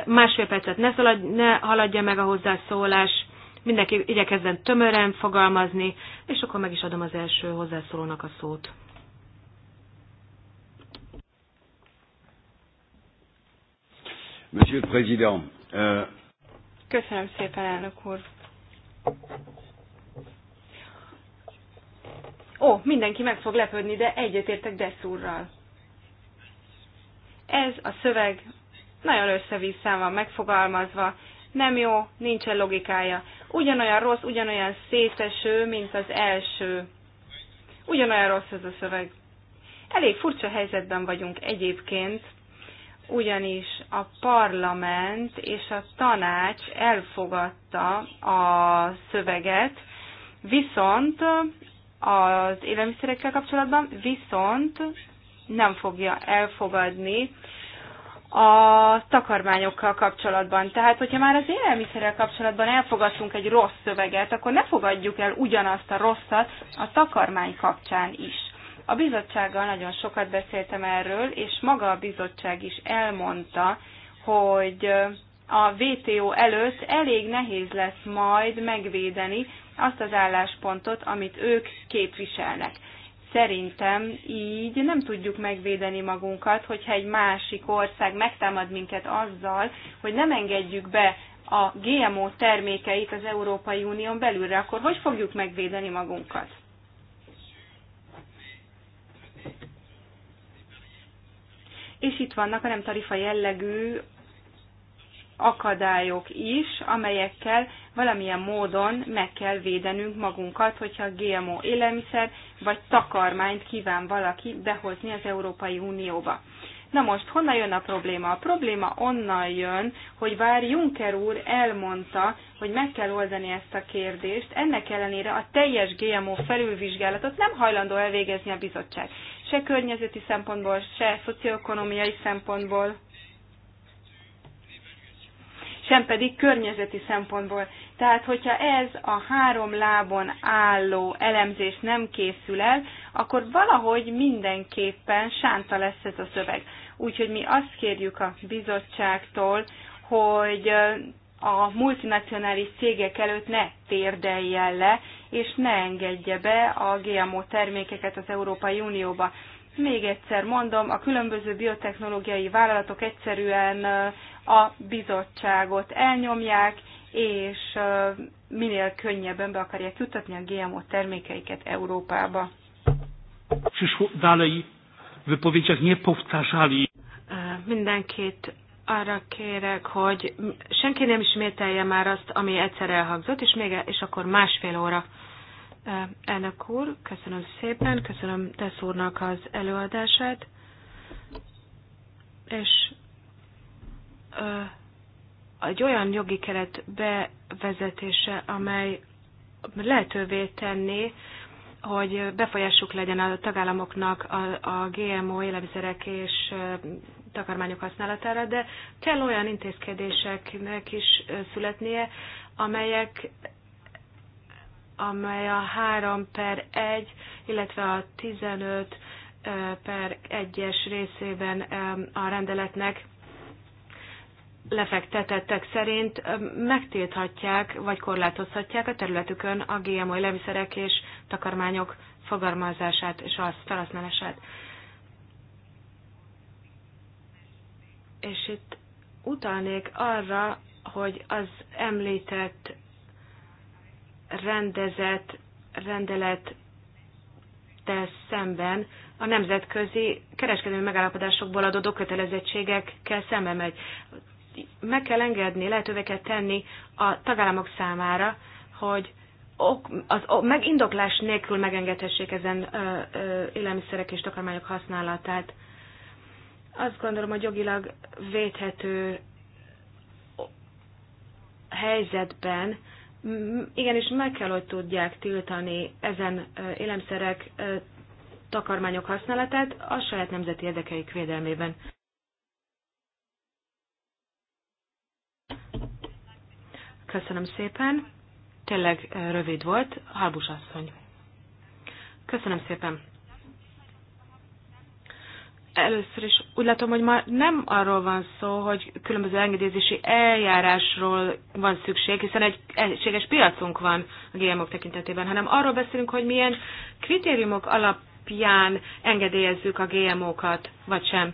másfél percet ne, szalad, ne haladja meg a hozzászólás, mindenki igyekezzen tömören fogalmazni, és akkor meg is adom az első hozzászólónak a szót. Monsieur le Président. Euh... Köszönöm szépen, elnök úr. Ó, mindenki meg fog lepődni, de egyetértek Deszúrral. Ez a szöveg nagyon össze-vissza van megfogalmazva, nem jó, nincsen logikája. Ugyanolyan rossz, ugyanolyan széteső, mint az első. Ugyanolyan rossz ez a szöveg. Elég furcsa helyzetben vagyunk egyébként, ugyanis a parlament és a tanács elfogadta a szöveget, viszont az élelmiszerekkel kapcsolatban, viszont nem fogja elfogadni a takarmányokkal kapcsolatban. Tehát, hogyha már az élelmiszerrel kapcsolatban elfogadtunk egy rossz szöveget, akkor ne fogadjuk el ugyanazt a rosszat a takarmány kapcsán is. A bizottsággal nagyon sokat beszéltem erről, és maga a bizottság is elmondta, hogy a VTO előtt elég nehéz lesz majd megvédeni azt az álláspontot, amit ők képviselnek. Szerintem így nem tudjuk megvédeni magunkat, hogyha egy másik ország megtámad minket azzal, hogy nem engedjük be a GMO termékeit az Európai Unión belülre, akkor hogy fogjuk megvédeni magunkat? És itt vannak a nem tarifa jellegű akadályok is, amelyekkel valamilyen módon meg kell védenünk magunkat, hogyha GMO élelmiszer vagy takarmányt kíván valaki behozni az Európai Unióba. Na most, honnan jön a probléma? A probléma onnan jön, hogy bár Juncker úr elmondta, hogy meg kell oldani ezt a kérdést, ennek ellenére a teljes GMO felülvizsgálatot nem hajlandó elvégezni a bizottság. Se környezeti szempontból, se szocioekonomiai szempontból, sem pedig környezeti szempontból. Tehát, hogyha ez a három lábon álló elemzés nem készül el, akkor valahogy mindenképpen sánta lesz ez a szöveg. Úgyhogy mi azt kérjük a bizottságtól, hogy a multinacionális cégek előtt ne térdeljen le, és ne engedje be a GMO termékeket az Európai Unióba. Még egyszer mondom, a különböző biotechnológiai vállalatok egyszerűen a bizottságot elnyomják, és minél könnyebben be akarják jutatni a GMO termékeiket Európába. Przyszło dalej Mindenkit arra kérek, hogy senki nem ismételje már azt, ami egyszer elhangzott, és, még, és akkor másfél óra. Elnök úr, köszönöm szépen, köszönöm Tesz úrnak az előadását, és egy olyan jogi keret bevezetése, amely lehetővé tenni, hogy befolyásuk legyen a tagállamoknak a, a GMO élelmiszerek és takarmányok használatára, de kell olyan intézkedéseknek is születnie, amelyek amely a 3 per 1, illetve a 15 per 1-es részében a rendeletnek lefektetettek szerint megtilthatják vagy korlátozhatják a területükön a GMO élelmiszerek és takarmányok fogalmazását és az felhasználását. És itt utalnék arra, hogy az említett rendezett rendelet szemben a nemzetközi kereskedelmi megállapodásokból adódó kötelezettségekkel szembe megy meg kell engedni, lehetővé kell tenni a tagállamok számára, hogy ok, az, ok, megindoklás nélkül megengedhessék ezen ö, ö, élelmiszerek és takarmányok használatát. Azt gondolom, hogy jogilag védhető helyzetben igenis meg kell, hogy tudják tiltani ezen élelmiszerek, takarmányok használatát a saját nemzeti érdekeik védelmében. Köszönöm szépen. Tényleg eh, rövid volt. Halbus asszony. Köszönöm szépen. Először is úgy látom, hogy ma nem arról van szó, hogy különböző engedélyezési eljárásról van szükség, hiszen egy egységes piacunk van a gmo tekintetében, hanem arról beszélünk, hogy milyen kritériumok alap alapján engedélyezzük a GMO-kat, vagy sem.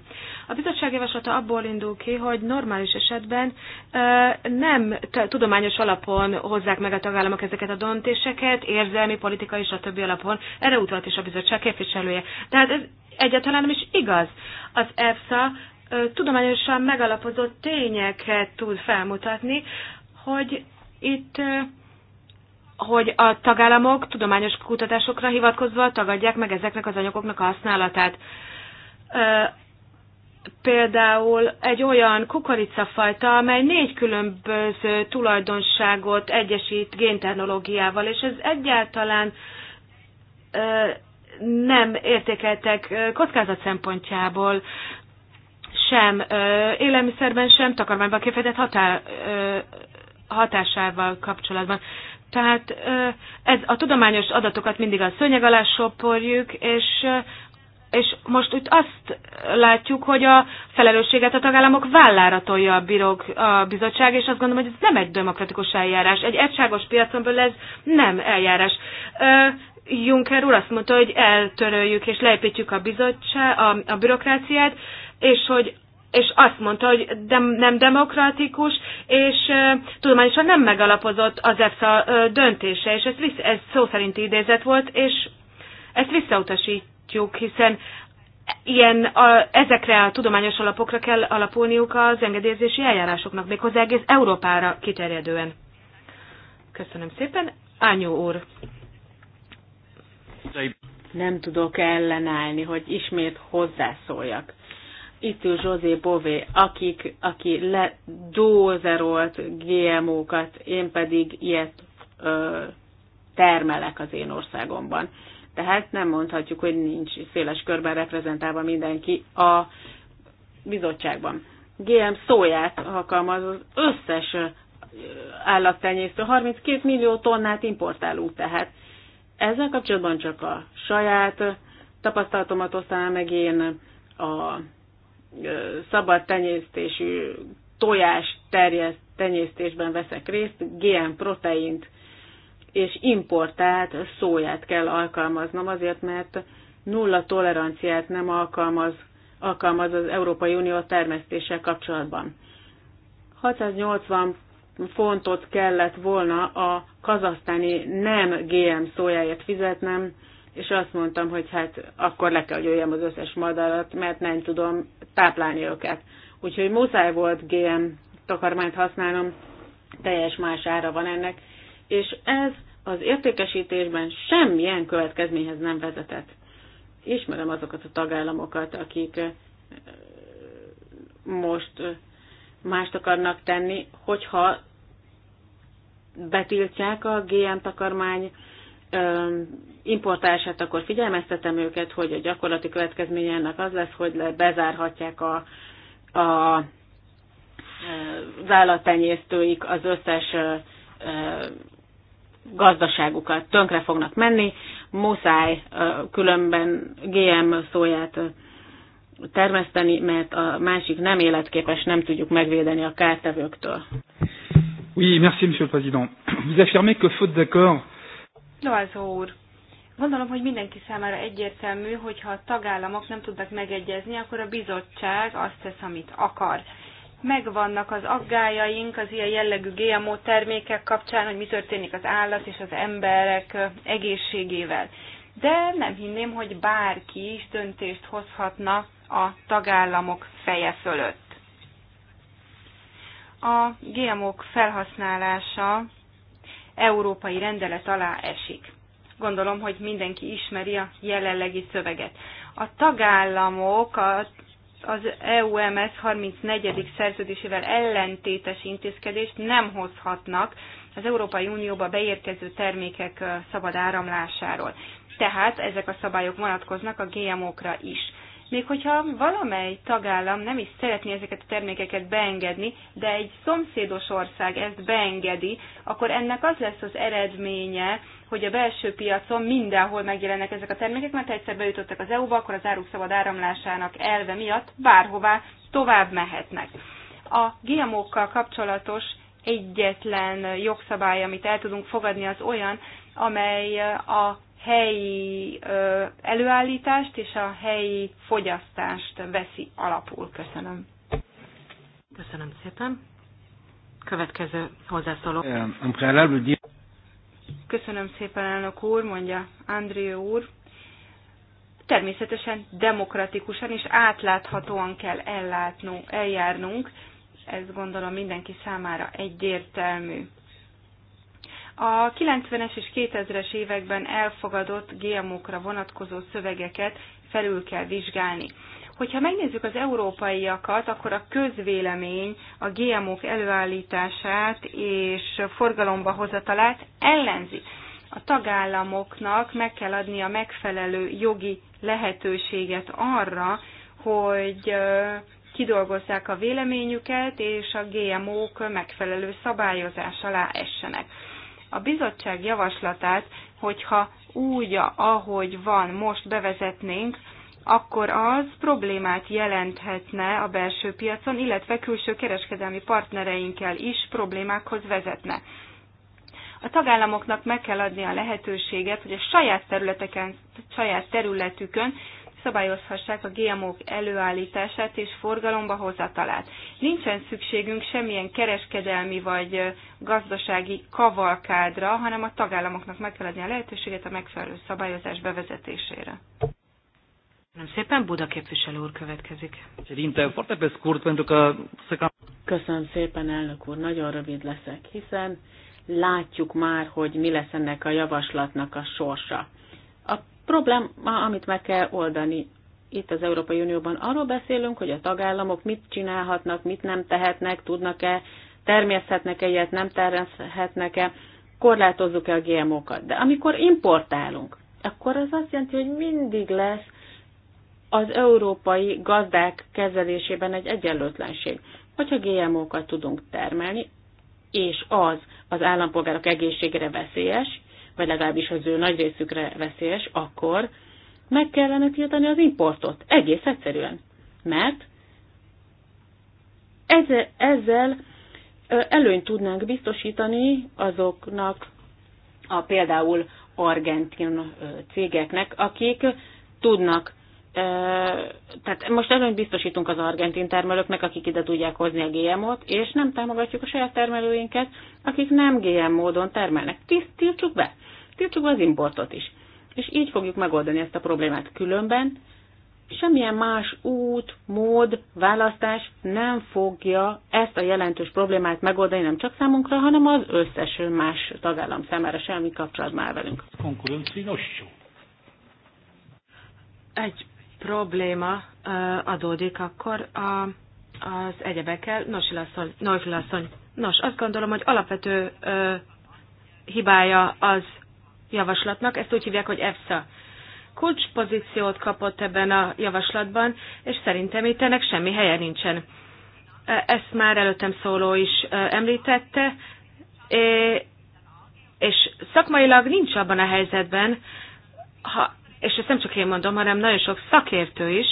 A bizottság javaslata abból indul ki, hogy normális esetben nem tudományos alapon hozzák meg a tagállamok ezeket a döntéseket, érzelmi, politikai és a többi alapon. Erre utalt is a bizottság képviselője. Tehát ez egyáltalán nem is igaz. Az EFSA tudományosan megalapozott tényeket tud felmutatni, hogy itt hogy a tagállamok tudományos kutatásokra hivatkozva tagadják meg ezeknek az anyagoknak a használatát. Például egy olyan kukoricafajta, amely négy különböző tulajdonságot egyesít géntechnológiával, és ez egyáltalán nem értékeltek kockázat szempontjából sem élelmiszerben, sem takarmányban kifejtett hatá, hatásával kapcsolatban. Tehát ez a tudományos adatokat mindig a szőnyeg alá soporjuk, és és most úgy azt látjuk, hogy a felelősséget a tagállamok vállára tolja a, bírók, a bizottság, és azt gondolom, hogy ez nem egy demokratikus eljárás. Egy egyságos piaconból ez nem eljárás. Juncker úr azt mondta, hogy eltöröljük és leépítjük a bizottság, a, a bürokráciát, és hogy és azt mondta, hogy de, nem demokratikus, és e, tudományosan nem megalapozott az EFSA e, döntése, és ez, visz, ez szó szerint idézet volt, és ezt visszautasítjuk, hiszen ilyen, a, ezekre a tudományos alapokra kell alapulniuk az engedélyezési eljárásoknak, méghozzá egész Európára kiterjedően. Köszönöm szépen. Ányó úr. Nem tudok ellenállni, hogy ismét hozzászóljak itt ül José Bové, akik, aki ledózerolt GMO-kat, én pedig ilyet ö, termelek az én országomban. Tehát nem mondhatjuk, hogy nincs széles körben reprezentálva mindenki a bizottságban. GM szóját alkalmaz az összes állattenyésztő, 32 millió tonnát importálunk tehát. Ezzel kapcsolatban csak a saját tapasztalatomat osztanám meg én a szabad tenyésztésű tojás terjeszt, tenyésztésben veszek részt, GM proteint és importált szóját kell alkalmaznom, azért mert nulla toleranciát nem alkalmaz, alkalmaz az Európai Unió termesztéssel kapcsolatban. 680 fontot kellett volna a kazasztáni nem GM szójáért fizetnem, és azt mondtam, hogy hát akkor le kell győjem az összes madarat, mert nem tudom táplálni őket. Úgyhogy muszáj volt GM takarmányt használnom, teljes más ára van ennek, és ez az értékesítésben semmilyen következményhez nem vezetett. Ismerem azokat a tagállamokat, akik eh, most eh, mást akarnak tenni, hogyha betiltják a GM takarmány Importálását akkor figyelmeztetem őket, hogy a gyakorlati következménye ennek az lesz, hogy bezárhatják a, a az állattenyésztőik az összes gazdaságukat tönkre fognak menni, muszáj különben GM szóját termeszteni, mert a másik nem életképes, nem tudjuk megvédeni a kártevőktől. Oui, merci, monsieur le président. Vous affirmez que faute d'accord Loazó úr, gondolom, hogy mindenki számára egyértelmű, hogyha a tagállamok nem tudnak megegyezni, akkor a bizottság azt tesz, amit akar. Megvannak az aggájaink az ilyen jellegű GMO termékek kapcsán, hogy mi történik az állat és az emberek egészségével. De nem hinném, hogy bárki is döntést hozhatna a tagállamok feje fölött. A GMO-k felhasználása európai rendelet alá esik. Gondolom, hogy mindenki ismeri a jelenlegi szöveget. A tagállamok a az EUMS 34. szerződésével ellentétes intézkedést nem hozhatnak az Európai Unióba beérkező termékek szabad áramlásáról. Tehát ezek a szabályok vonatkoznak a GMO-kra is még hogyha valamely tagállam nem is szeretné ezeket a termékeket beengedni, de egy szomszédos ország ezt beengedi, akkor ennek az lesz az eredménye, hogy a belső piacon mindenhol megjelennek ezek a termékek, mert egyszer bejutottak az EU-ba, akkor az áruk szabad áramlásának elve miatt bárhová tovább mehetnek. A GMO-kkal kapcsolatos egyetlen jogszabály, amit el tudunk fogadni, az olyan, amely a helyi előállítást és a helyi fogyasztást veszi alapul. Köszönöm. Köszönöm szépen. Következő hozzászóló. Eh, Köszönöm szépen, elnök úr, mondja André úr. Természetesen demokratikusan és átláthatóan kell ellátnunk, eljárnunk. Ez gondolom mindenki számára egyértelmű a 90-es és 2000-es években elfogadott GMO-kra vonatkozó szövegeket felül kell vizsgálni. Hogyha megnézzük az európaiakat, akkor a közvélemény a GMO-k előállítását és forgalomba hozatalát ellenzi. A tagállamoknak meg kell adni a megfelelő jogi lehetőséget arra, hogy kidolgozzák a véleményüket, és a GMO-k megfelelő szabályozás alá essenek a bizottság javaslatát, hogyha úgy, ahogy van, most bevezetnénk, akkor az problémát jelenthetne a belső piacon, illetve külső kereskedelmi partnereinkkel is problémákhoz vezetne. A tagállamoknak meg kell adni a lehetőséget, hogy a saját területeken, saját területükön szabályozhassák a GMO-k előállítását és forgalomba hozatalát. Nincsen szükségünk semmilyen kereskedelmi vagy gazdasági kavalkádra, hanem a tagállamoknak meg kell adni a lehetőséget a megfelelő szabályozás bevezetésére. Nem szépen Buda képviselő úr következik. Köszönöm szépen, elnök úr, nagyon rövid leszek, hiszen látjuk már, hogy mi lesz ennek a javaslatnak a sorsa probléma, amit meg kell oldani. Itt az Európai Unióban arról beszélünk, hogy a tagállamok mit csinálhatnak, mit nem tehetnek, tudnak-e, természhetnek-e ilyet, nem természhetnek e korlátozzuk-e a GMO-kat. De amikor importálunk, akkor az azt jelenti, hogy mindig lesz az európai gazdák kezelésében egy egyenlőtlenség. Hogyha GMO-kat tudunk termelni, és az az állampolgárok egészségére veszélyes, vagy legalábbis az ő nagy részükre veszélyes, akkor meg kellene tiltani az importot. Egész egyszerűen. Mert ezzel, ezzel előnyt tudnánk biztosítani azoknak a például argentin cégeknek, akik tudnak tehát most előnyt biztosítunk az argentin termelőknek, akik ide tudják hozni a GMO-t, és nem támogatjuk a saját termelőinket, akik nem GM módon termelnek. Tiltsuk be! tiltsuk az importot is. És így fogjuk megoldani ezt a problémát. Különben semmilyen más út, mód, választás nem fogja ezt a jelentős problémát megoldani nem csak számunkra, hanem az összes más tagállam számára semmi kapcsolat már velünk. Egy probléma adódik akkor a, az egyebekkel. Noifilasszony. Nos, azt gondolom, hogy alapvető ö, hibája az javaslatnak, ezt úgy hívják, hogy EFSA. Kulcspozíciót kapott ebben a javaslatban, és szerintem itt ennek semmi helye nincsen. E, ezt már előttem szóló is e, említette, e, és szakmailag nincs abban a helyzetben, ha, és ezt nem csak én mondom, hanem nagyon sok szakértő is,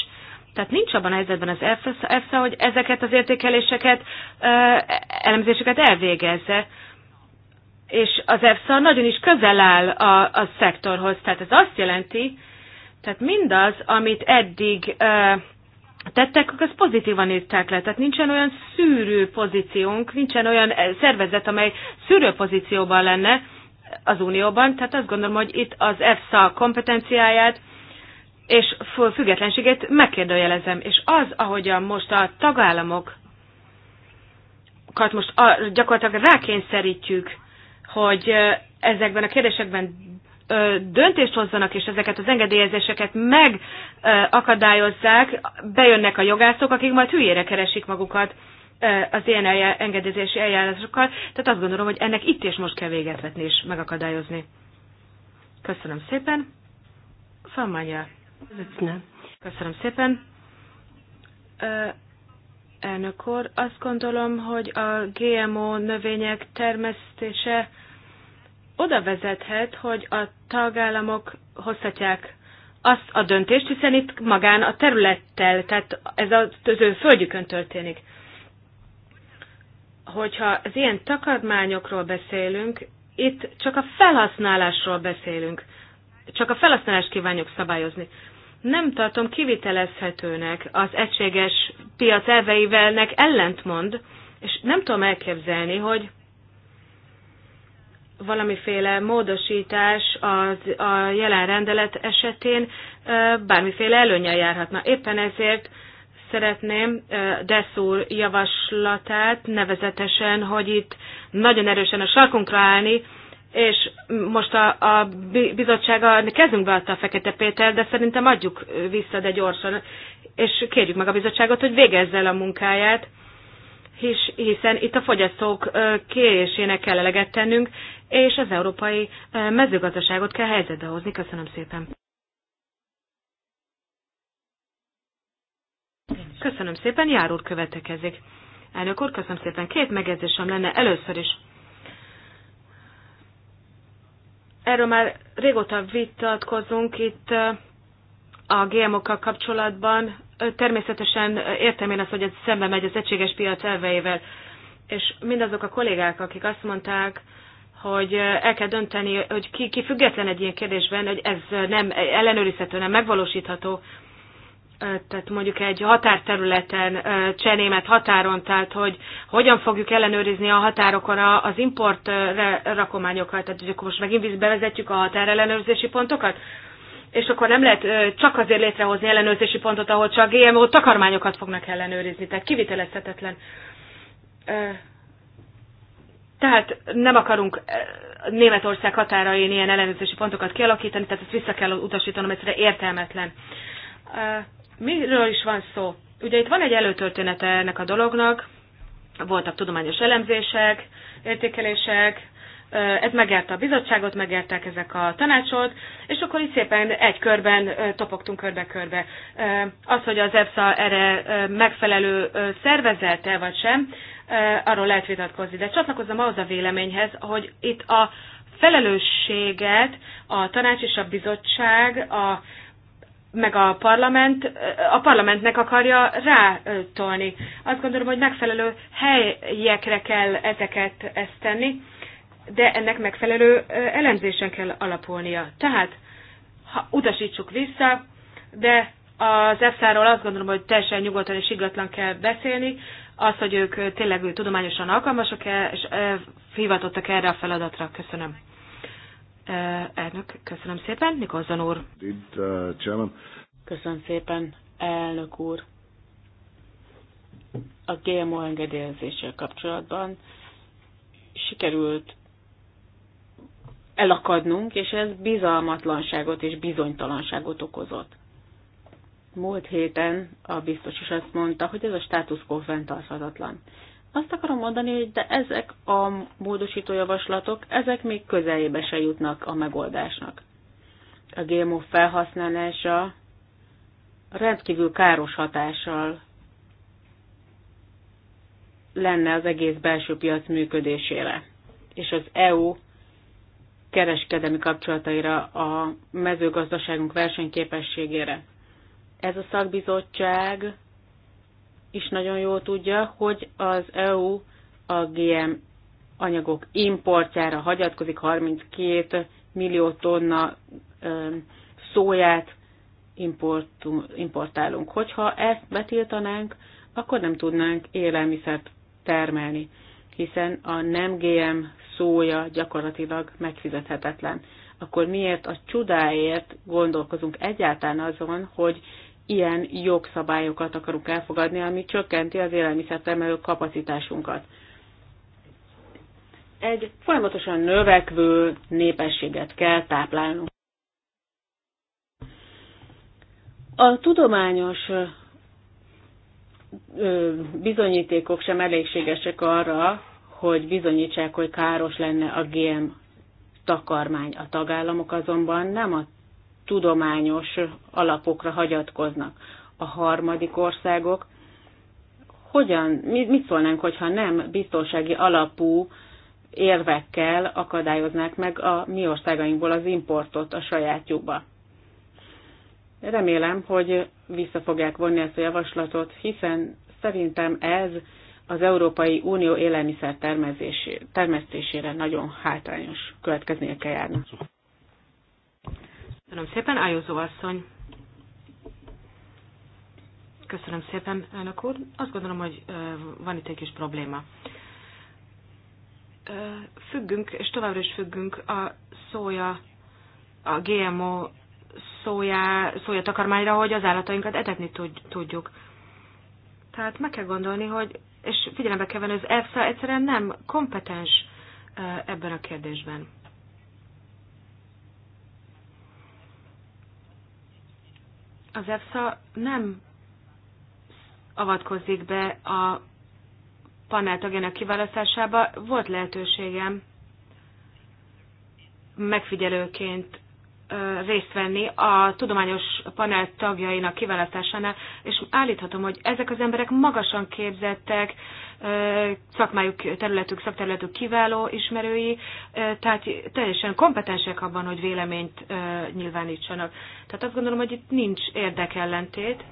tehát nincs abban a helyzetben az EFSA, hogy ezeket az értékeléseket, elemzéseket elvégezze és az EFSA nagyon is közel áll a, a szektorhoz. Tehát ez azt jelenti, tehát mindaz, amit eddig ö, tettek, az pozitívan írták le. Tehát nincsen olyan szűrő pozíciónk, nincsen olyan szervezet, amely szűrő pozícióban lenne az Unióban. Tehát azt gondolom, hogy itt az EFSA kompetenciáját és függetlenségét megkérdőjelezem. És az, ahogyan most a tagállamokat most a, gyakorlatilag rákényszerítjük hogy ezekben a kérdésekben döntést hozzanak, és ezeket az engedélyezéseket megakadályozzák, bejönnek a jogászok, akik majd hülyére keresik magukat az ilyen engedélyezési eljárásokkal. Tehát azt gondolom, hogy ennek itt és most kell véget vetni és megakadályozni. Köszönöm szépen. Falmánya. Köszönöm szépen. Elnök úr, azt gondolom, hogy a GMO növények termesztése oda vezethet, hogy a tagállamok hozhatják azt a döntést, hiszen itt magán a területtel, tehát ez a ő földjükön történik. Hogyha az ilyen takarmányokról beszélünk, itt csak a felhasználásról beszélünk. Csak a felhasználást kívánjuk szabályozni. Nem tartom kivitelezhetőnek, az egységes piac elveivelnek ellentmond, és nem tudom elképzelni, hogy valamiféle módosítás az, a jelen rendelet esetén bármiféle előnyel járhatna. Éppen ezért szeretném Deszúr javaslatát, nevezetesen, hogy itt nagyon erősen a sarkunkra állni, és most a, a bizottság a kezünkbe adta a Fekete Péter, de szerintem adjuk vissza, de gyorsan, és kérjük meg a bizottságot, hogy végezze el a munkáját, his, hiszen itt a fogyasztók kérésének kell eleget tennünk, és az európai mezőgazdaságot kell helyzetbe hozni. Köszönöm szépen. Köszönöm szépen, Jár úr következik. Elnök úr, köszönöm szépen. Két megjegyzésem lenne először is. Erről már régóta vitatkozunk itt a GMO-kkal kapcsolatban, természetesen értem én azt, hogy ez szembe megy az egységes piac elveivel, és mindazok a kollégák, akik azt mondták, hogy el kell dönteni, hogy ki, ki független egy ilyen kérdésben, hogy ez nem ellenőrizhető, nem megvalósítható, tehát mondjuk egy határterületen, csenémet határon, tehát hogy hogyan fogjuk ellenőrizni a határokon az import rakományokat, tehát hogy akkor most megint bevezetjük a határellenőrzési pontokat, és akkor nem lehet csak azért létrehozni ellenőrzési pontot, ahol csak GMO takarmányokat fognak ellenőrizni, tehát kivitelezhetetlen. Tehát nem akarunk Németország határain ilyen ellenőrzési pontokat kialakítani, tehát ezt vissza kell utasítanom, egyszerűen értelmetlen. Miről is van szó? Ugye itt van egy előtörténete ennek a dolognak, voltak tudományos elemzések, értékelések, ez megérte a bizottságot, megértek ezek a tanácsot, és akkor így szépen egy körben topogtunk körbe-körbe. Az, hogy az EFSA erre megfelelő szervezete vagy sem, arról lehet vitatkozni. De csatlakozom ahhoz a véleményhez, hogy itt a felelősséget a tanács és a bizottság, a, meg a parlament, a parlamentnek akarja rátolni. Azt gondolom, hogy megfelelő helyekre kell ezeket ezt tenni de ennek megfelelő elemzésen kell alapolnia. Tehát ha utasítsuk vissza, de az EFSA-ról azt gondolom, hogy teljesen nyugodtan és igatlan kell beszélni, az, hogy ők tényleg tudományosan alkalmasak e és hivatottak erre a feladatra. Köszönöm. Elnök, köszönöm szépen. Nikolzan úr. Itt, uh, köszönöm szépen, elnök úr. A GMO engedélyezéssel kapcsolatban sikerült elakadnunk, és ez bizalmatlanságot és bizonytalanságot okozott. Múlt héten a biztos is azt mondta, hogy ez a status quo fenntarthatatlan. Azt akarom mondani, hogy de ezek a módosító javaslatok, ezek még közelébe se jutnak a megoldásnak. A GMO felhasználása rendkívül káros hatással lenne az egész belső piac működésére, és az EU kereskedelmi kapcsolataira, a mezőgazdaságunk versenyképességére. Ez a szakbizottság is nagyon jól tudja, hogy az EU a GM anyagok importjára hagyatkozik 32 millió tonna szóját importálunk. Hogyha ezt betiltanánk, akkor nem tudnánk élelmiszert termelni, hiszen a nem GM szója gyakorlatilag megfizethetetlen. Akkor miért a csodáért gondolkozunk egyáltalán azon, hogy ilyen jogszabályokat akarunk elfogadni, ami csökkenti az élelmiszertermelő kapacitásunkat? Egy folyamatosan növekvő népességet kell táplálnunk. A tudományos bizonyítékok sem elégségesek arra, hogy bizonyítsák, hogy káros lenne a GM takarmány. A tagállamok azonban nem a tudományos alapokra hagyatkoznak. A harmadik országok hogyan, mit szólnánk, hogyha nem biztonsági alapú érvekkel akadályoznák meg a mi országainkból az importot a sajátjukba. Remélem, hogy vissza fogják vonni ezt a javaslatot, hiszen szerintem ez az Európai Unió élelmiszer termesztésére nagyon hátrányos kell járni. Köszönöm szépen, Ájózó asszony. Köszönöm szépen, elnök úr. Azt gondolom, hogy van itt egy kis probléma. Függünk, és továbbra is függünk a szója, a GMO szója, szója takarmányra, hogy az állatainkat etetni tudjuk. Tehát meg kell gondolni, hogy és figyelembe kell venni, az EFSA egyszerűen nem kompetens ebben a kérdésben. Az EFSA nem avatkozik be a panel tagjának kiválasztásába. Volt lehetőségem megfigyelőként részt venni a tudományos panel tagjainak kiválasztásánál, és állíthatom, hogy ezek az emberek magasan képzettek, szakmájuk, területük, szakterületük kiváló ismerői, tehát teljesen kompetensek abban, hogy véleményt nyilvánítsanak. Tehát azt gondolom, hogy itt nincs érdekellentét,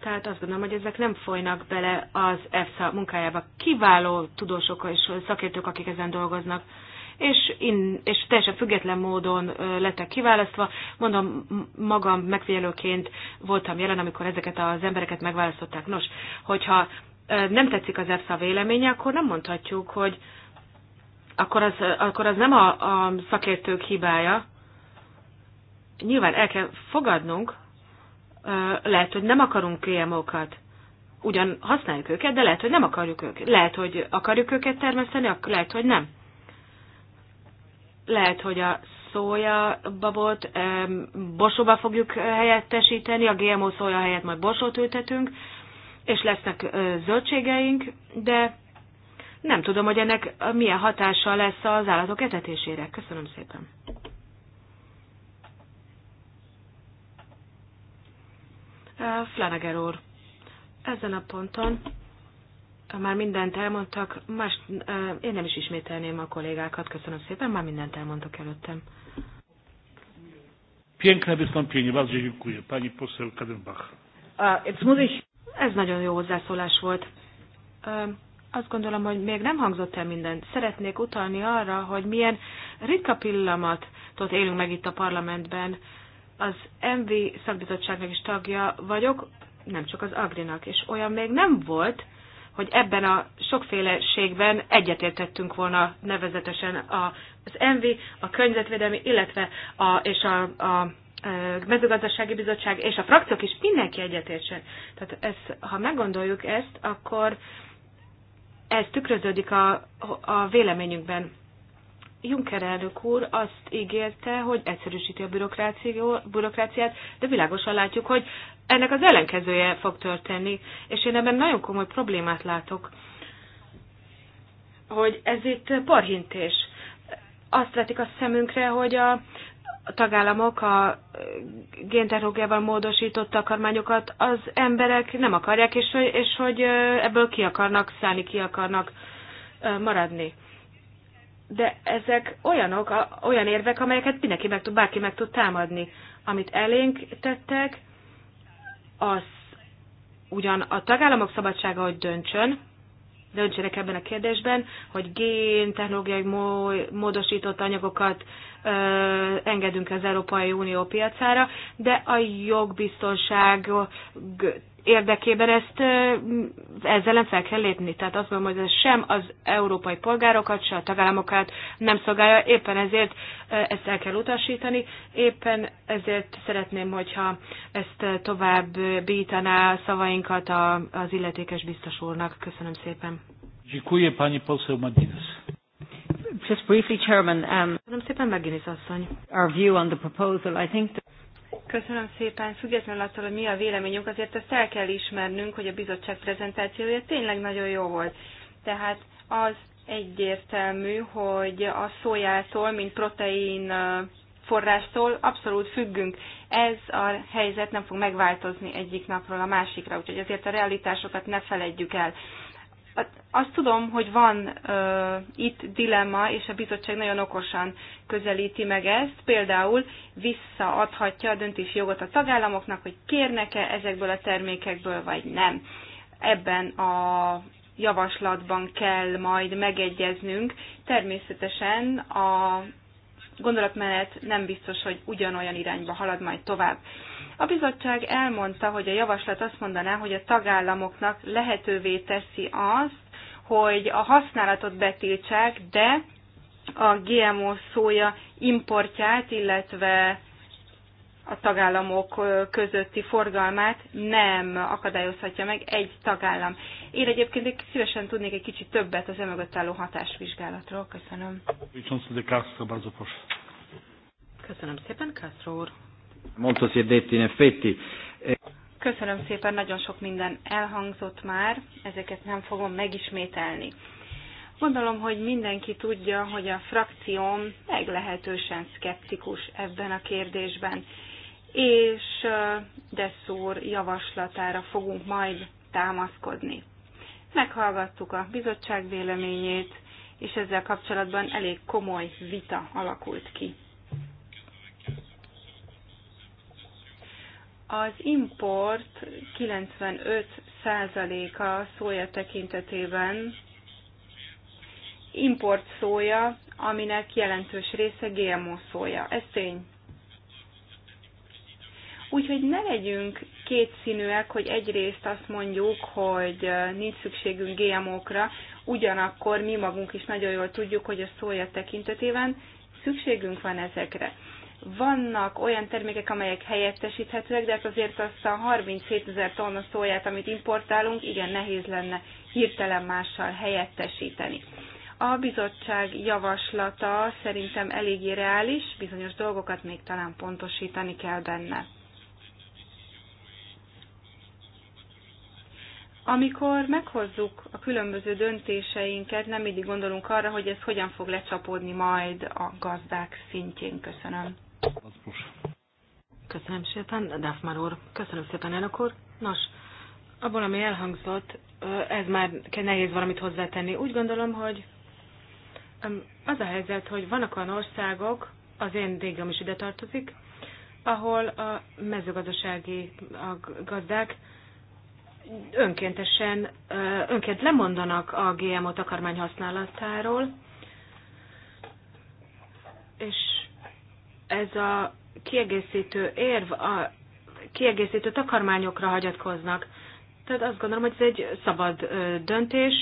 tehát azt gondolom, hogy ezek nem folynak bele az EFSA munkájába. Kiváló tudósok és szakértők, akik ezen dolgoznak és, in, és teljesen független módon lettek kiválasztva. Mondom, magam megfigyelőként voltam jelen, amikor ezeket az embereket megválasztották. Nos, hogyha nem tetszik az EFSA véleménye, akkor nem mondhatjuk, hogy akkor az, akkor az nem a, a szakértők hibája. Nyilván el kell fogadnunk, lehet, hogy nem akarunk GMO-kat. Ugyan használjuk őket, de lehet, hogy nem akarjuk őket. Lehet, hogy akarjuk őket termeszteni, lehet, hogy nem lehet, hogy a szója babot borsóba fogjuk eh, helyettesíteni, a GMO szója helyett majd borsót ültetünk, és lesznek zöldségeink, de nem tudom, hogy ennek milyen hatása lesz az állatok etetésére. Köszönöm szépen. Eh, Flanager úr, ezen a ponton már mindent elmondtak, más, én nem is ismételném a kollégákat, köszönöm szépen, már mindent elmondtak előttem. Piękne wystąpienie, bardzo dziękuję. Pani poseł Kadenbach. Ez nagyon jó hozzászólás volt. Azt gondolom, hogy még nem hangzott el mindent. Szeretnék utalni arra, hogy milyen ritka pillanatot élünk meg itt a parlamentben. Az MV szakbizottságnak is tagja vagyok, nem csak az Agrinak, és olyan még nem volt, hogy ebben a sokféleségben egyetértettünk volna nevezetesen az ENVI, a Környezetvédelmi, illetve a, és a, a e, mezőgazdasági bizottság és a frakciók is mindenki egyetértsen. Tehát ez, ha meggondoljuk ezt, akkor ez tükröződik a, a véleményünkben. Juncker elnök úr azt ígérte, hogy egyszerűsíti a bürokráciát, de világosan látjuk, hogy ennek az ellenkezője fog történni, és én ebben nagyon komoly problémát látok, hogy ez itt parhintés. Azt vetik a szemünkre, hogy a tagállamok a géntechnológiával módosított takarmányokat az emberek nem akarják, és, és hogy ebből ki akarnak szállni, ki akarnak maradni de ezek olyanok, olyan érvek, amelyeket mindenki meg tud, bárki meg tud támadni. Amit elénk tettek, az ugyan a tagállamok szabadsága, hogy döntsön, döntsenek ebben a kérdésben, hogy gén, technológiai módosított anyagokat ö, engedünk az Európai Unió piacára, de a jogbiztonság érdekében ezt ezzel nem fel kell lépni. Tehát azt mondom, hogy ez sem az európai polgárokat, se a tagállamokat nem szolgálja, éppen ezért ezt el kell utasítani, éppen ezért szeretném, hogyha ezt tovább bítaná szavainkat az illetékes biztos úrnak. Köszönöm szépen. Just briefly, Chairman. Um, Our view on the proposal, I think that Köszönöm szépen. Függetlenül attól, hogy mi a véleményünk, azért ezt el kell ismernünk, hogy a bizottság prezentációja tényleg nagyon jó volt. Tehát az egyértelmű, hogy a szójától, mint protein forrástól abszolút függünk. Ez a helyzet nem fog megváltozni egyik napról a másikra, úgyhogy azért a realitásokat ne feledjük el. Hát azt tudom, hogy van uh, itt dilemma, és a bizottság nagyon okosan közelíti meg ezt. Például visszaadhatja a döntési jogot a tagállamoknak, hogy kérnek-e ezekből a termékekből, vagy nem. Ebben a javaslatban kell majd megegyeznünk. Természetesen a gondolatmenet nem biztos, hogy ugyanolyan irányba halad majd tovább. A bizottság elmondta, hogy a javaslat azt mondaná, hogy a tagállamoknak lehetővé teszi azt, hogy a használatot betiltsák, de a GMO szója importját, illetve a tagállamok közötti forgalmát nem akadályozhatja meg egy tagállam. Én egyébként szívesen tudnék egy kicsit többet az emögött álló hatásvizsgálatról. Köszönöm. Köszönöm szépen, Castro úr. Köszönöm szépen, nagyon sok minden elhangzott már, ezeket nem fogom megismételni. Gondolom, hogy mindenki tudja, hogy a frakcióm meglehetősen szkeptikus ebben a kérdésben, és Dessúr javaslatára fogunk majd támaszkodni. Meghallgattuk a bizottság véleményét, és ezzel kapcsolatban elég komoly vita alakult ki. Az import 95%-a szója tekintetében import szója, aminek jelentős része GMO szója. Ez tény. Úgyhogy ne legyünk kétszínűek, hogy egyrészt azt mondjuk, hogy nincs szükségünk GMO-kra, ugyanakkor mi magunk is nagyon jól tudjuk, hogy a szója tekintetében szükségünk van ezekre. Vannak olyan termékek, amelyek helyettesíthetőek, de hát azért azt a 37 ezer tonna szóját, amit importálunk, igen nehéz lenne hirtelen mással helyettesíteni. A bizottság javaslata szerintem eléggé reális, bizonyos dolgokat még talán pontosítani kell benne. Amikor meghozzuk a különböző döntéseinket, nem mindig gondolunk arra, hogy ez hogyan fog lecsapódni majd a gazdák szintjén. Köszönöm. Köszönöm szépen, Dafmar úr. Köszönöm szépen, elnök úr. Nos, abból, ami elhangzott, ez már nehéz valamit hozzátenni. Úgy gondolom, hogy az a helyzet, hogy vannak olyan országok, az én régem is ide tartozik, ahol a mezőgazdasági a gazdák önkéntesen, önként lemondanak a GMO takarmány használatáról, és ez a kiegészítő érv, a kiegészítő takarmányokra hagyatkoznak. Tehát azt gondolom, hogy ez egy szabad döntés,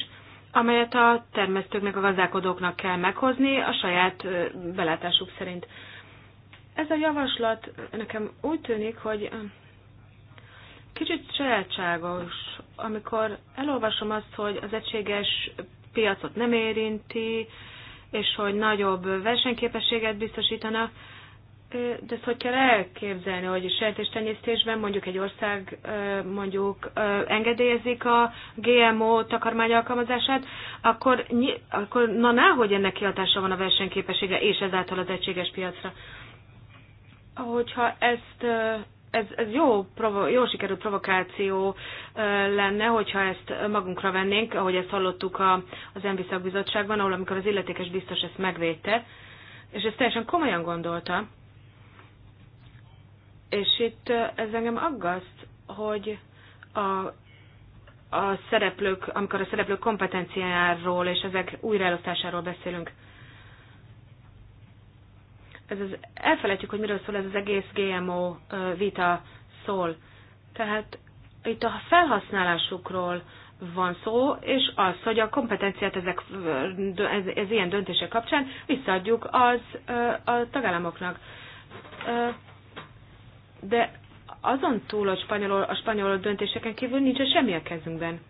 amelyet a termesztőknek, a gazdálkodóknak kell meghozni a saját belátásuk szerint. Ez a javaslat nekem úgy tűnik, hogy kicsit sajátságos, amikor elolvasom azt, hogy az egységes piacot nem érinti, és hogy nagyobb versenyképességet biztosítanak, Hát, de ezt hogy kell elképzelni, hogy sejtéstenyésztésben mondjuk egy ország mondjuk engedélyezik a GMO takarmány alkalmazását, akkor, akkor na nehogy ennek kihatása van a versenyképessége és ezáltal az egységes piacra. Hogyha ezt ez, ez jó, provo- jó sikerült provokáció lenne, hogyha ezt magunkra vennénk, ahogy ezt hallottuk a, az ENVI szakbizottságban, ahol amikor az illetékes biztos ezt megvédte, és ezt teljesen komolyan gondolta, és itt ez engem aggaszt, hogy a, a szereplők, amikor a szereplők kompetenciáról és ezek újraelosztásáról beszélünk, ez az, elfelejtjük, hogy miről szól ez az egész GMO vita szól. Tehát itt a felhasználásukról van szó, és az, hogy a kompetenciát ezek, ez, ez ilyen döntések kapcsán visszaadjuk az a tagállamoknak de azon túl a spanyol, a spanyol döntéseken kívül nincsen semmi a kezünkben.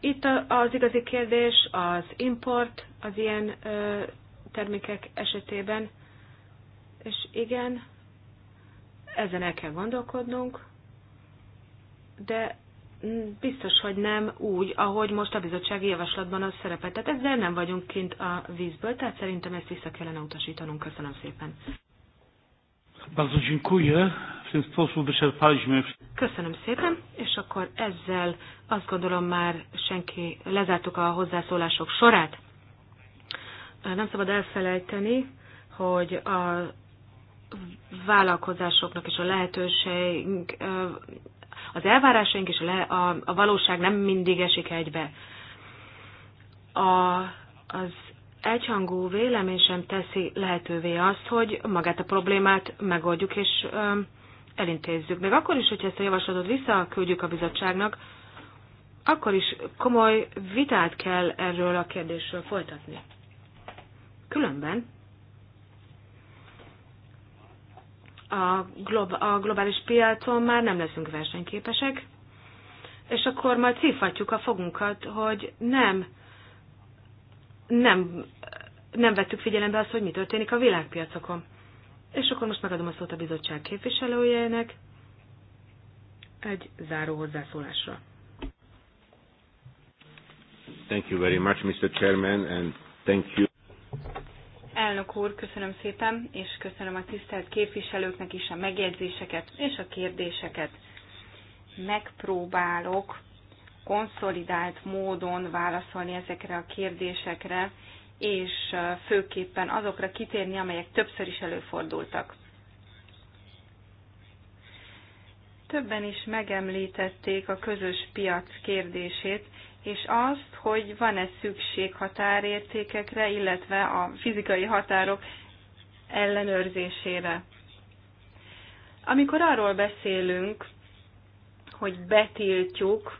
Itt az igazi kérdés az import az ilyen ö, termékek esetében, és igen, ezen el kell gondolkodnunk, de Biztos, hogy nem úgy, ahogy most a bizottsági javaslatban az szerepel. Tehát ezzel nem vagyunk kint a vízből, tehát szerintem ezt vissza kellene utasítanunk. Köszönöm szépen. Köszönöm szépen, és akkor ezzel azt gondolom már senki, lezártuk a hozzászólások sorát. Nem szabad elfelejteni, hogy a vállalkozásoknak és a lehetőség az elvárásaink és a, le, a, a valóság nem mindig esik egybe. A, az egyhangú vélemény sem teszi lehetővé azt, hogy magát a problémát megoldjuk és ö, elintézzük. Még akkor is, hogyha ezt a javaslatot visszaküldjük a bizottságnak, akkor is komoly vitát kell erről a kérdésről folytatni. Különben a, glob, a globális piacon már nem leszünk versenyképesek, és akkor majd szívhatjuk a fogunkat, hogy nem, nem, nem vettük figyelembe azt, hogy mi történik a világpiacokon. És akkor most megadom a szót a bizottság képviselőjének egy záró hozzászólásra. Thank you very much, Mr. Chairman, and thank you Elnök úr, köszönöm szépen, és köszönöm a tisztelt képviselőknek is a megjegyzéseket és a kérdéseket. Megpróbálok konszolidált módon válaszolni ezekre a kérdésekre, és főképpen azokra kitérni, amelyek többször is előfordultak. Többen is megemlítették a közös piac kérdését, és azt, hogy van-e szükség határértékekre, illetve a fizikai határok ellenőrzésére. Amikor arról beszélünk, hogy betiltjuk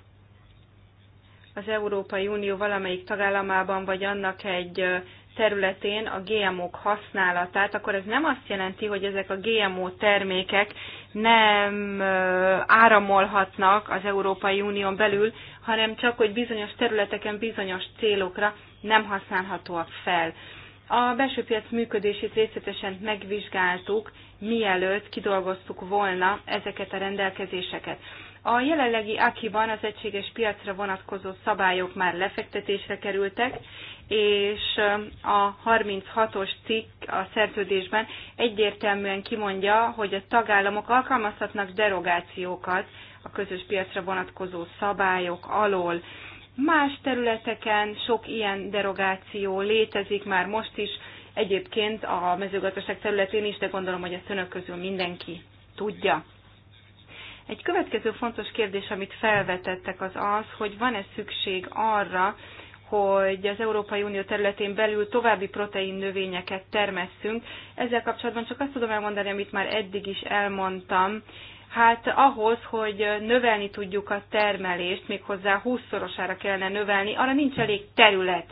az Európai Unió valamelyik tagállamában, vagy annak egy területén a GMO-k használatát, akkor ez nem azt jelenti, hogy ezek a GMO termékek nem áramolhatnak az Európai Unión belül, hanem csak, hogy bizonyos területeken bizonyos célokra nem használhatóak fel. A belső piac működését részletesen megvizsgáltuk, mielőtt kidolgoztuk volna ezeket a rendelkezéseket. A jelenlegi AKI-ban az egységes piacra vonatkozó szabályok már lefektetésre kerültek, és a 36-os cikk a szerződésben egyértelműen kimondja, hogy a tagállamok alkalmazhatnak derogációkat a közös piacra vonatkozó szabályok alól. Más területeken sok ilyen derogáció létezik már most is, egyébként a mezőgazdaság területén is, de gondolom, hogy ezt önök közül mindenki tudja. Egy következő fontos kérdés, amit felvetettek, az az, hogy van-e szükség arra, hogy az Európai Unió területén belül további protein növényeket termesszünk. Ezzel kapcsolatban csak azt tudom elmondani, amit már eddig is elmondtam, Hát ahhoz, hogy növelni tudjuk a termelést, méghozzá 20-szorosára kellene növelni, arra nincs elég terület.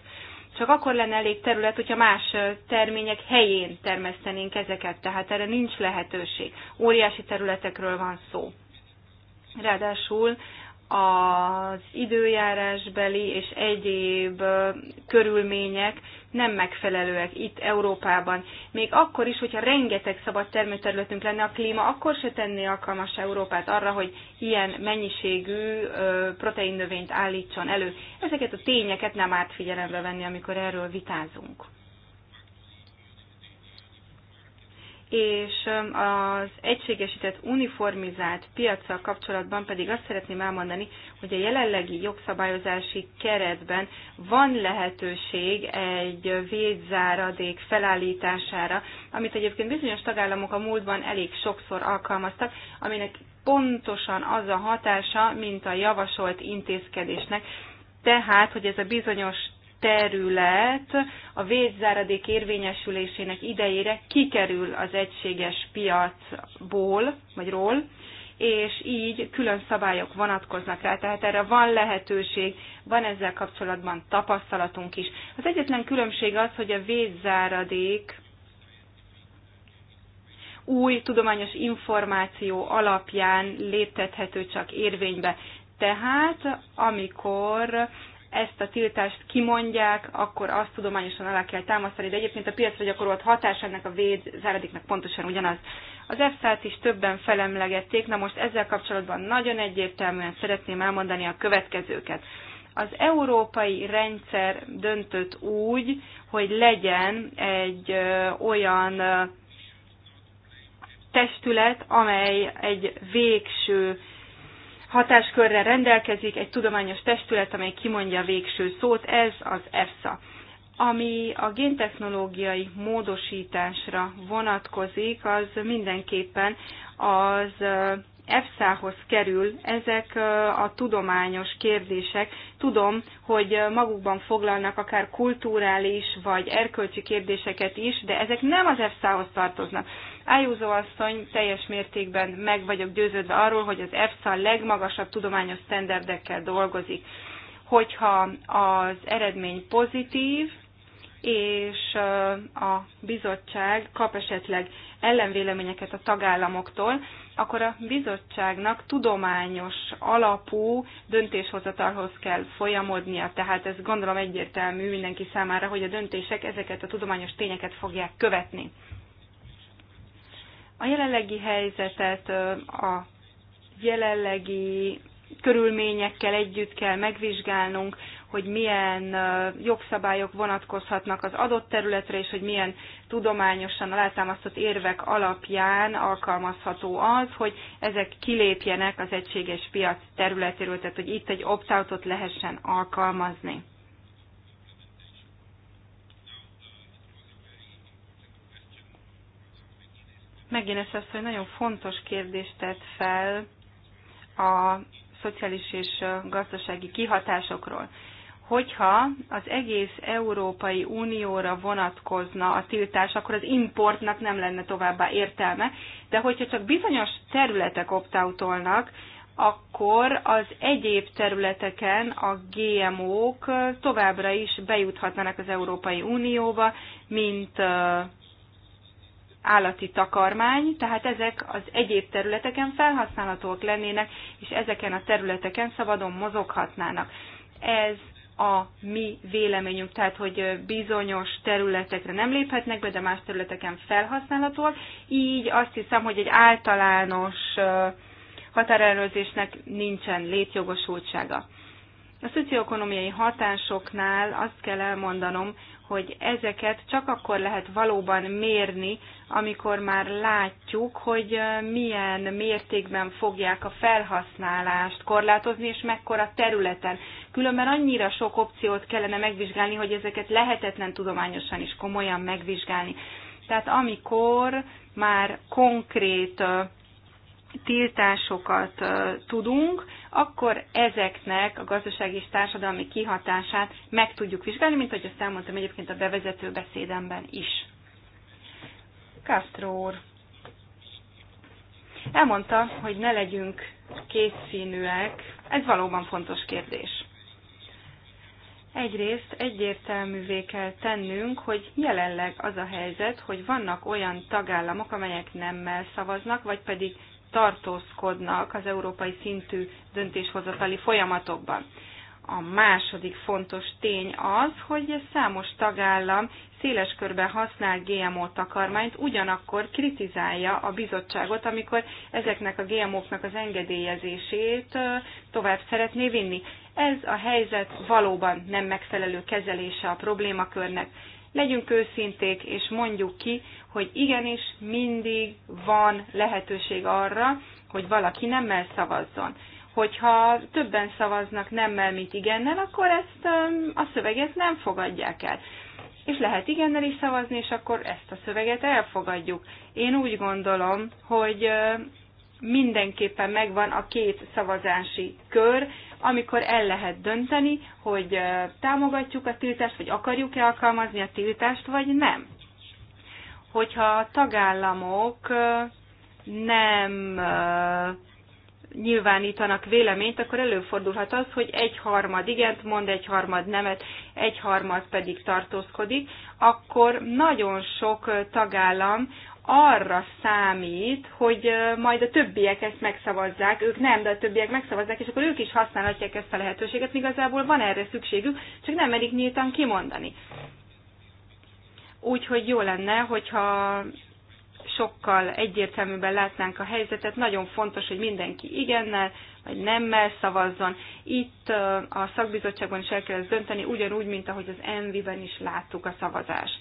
Csak akkor lenne elég terület, hogyha más termények helyén termesztenénk ezeket, tehát erre nincs lehetőség. Óriási területekről van szó. Ráadásul az időjárásbeli és egyéb körülmények nem megfelelőek itt Európában. Még akkor is, hogyha rengeteg szabad termőterületünk lenne a klíma, akkor se tenné alkalmas Európát arra, hogy ilyen mennyiségű proteinnövényt állítson elő. Ezeket a tényeket nem árt figyelembe venni, amikor erről vitázunk. és az egységesített uniformizált piacsal kapcsolatban pedig azt szeretném elmondani, hogy a jelenlegi jogszabályozási keretben van lehetőség egy védzáradék felállítására, amit egyébként bizonyos tagállamok a múltban elég sokszor alkalmaztak, aminek pontosan az a hatása, mint a javasolt intézkedésnek, tehát, hogy ez a bizonyos terület a vészzáradék érvényesülésének idejére kikerül az egységes piacból, vagy ról, és így külön szabályok vonatkoznak rá, tehát erre van lehetőség, van ezzel kapcsolatban tapasztalatunk is. Az egyetlen különbség az, hogy a vészzáradék új tudományos információ alapján léptethető csak érvénybe. Tehát amikor ezt a tiltást kimondják, akkor azt tudományosan alá kell támasztani, de egyébként a piacra gyakorolt hatás ennek a véd záradéknak pontosan ugyanaz. Az f is többen felemlegették, na most ezzel kapcsolatban nagyon egyértelműen szeretném elmondani a következőket. Az európai rendszer döntött úgy, hogy legyen egy ö, olyan ö, testület, amely egy végső Hatáskörre rendelkezik egy tudományos testület, amely kimondja a végső szót, ez az EFSA. Ami a géntechnológiai módosításra vonatkozik, az mindenképpen az EFSA-hoz kerül ezek a tudományos kérdések. Tudom, hogy magukban foglalnak akár kulturális vagy erkölcsi kérdéseket is, de ezek nem az EFSA-hoz tartoznak. Ájúzó asszony, teljes mértékben meg vagyok győződve arról, hogy az EFSA a legmagasabb tudományos sztenderdekkel dolgozik. Hogyha az eredmény pozitív, és a bizottság kap esetleg ellenvéleményeket a tagállamoktól, akkor a bizottságnak tudományos alapú döntéshozatalhoz kell folyamodnia. Tehát ez gondolom egyértelmű mindenki számára, hogy a döntések ezeket a tudományos tényeket fogják követni. A jelenlegi helyzetet a jelenlegi körülményekkel együtt kell megvizsgálnunk, hogy milyen jogszabályok vonatkozhatnak az adott területre, és hogy milyen tudományosan alátámasztott érvek alapján alkalmazható az, hogy ezek kilépjenek az egységes piac területéről, tehát hogy itt egy opt-outot lehessen alkalmazni. Megint ez az, hogy nagyon fontos kérdést tett fel a szociális és gazdasági kihatásokról. Hogyha az egész Európai Unióra vonatkozna a tiltás, akkor az importnak nem lenne továbbá értelme, de hogyha csak bizonyos területek optautolnak, akkor az egyéb területeken a GMO-k továbbra is bejuthatnának az Európai Unióba, mint állati takarmány, tehát ezek az egyéb területeken felhasználhatóak lennének, és ezeken a területeken szabadon mozoghatnának. Ez a mi véleményünk, tehát hogy bizonyos területekre nem léphetnek be, de más területeken felhasználhatóak. Így azt hiszem, hogy egy általános határelőzésnek nincsen létjogosultsága. A szocioekonomiai hatásoknál azt kell elmondanom, hogy ezeket csak akkor lehet valóban mérni, amikor már látjuk, hogy milyen mértékben fogják a felhasználást korlátozni, és mekkora területen. Különben annyira sok opciót kellene megvizsgálni, hogy ezeket lehetetlen tudományosan is komolyan megvizsgálni. Tehát amikor már konkrét tiltásokat tudunk, akkor ezeknek a gazdasági és társadalmi kihatását meg tudjuk vizsgálni, mint ahogy azt elmondtam egyébként a bevezető beszédemben is. Castro úr elmondta, hogy ne legyünk kétszínűek. Ez valóban fontos kérdés. Egyrészt egyértelművé kell tennünk, hogy jelenleg az a helyzet, hogy vannak olyan tagállamok, amelyek nemmel szavaznak, vagy pedig tartózkodnak az európai szintű döntéshozatali folyamatokban. A második fontos tény az, hogy számos tagállam széles körben használ GMO takarmányt, ugyanakkor kritizálja a bizottságot, amikor ezeknek a GMO-knak az engedélyezését tovább szeretné vinni. Ez a helyzet valóban nem megfelelő kezelése a problémakörnek, Legyünk őszinték, és mondjuk ki, hogy igenis mindig van lehetőség arra, hogy valaki nemmel szavazzon. Hogyha többen szavaznak nemmel, mint igennel, akkor ezt a szöveget nem fogadják el és lehet igennel is szavazni, és akkor ezt a szöveget elfogadjuk. Én úgy gondolom, hogy mindenképpen megvan a két szavazási kör, amikor el lehet dönteni, hogy támogatjuk a tiltást, vagy akarjuk-e alkalmazni a tiltást, vagy nem. Hogyha a tagállamok nem nyilvánítanak véleményt, akkor előfordulhat az, hogy egy harmad igent mond, egy harmad nemet, egy harmad pedig tartózkodik, akkor nagyon sok tagállam arra számít, hogy majd a többiek ezt megszavazzák, ők nem, de a többiek megszavazzák, és akkor ők is használhatják ezt a lehetőséget, igazából van erre szükségük, csak nem merik nyíltan kimondani. Úgyhogy jó lenne, hogyha sokkal egyértelműbben látnánk a helyzetet, nagyon fontos, hogy mindenki igennel vagy nemmel szavazzon. Itt a szakbizottságban is el kell ezt dönteni, ugyanúgy, mint ahogy az ENVI-ben is láttuk a szavazást.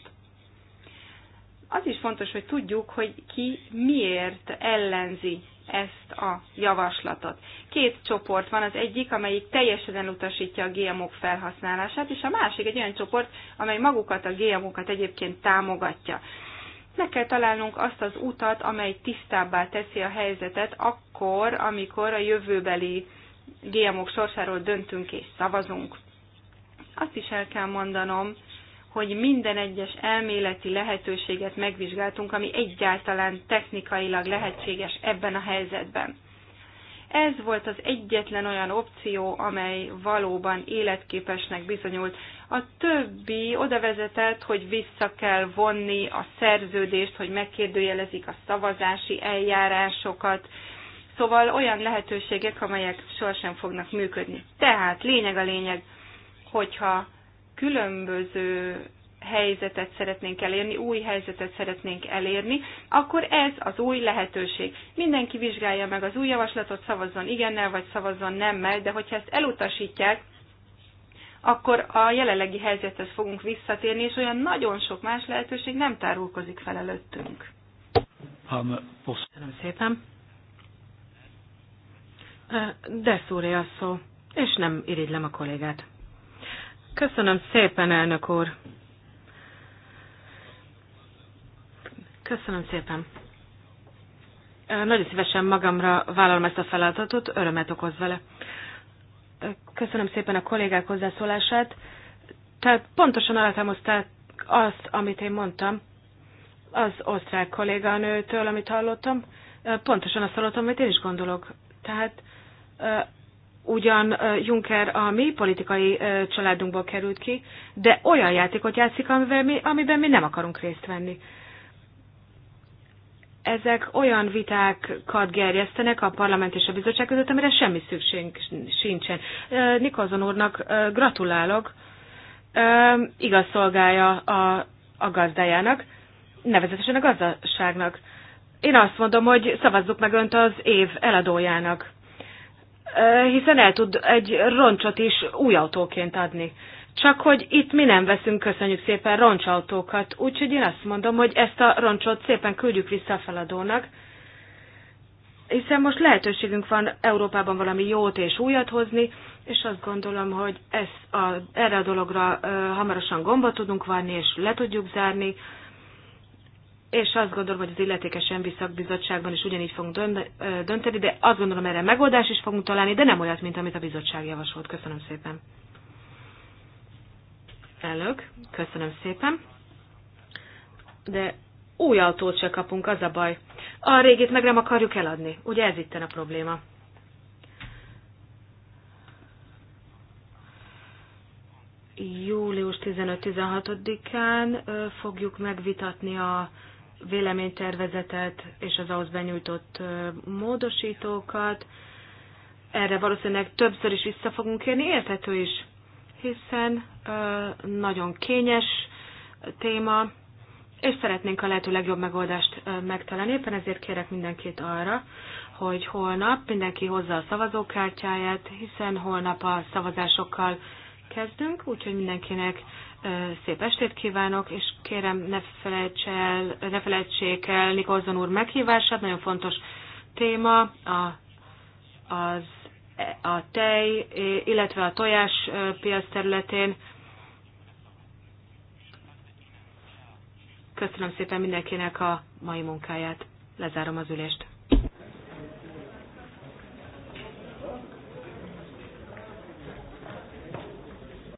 Az is fontos, hogy tudjuk, hogy ki miért ellenzi ezt a javaslatot. Két csoport van, az egyik, amelyik teljesen elutasítja a GMO-k felhasználását, és a másik egy olyan csoport, amely magukat a GMO-kat egyébként támogatja. Meg kell találnunk azt az utat, amely tisztábbá teszi a helyzetet akkor, amikor a jövőbeli GMO-k sorsáról döntünk és szavazunk. Azt is el kell mondanom, hogy minden egyes elméleti lehetőséget megvizsgáltunk, ami egyáltalán technikailag lehetséges ebben a helyzetben. Ez volt az egyetlen olyan opció, amely valóban életképesnek bizonyult. A többi oda vezetett, hogy vissza kell vonni a szerződést, hogy megkérdőjelezik a szavazási eljárásokat, Szóval olyan lehetőségek, amelyek sohasem fognak működni. Tehát lényeg a lényeg, hogyha különböző helyzetet szeretnénk elérni, új helyzetet szeretnénk elérni, akkor ez az új lehetőség. Mindenki vizsgálja meg az új javaslatot, szavazzon igennel, vagy szavazzon nemmel, de hogyha ezt elutasítják, akkor a jelenlegi helyzethez fogunk visszatérni, és olyan nagyon sok más lehetőség nem tárulkozik fel előttünk. Köszönöm szépen. De szúrja a szó, és nem irigylem a kollégát. Köszönöm szépen, elnök úr. Köszönöm szépen. Nagyon szívesen magamra vállalom ezt a feladatot, örömet okoz vele. Köszönöm szépen a kollégák hozzászólását. Tehát pontosan alátámaszták azt, amit én mondtam, az osztrák kolléganőtől, amit hallottam, pontosan azt hallottam, amit én is gondolok. Tehát ugyan Juncker a mi politikai családunkból került ki, de olyan játékot játszik, amivel mi, amiben mi nem akarunk részt venni. Ezek olyan vitákat gerjesztenek a parlament és a bizottság között, amire semmi szükség sincsen. Nikolson úrnak gratulálok, igaz szolgálja a, a gazdájának, nevezetesen a gazdaságnak. Én azt mondom, hogy szavazzuk meg önt az év eladójának hiszen el tud egy roncsot is új autóként adni. Csak hogy itt mi nem veszünk, köszönjük szépen, roncsautókat, úgyhogy én azt mondom, hogy ezt a roncsot szépen küldjük vissza a feladónak, hiszen most lehetőségünk van Európában valami jót és újat hozni, és azt gondolom, hogy ez a, erre a dologra ö, hamarosan gombot tudunk várni, és le tudjuk zárni, és azt gondolom, hogy az illetékes ENVI szakbizottságban is ugyanígy fogunk dönteni, de azt gondolom, erre megoldást is fogunk találni, de nem olyat, mint amit a bizottság javasolt. Köszönöm szépen. Elnök, köszönöm szépen. De új autót se kapunk, az a baj. A régit meg nem akarjuk eladni. Ugye ez itten a probléma. Július 15-16-án fogjuk megvitatni a véleménytervezetet és az ahhoz benyújtott módosítókat. Erre valószínűleg többször is vissza fogunk kérni, érthető is, hiszen nagyon kényes téma, és szeretnénk a lehető legjobb megoldást megtalálni. Éppen ezért kérek mindenkit arra, hogy holnap mindenki hozza a szavazókártyáját, hiszen holnap a szavazásokkal kezdünk, úgyhogy mindenkinek Szép estét kívánok, és kérem ne, felejts el, ne felejtsék el Nikolzon úr meghívását, nagyon fontos téma a, az, a tej, illetve a tojás piac területén. Köszönöm szépen mindenkinek a mai munkáját. Lezárom az ülést.